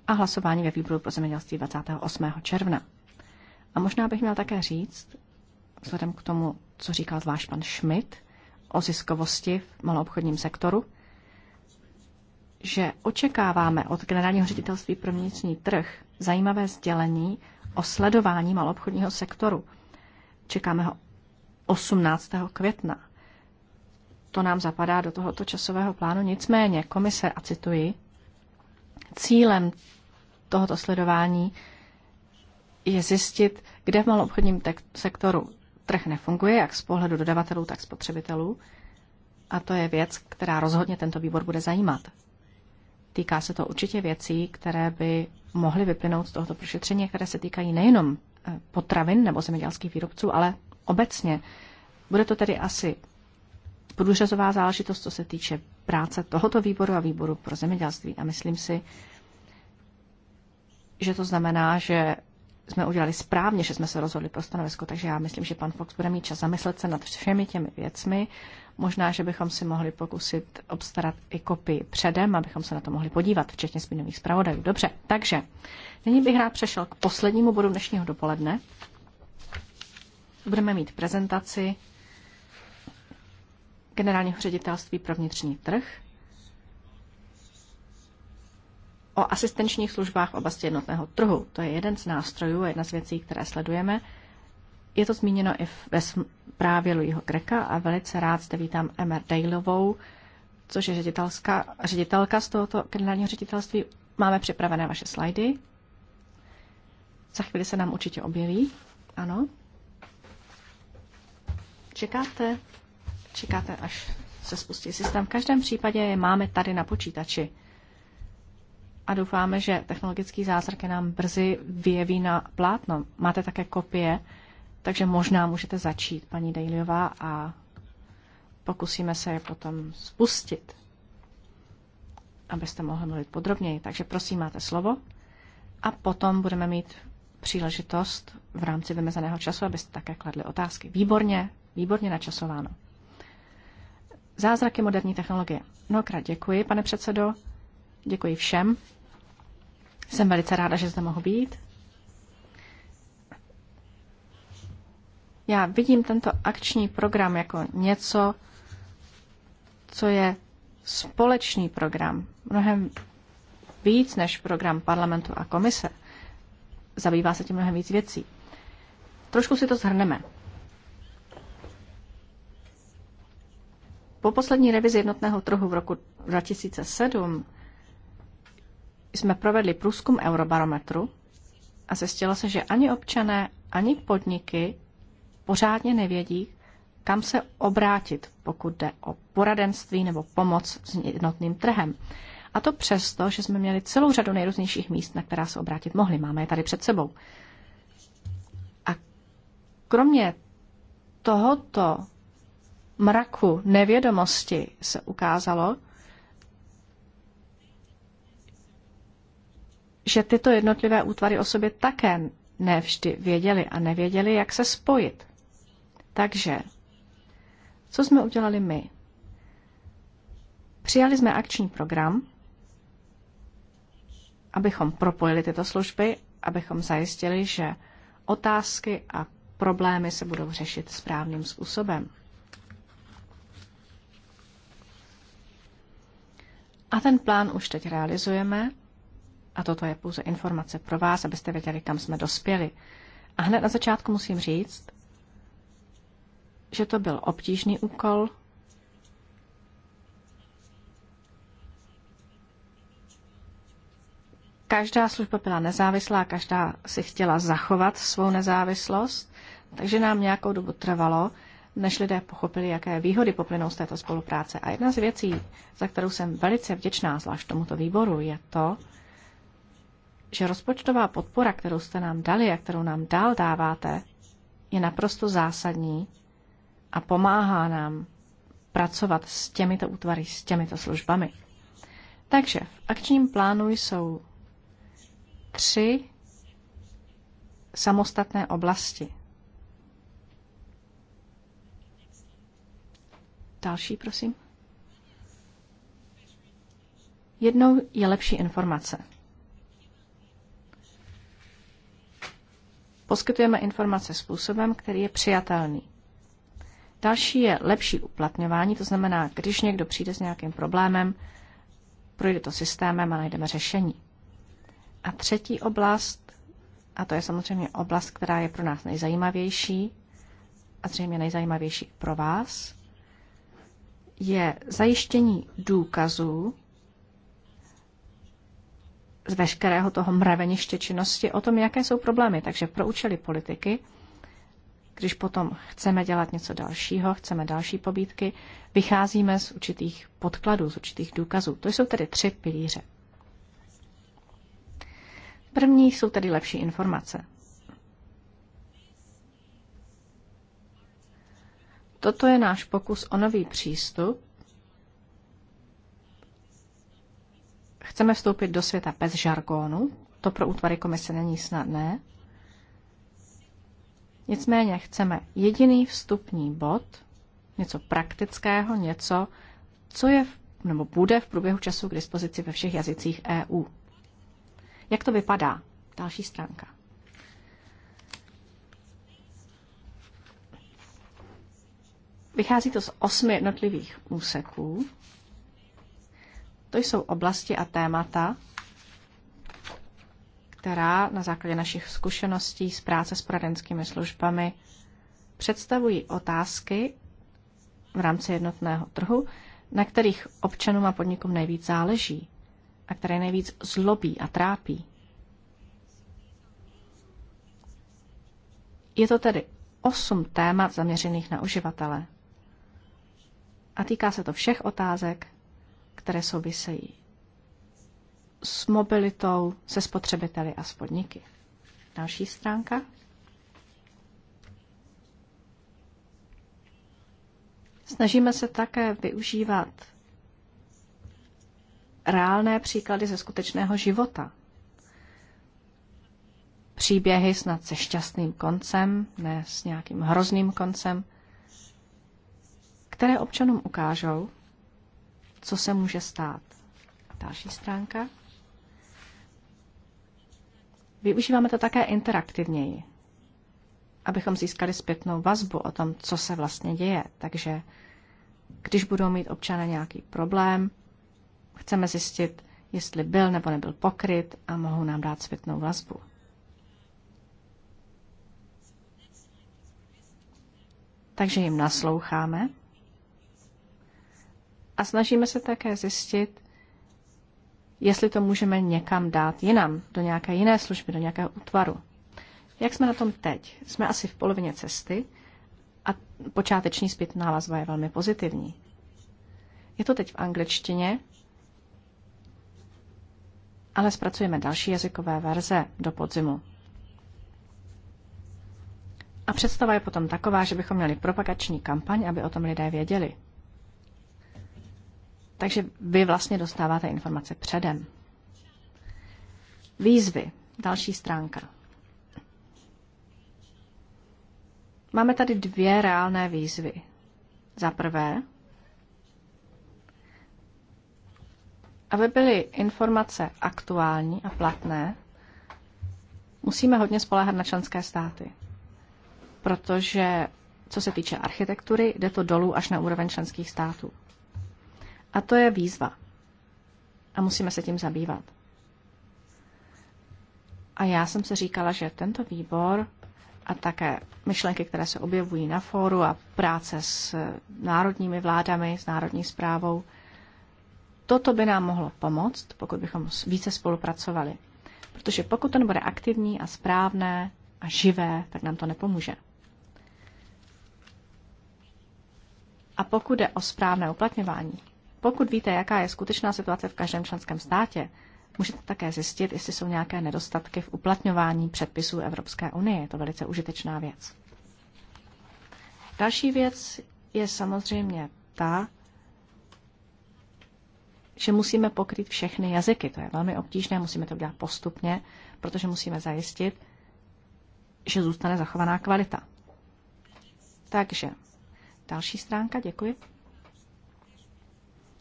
a hlasování ve výboru pro zemědělství 28. června. A možná bych měl také říct, vzhledem k tomu, co říkal zvlášť pan Schmidt, o ziskovosti v maloobchodním sektoru, že očekáváme od Generálního ředitelství pro vnitřní trh zajímavé sdělení o sledování maloobchodního sektoru. Čekáme ho 18. května. To nám zapadá do tohoto časového plánu. Nicméně komise, a cituji, cílem tohoto sledování je zjistit, kde v maloobchodním sektoru trh nefunguje, jak z pohledu dodavatelů, tak spotřebitelů. A to je věc, která rozhodně tento výbor bude zajímat. Týká se to určitě věcí, které by mohly vyplynout z tohoto prošetření, které se týkají nejenom eh, potravin nebo zemědělských výrobců, ale obecně. Bude to tedy asi průřezová záležitost, co se týče práce tohoto výboru a výboru pro zemědělství. A myslím si, že to znamená, že jsme udělali správně, že jsme se rozhodli pro stanovisko, takže já myslím, že pan Fox bude mít čas zamyslet se nad všemi těmi věcmi. Možná, že bychom si mohli pokusit obstarat i kopii předem, abychom se na to mohli podívat, včetně spinových zpravodajů. Dobře, takže nyní bych rád přešel k poslednímu bodu dnešního dopoledne. Budeme mít prezentaci generálního ředitelství pro vnitřní trh o asistenčních službách v oblasti jednotného trhu. To je jeden z nástrojů a jedna z věcí, které sledujeme. Je to zmíněno i ve zprávě Louisho Greka a velice rád zde vítám Emer Dailovou, což je ředitelka, ředitelka z tohoto generálního ředitelství. Máme připravené vaše slajdy. Za chvíli se nám určitě objeví. Ano. Čekáte, čekáte, až se spustí systém. V každém případě je máme tady na počítači a doufáme, že technologický zázrak je nám brzy vyjeví na plátno. Máte také kopie, takže možná můžete začít, paní Dejliová, a pokusíme se je potom spustit, abyste mohli mluvit podrobněji. Takže prosím, máte slovo a potom budeme mít příležitost v rámci vymezeného času, abyste také kladli otázky. Výborně, výborně načasováno. Zázraky moderní technologie. Mnohokrát děkuji, pane předsedo. Děkuji všem. Jsem velice ráda, že zde mohu být. Já vidím tento akční program jako něco, co je společný program, mnohem víc než program parlamentu a komise. Zabývá se tím mnohem víc věcí. Trošku si to zhrneme. Po poslední revizi jednotného trhu v roku 2007 jsme provedli průzkum Eurobarometru a zjistilo se, že ani občané, ani podniky pořádně nevědí, kam se obrátit, pokud jde o poradenství nebo pomoc s jednotným trhem. A to přesto, že jsme měli celou řadu nejrůznějších míst, na která se obrátit mohli. Máme je tady před sebou. A kromě tohoto mraku nevědomosti se ukázalo, že tyto jednotlivé útvary o sobě také nevždy věděli a nevěděli, jak se spojit. Takže, co jsme udělali my? Přijali jsme akční program, abychom propojili tyto služby, abychom zajistili, že otázky a problémy se budou řešit správným způsobem. A ten plán už teď realizujeme a toto je pouze informace pro vás, abyste věděli, kam jsme dospěli. A hned na začátku musím říct, že to byl obtížný úkol, každá služba byla nezávislá, každá si chtěla zachovat svou nezávislost, takže nám nějakou dobu trvalo, než lidé pochopili, jaké výhody poplynou z této spolupráce. A jedna z věcí, za kterou jsem velice vděčná, zvlášť tomuto výboru, je to, že rozpočtová podpora, kterou jste nám dali a kterou nám dál dáváte, je naprosto zásadní a pomáhá nám pracovat s těmito útvary, s těmito službami. Takže v akčním plánu jsou tři samostatné oblasti. Další, prosím. Jednou je lepší informace. poskytujeme informace způsobem, který je přijatelný. Další je lepší uplatňování, to znamená, když někdo přijde s nějakým problémem, projde to systémem a najdeme řešení. A třetí oblast, a to je samozřejmě oblast, která je pro nás nejzajímavější a zřejmě nejzajímavější pro vás, je zajištění důkazů, z veškerého toho mraveniště činnosti o tom, jaké jsou problémy. Takže pro účely politiky, když potom chceme dělat něco dalšího, chceme další pobídky, vycházíme z určitých podkladů, z určitých důkazů. To jsou tedy tři pilíře. První jsou tedy lepší informace. Toto je náš pokus o nový přístup, Chceme vstoupit do světa bez žargonu, to pro útvary komise není snadné. Nicméně chceme jediný vstupní bod, něco praktického, něco, co je nebo bude v průběhu času k dispozici ve všech jazycích EU. Jak to vypadá? Další stránka. Vychází to z osmi jednotlivých úseků, to jsou oblasti a témata, která na základě našich zkušeností z práce s poradenskými službami představují otázky v rámci jednotného trhu, na kterých občanům a podnikům nejvíc záleží a které nejvíc zlobí a trápí. Je to tedy osm témat zaměřených na uživatele. A týká se to všech otázek, které souvisejí s mobilitou, se spotřebiteli a s podniky. Další stránka. Snažíme se také využívat reálné příklady ze skutečného života. Příběhy snad se šťastným koncem, ne s nějakým hrozným koncem, které občanům ukážou, co se může stát. Další stránka. Využíváme to také interaktivněji, abychom získali zpětnou vazbu o tom, co se vlastně děje. Takže když budou mít občané nějaký problém, chceme zjistit, jestli byl nebo nebyl pokryt a mohou nám dát zpětnou vazbu. Takže jim nasloucháme a snažíme se také zjistit, jestli to můžeme někam dát jinam, do nějaké jiné služby, do nějakého útvaru. Jak jsme na tom teď? Jsme asi v polovině cesty a počáteční zpětná vazba je velmi pozitivní. Je to teď v angličtině, ale zpracujeme další jazykové verze do podzimu. A představa je potom taková, že bychom měli propagační kampaň, aby o tom lidé věděli. Takže vy vlastně dostáváte informace předem. Výzvy. Další stránka. Máme tady dvě reálné výzvy. Za prvé, aby byly informace aktuální a platné, musíme hodně spoléhat na členské státy. Protože, co se týče architektury, jde to dolů až na úroveň členských států. A to je výzva. A musíme se tím zabývat. A já jsem se říkala, že tento výbor a také myšlenky, které se objevují na fóru a práce s národními vládami, s národní zprávou, toto by nám mohlo pomoct, pokud bychom více spolupracovali. Protože pokud to bude aktivní a správné a živé, tak nám to nepomůže. A pokud jde o správné uplatňování, pokud víte, jaká je skutečná situace v každém členském státě, můžete také zjistit, jestli jsou nějaké nedostatky v uplatňování předpisů Evropské unie. Je to velice užitečná věc. Další věc je samozřejmě ta, že musíme pokryt všechny jazyky. To je velmi obtížné, musíme to dělat postupně, protože musíme zajistit, že zůstane zachovaná kvalita. Takže další stránka, děkuji.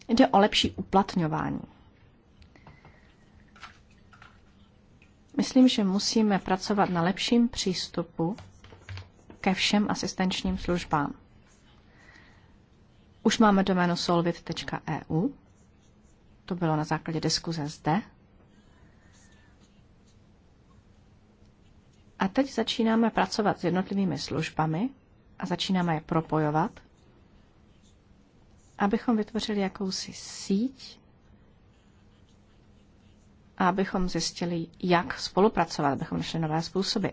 Jde o lepší uplatňování. Myslím, že musíme pracovat na lepším přístupu ke všem asistenčním službám. Už máme doménu solvit.eu, e to bylo na základě diskuze zde. A teď začínáme pracovat s jednotlivými službami a začínáme je propojovat abychom vytvořili jakousi síť a abychom zjistili, jak spolupracovat, abychom našli nové způsoby.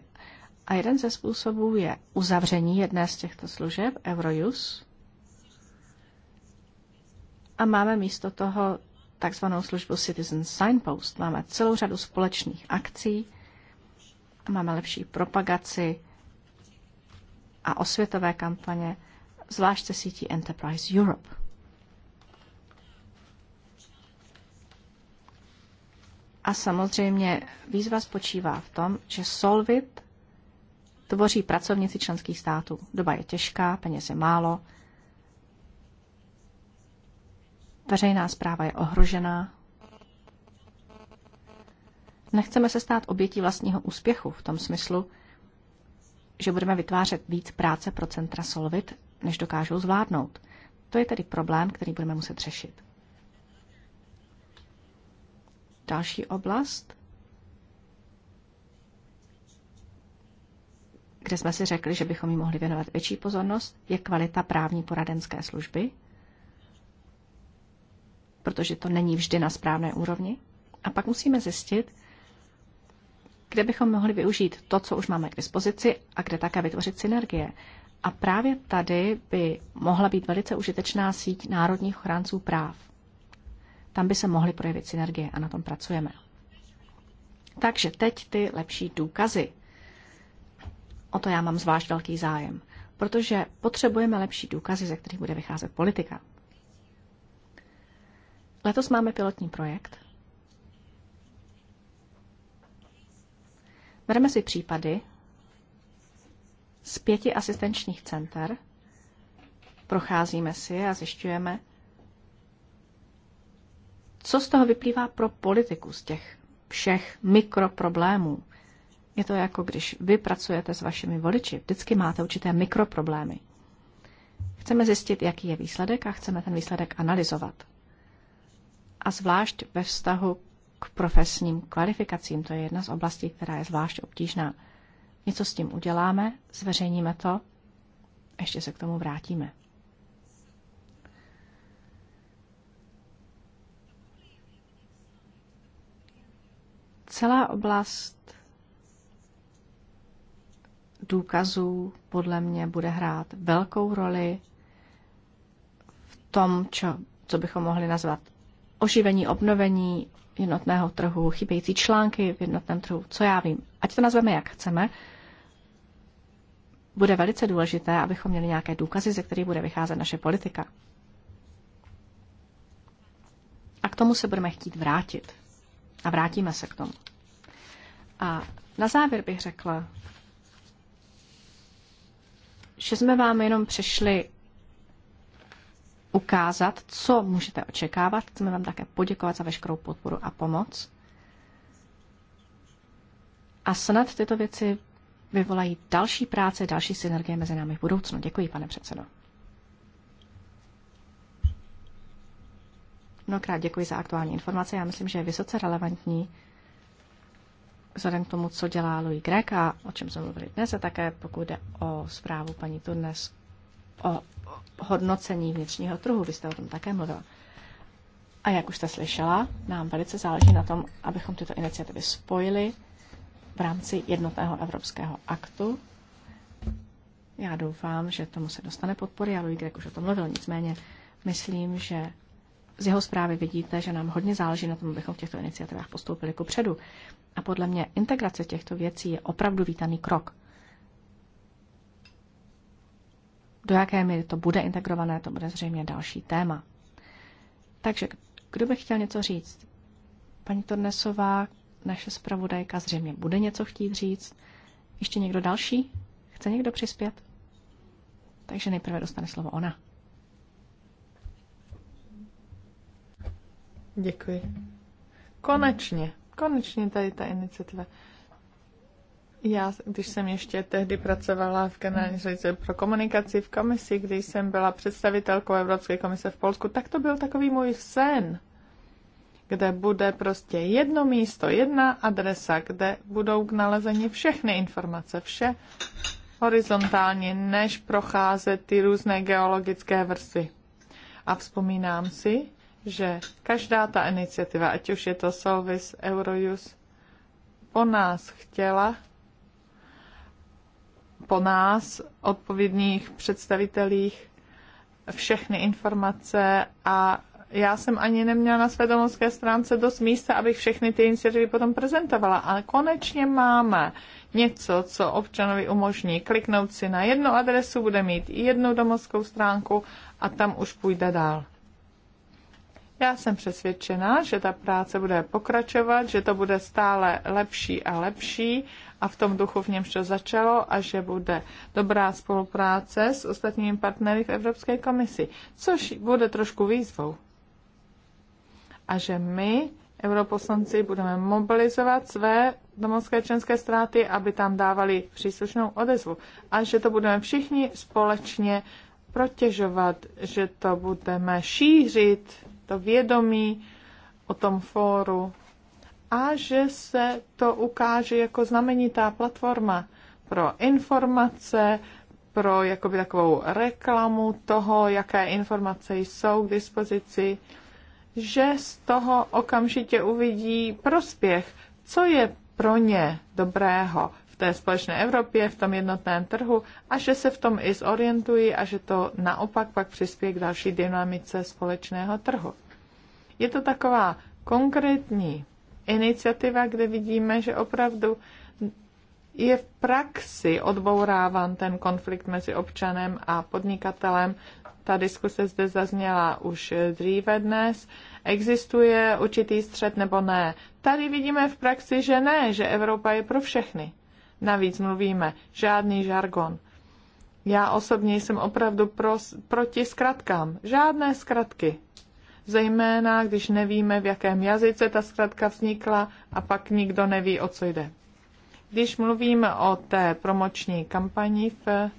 A jeden ze způsobů je uzavření jedné z těchto služeb, Eurojus, a máme místo toho takzvanou službu Citizen Signpost. Máme celou řadu společných akcí, a máme lepší propagaci a osvětové kampaně, zvláště sítí Enterprise Europe. A samozřejmě výzva spočívá v tom, že Solvit tvoří pracovníci členských států. Doba je těžká, peněz je málo, veřejná zpráva je ohrožená. Nechceme se stát obětí vlastního úspěchu v tom smyslu, že budeme vytvářet víc práce pro centra Solvit, než dokážou zvládnout. To je tedy problém, který budeme muset řešit. Další oblast, kde jsme si řekli, že bychom jí mohli věnovat větší pozornost, je kvalita právní poradenské služby, protože to není vždy na správné úrovni. A pak musíme zjistit, kde bychom mohli využít to, co už máme k dispozici a kde také vytvořit synergie. A právě tady by mohla být velice užitečná síť národních ochránců práv. Tam by se mohly projevit synergie a na tom pracujeme. Takže teď ty lepší důkazy. O to já mám zvlášť velký zájem, protože potřebujeme lepší důkazy, ze kterých bude vycházet politika. Letos máme pilotní projekt. Bereme si případy z pěti asistenčních center, procházíme si a zjišťujeme, co z toho vyplývá pro politiku z těch všech mikroproblémů? Je to jako když vy pracujete s vašimi voliči, vždycky máte určité mikroproblémy. Chceme zjistit, jaký je výsledek a chceme ten výsledek analyzovat. A zvlášť ve vztahu k profesním kvalifikacím, to je jedna z oblastí, která je zvlášť obtížná. Něco s tím uděláme, zveřejníme to, ještě se k tomu vrátíme. Celá oblast důkazů podle mě bude hrát velkou roli v tom, čo, co bychom mohli nazvat oživení, obnovení jednotného trhu, chybějící články v jednotném trhu, co já vím. Ať to nazveme, jak chceme, bude velice důležité, abychom měli nějaké důkazy, ze kterých bude vycházet naše politika. A k tomu se budeme chtít vrátit. A vrátíme se k tomu. A na závěr bych řekla, že jsme vám jenom přišli ukázat, co můžete očekávat. Chceme vám také poděkovat za veškerou podporu a pomoc. A snad tyto věci vyvolají další práce, další synergie mezi námi v budoucnu. Děkuji, pane předsedo. Mnohokrát děkuji za aktuální informace. Já myslím, že je vysoce relevantní vzhledem k tomu, co dělá Louis Grek a o čem jsme mluvili dnes, a také pokud jde o zprávu paní Turnes o hodnocení vnitřního trhu. Vy jste o tom také mluvila. A jak už jste slyšela, nám velice záleží na tom, abychom tyto iniciativy spojili v rámci jednotného evropského aktu. Já doufám, že tomu se dostane podpory. Já Louis Grek už o tom mluvil, nicméně myslím, že z jeho zprávy vidíte, že nám hodně záleží na tom, abychom v těchto iniciativách postoupili ku předu. A podle mě integrace těchto věcí je opravdu vítaný krok. Do jaké míry to bude integrované, to bude zřejmě další téma. Takže kdo by chtěl něco říct? Paní Tornesová, naše zpravodajka, zřejmě bude něco chtít říct. Ještě někdo další? Chce někdo přispět? Takže nejprve dostane slovo ona. Děkuji. Konečně, konečně tady ta iniciativa. Já, když jsem ještě tehdy pracovala v generální řadice pro komunikaci v komisi, když jsem byla představitelkou Evropské komise v Polsku, tak to byl takový můj sen, kde bude prostě jedno místo, jedna adresa, kde budou k nalezení všechny informace, vše horizontálně, než procházet ty různé geologické vrstvy. A vzpomínám si, že každá ta iniciativa, ať už je to Solvis, Eurojust, po nás chtěla, po nás, odpovědných představitelích, všechny informace a já jsem ani neměla na své domovské stránce dost místa, abych všechny ty iniciativy potom prezentovala, ale konečně máme něco, co občanovi umožní kliknout si na jednu adresu, bude mít i jednu domovskou stránku a tam už půjde dál. Já jsem přesvědčena, že ta práce bude pokračovat, že to bude stále lepší a lepší a v tom duchu v němž to začalo a že bude dobrá spolupráce s ostatními partnery v Evropské komisi, což bude trošku výzvou. A že my, europoslanci, budeme mobilizovat své domovské členské ztráty, aby tam dávali příslušnou odezvu. A že to budeme všichni společně protěžovat, že to budeme šířit to vědomí o tom fóru a že se to ukáže jako znamenitá platforma pro informace, pro jakoby takovou reklamu toho, jaké informace jsou k dispozici, že z toho okamžitě uvidí prospěch, co je pro ně dobrého, té společné Evropě, v tom jednotném trhu a že se v tom i zorientují a že to naopak pak přispěje k další dynamice společného trhu. Je to taková konkrétní iniciativa, kde vidíme, že opravdu je v praxi odbouráván ten konflikt mezi občanem a podnikatelem. Ta diskuse zde zazněla už dříve dnes. Existuje určitý střed nebo ne? Tady vidíme v praxi, že ne, že Evropa je pro všechny. Navíc mluvíme žádný žargon. Já osobně jsem opravdu pro, proti zkratkám. Žádné zkratky. Zejména, když nevíme, v jakém jazyce ta zkratka vznikla a pak nikdo neví, o co jde. Když mluvíme o té promoční kampani v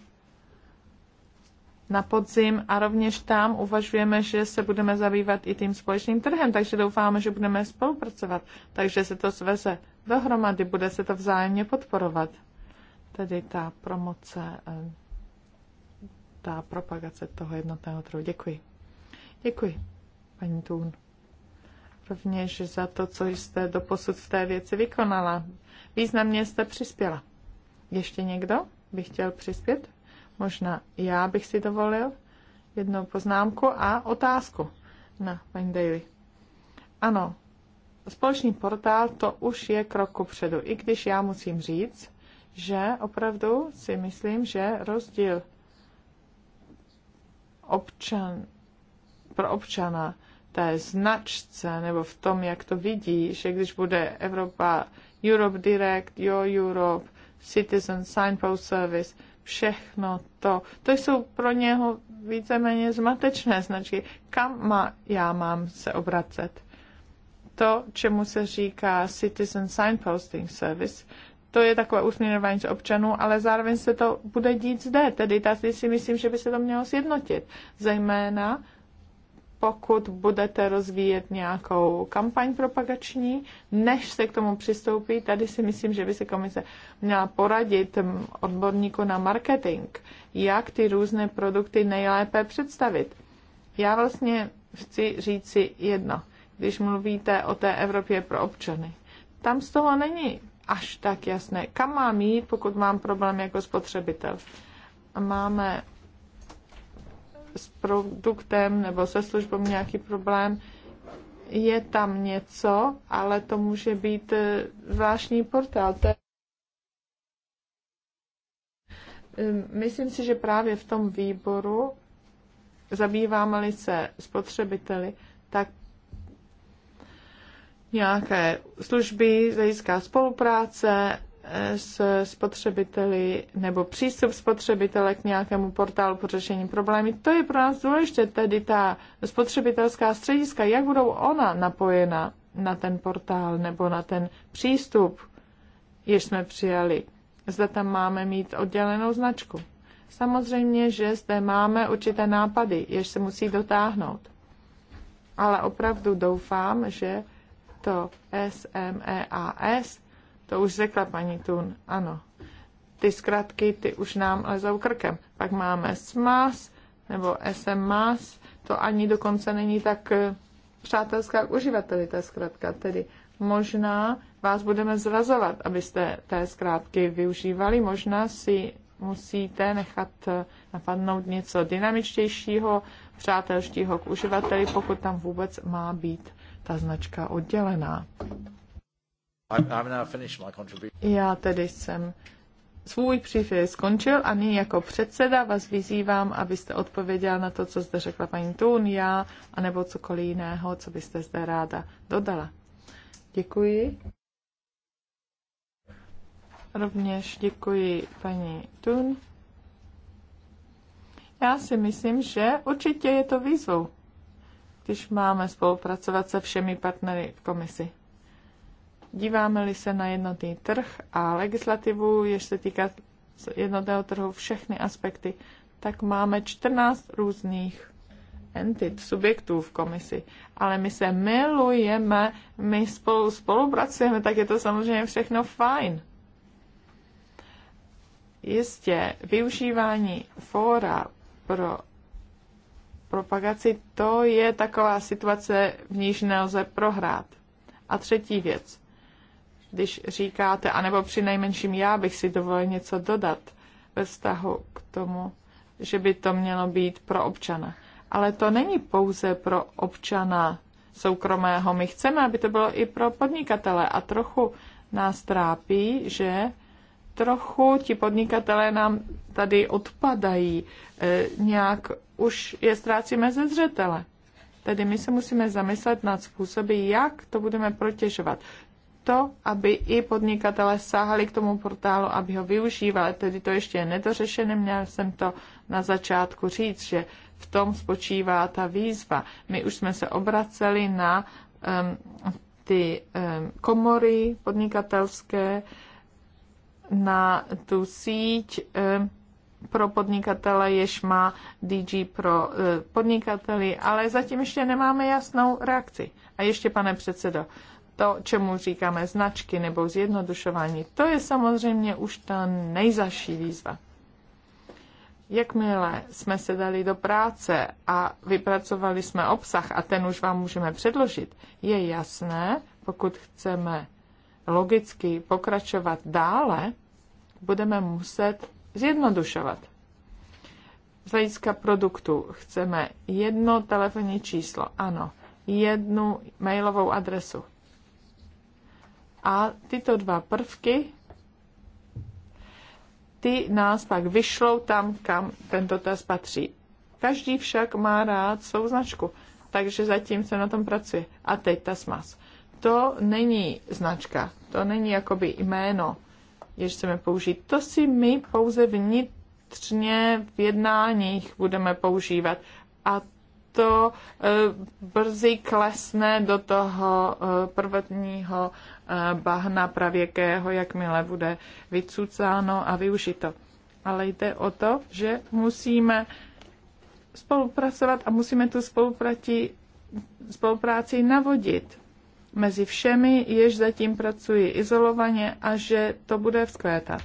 na podzim a rovněž tam uvažujeme, že se budeme zabývat i tím společným trhem, takže doufáme, že budeme spolupracovat, takže se to sveze dohromady, bude se to vzájemně podporovat. Tedy ta promoce, eh, ta propagace toho jednotného trhu. Děkuji. Děkuji, paní Tůn. Rovněž za to, co jste doposud v té věci vykonala. Významně jste přispěla. Ještě někdo by chtěl přispět? Možná já bych si dovolil jednu poznámku a otázku na paní Daily. Ano, společný portál to už je krok předu, i když já musím říct, že opravdu si myslím, že rozdíl občan, pro občana té značce nebo v tom, jak to vidí, že když bude Evropa Europe Direct, Your Europe, Citizen Signpost Service – všechno to. To jsou pro něho víceméně zmatečné značky. Kam má, já mám se obracet? To, čemu se říká Citizen Signposting Service, to je takové usměrování z občanů, ale zároveň se to bude dít zde. Tedy tady si myslím, že by se to mělo sjednotit. Zejména pokud budete rozvíjet nějakou kampaň propagační, než se k tomu přistoupí, tady si myslím, že by se komise měla poradit odborníku na marketing, jak ty různé produkty nejlépe představit. Já vlastně chci říct si jedno, když mluvíte o té Evropě pro občany. Tam z toho není až tak jasné, kam mám jít, pokud mám problém jako spotřebitel. Máme s produktem nebo se službou nějaký problém, je tam něco, ale to může být e, zvláštní portál. E, myslím si, že právě v tom výboru zabýváme-li se spotřebiteli, tak nějaké služby, zajistká spolupráce, s spotřebiteli nebo přístup spotřebitele k nějakému portálu pro řešení problémy. To je pro nás důležité, tedy ta spotřebitelská střediska, jak budou ona napojena na ten portál nebo na ten přístup, jež jsme přijali. Zda tam máme mít oddělenou značku. Samozřejmě, že zde máme určité nápady, jež se musí dotáhnout. Ale opravdu doufám, že to SMEAS to už řekla paní Tun, ano. Ty zkratky, ty už nám lezou krkem. Pak máme SMAS nebo SMAS. to ani dokonce není tak eh, přátelská k uživateli, ta zkratka. Tedy možná vás budeme zrazovat, abyste té zkrátky využívali. Možná si musíte nechat eh, napadnout něco dynamičtějšího, přátelštího k uživateli, pokud tam vůbec má být ta značka oddělená. Já tedy jsem svůj příspěvek skončil a nyní jako předseda vás vyzývám, abyste odpověděl na to, co zde řekla paní Tun, já, anebo cokoliv jiného, co byste zde ráda dodala. Děkuji. Rovněž děkuji paní Tun. Já si myslím, že určitě je to výzvou, když máme spolupracovat se všemi partnery v komisi. Díváme-li se na jednotný trh a legislativu, jež se týká jednotného trhu všechny aspekty, tak máme 14 různých entit, subjektů v komisi. Ale my se milujeme, my spolu spolupracujeme, tak je to samozřejmě všechno fajn. Jistě, využívání fóra pro propagaci, to je taková situace, v níž nelze prohrát. A třetí věc když říkáte, anebo při nejmenším já bych si dovolil něco dodat ve vztahu k tomu, že by to mělo být pro občana. Ale to není pouze pro občana soukromého. My chceme, aby to bylo i pro podnikatele. A trochu nás trápí, že trochu ti podnikatelé nám tady odpadají. E, nějak už je ztrácíme ze zřetele. Tedy my se musíme zamyslet nad způsoby, jak to budeme protěžovat to, aby i podnikatele sáhali k tomu portálu, aby ho využívali. Tedy to ještě je nedořešené, měl jsem to na začátku říct, že v tom spočívá ta výzva. My už jsme se obraceli na um, ty um, komory podnikatelské, na tu síť um, pro podnikatele, jež má DG pro uh, e, podnikateli, ale zatím ještě nemáme jasnou reakci. A ještě, pane předsedo, to, čemu říkáme značky nebo zjednodušování, to je samozřejmě už ta nejzaší výzva. Jakmile jsme se dali do práce a vypracovali jsme obsah a ten už vám můžeme předložit, je jasné, pokud chceme logicky pokračovat dále, budeme muset zjednodušovat. Z hlediska produktu chceme jedno telefonní číslo, ano, jednu mailovou adresu. A tyto dva prvky, ty nás pak vyšlou tam, kam tento test patří. Každý však má rád svou značku, takže zatím se na tom pracuje. A teď ta smaz. To není značka, to není jakoby jméno, jež chceme použít. To si my pouze vnitřně v jednáních budeme používat. A to eh, brzy klesne do toho eh, prvotního eh, bahna pravěkého, jakmile bude vycucáno a využito. Ale jde o to, že musíme spolupracovat a musíme tu spolupráci, spolupráci navodit mezi všemi, jež zatím pracují izolovaně a že to bude vzkvétat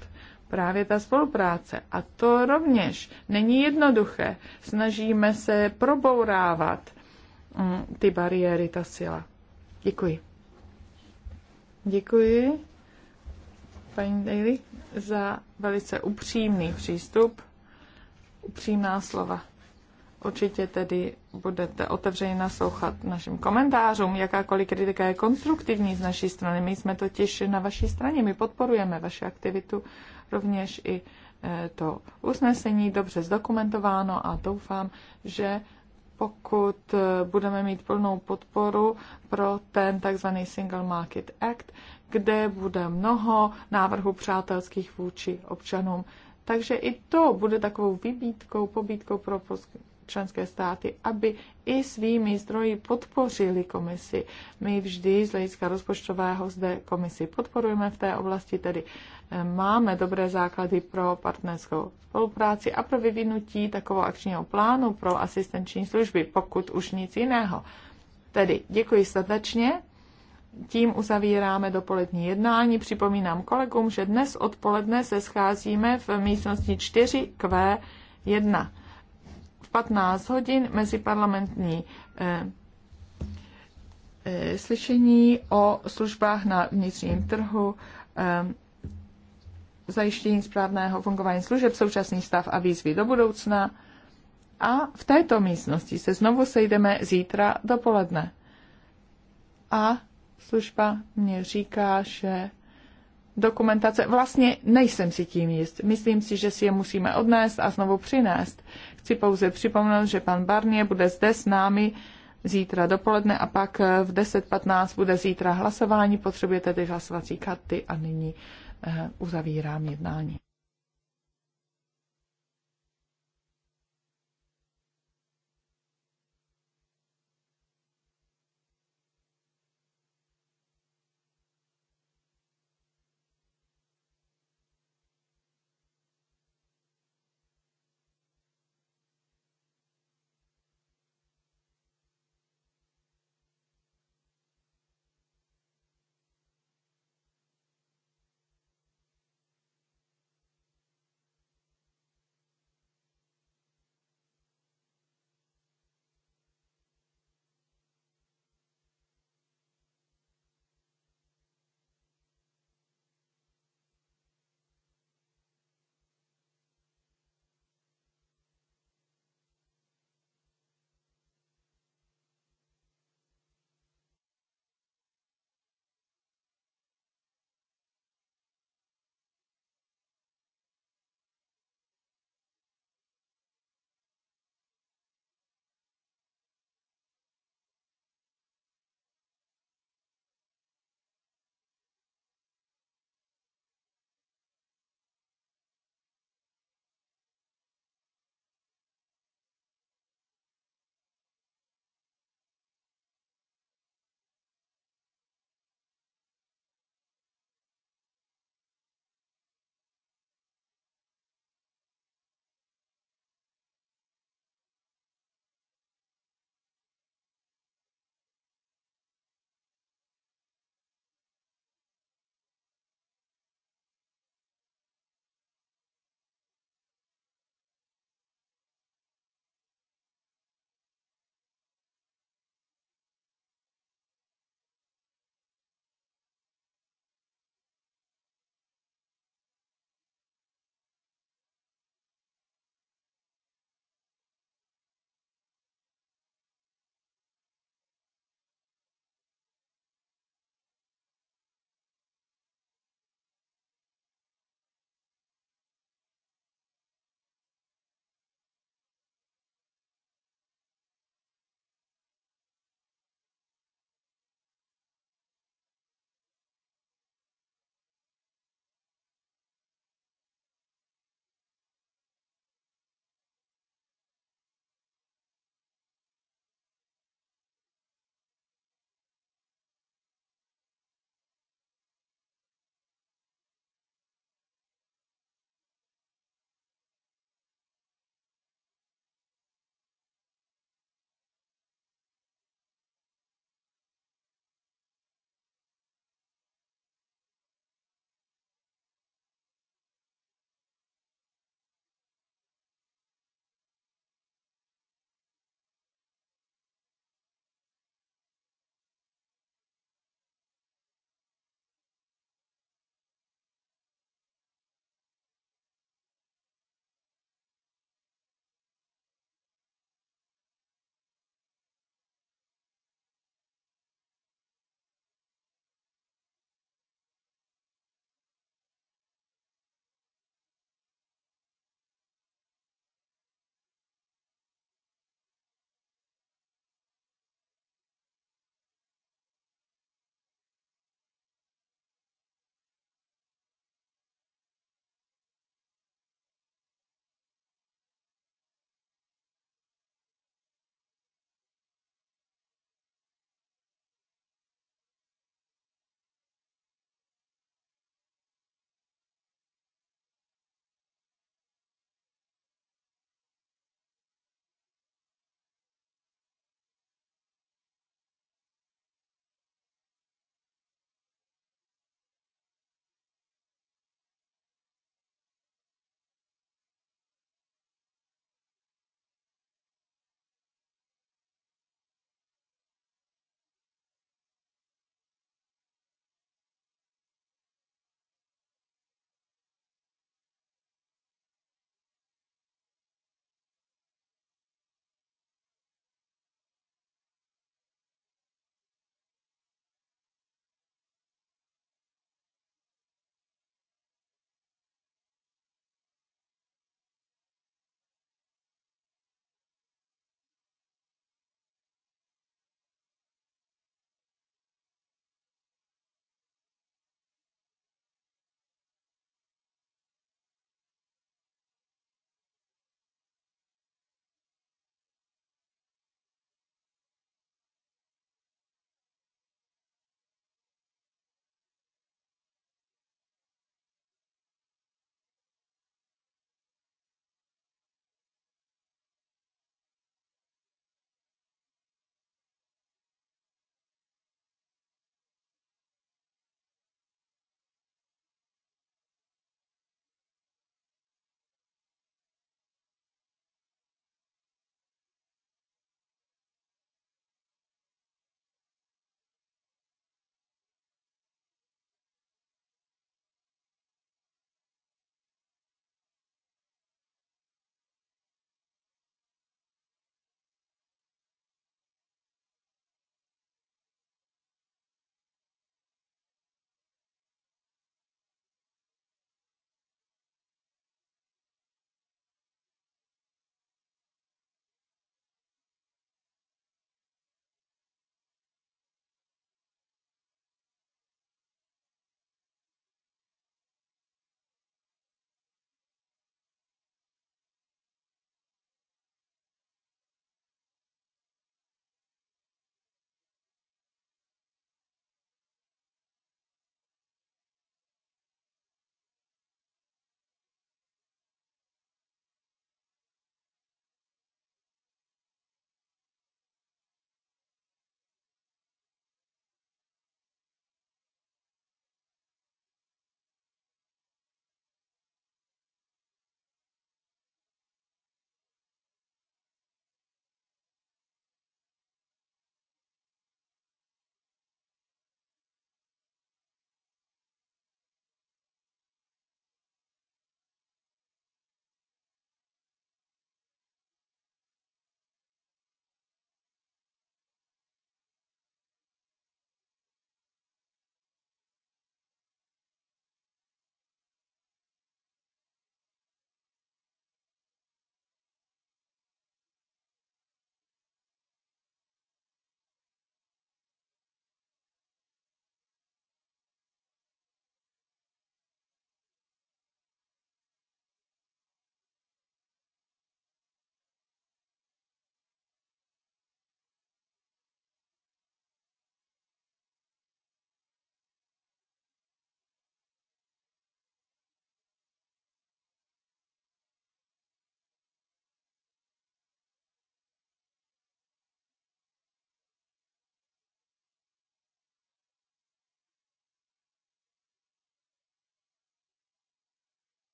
právě ta spolupráce. A to rovněž není jednoduché. Snažíme se probourávat mm, ty bariéry, ta sila. Děkuji. Děkuji, paní Daly, za velice upřímný přístup, upřímná slova. Určitě tedy budete otevřeně naslouchat našim komentářům. Jakákoliv kritika je konstruktivní z naší strany. My jsme totiž na vaší straně, my podporujeme vaši aktivitu rovněž i e, to usnesení dobře zdokumentováno a doufám, že pokud e, budeme mít plnou podporu pro ten tzv. Single Market Act, kde bude mnoho návrhů přátelských vůči občanům. Takže i to bude takovou vybítkou, pobítkou pro členské státy, aby i svými zdroji podpořili komisi. My vždy z hlediska rozpočtového zde komisi podporujeme v té oblasti, tedy máme dobré základy pro partnerskou spolupráci a pro vyvinutí takového akčního plánu pro asistenční služby, pokud už nic jiného. Tedy děkuji srdečně. Tím uzavíráme dopolední jednání. Připomínám kolegům, že dnes odpoledne se scházíme v místnosti 4Q1 v 15 hodin meziparlamentní eh, eh, slyšení o službách na vnitřním trhu. Eh, zajištění správného fungování služeb, současný stav a výzvy do budoucna. A v této místnosti se znovu sejdeme zítra dopoledne. A služba mě říká, že dokumentace, vlastně nejsem si tím jist. Myslím si, že si je musíme odnést a znovu přinést. Chci pouze připomenout, že pan Barnier bude zde s námi zítra dopoledne a pak v 10.15 bude zítra hlasování. Potřebujete ty hlasovací karty a nyní Eh, uzavírám jednání.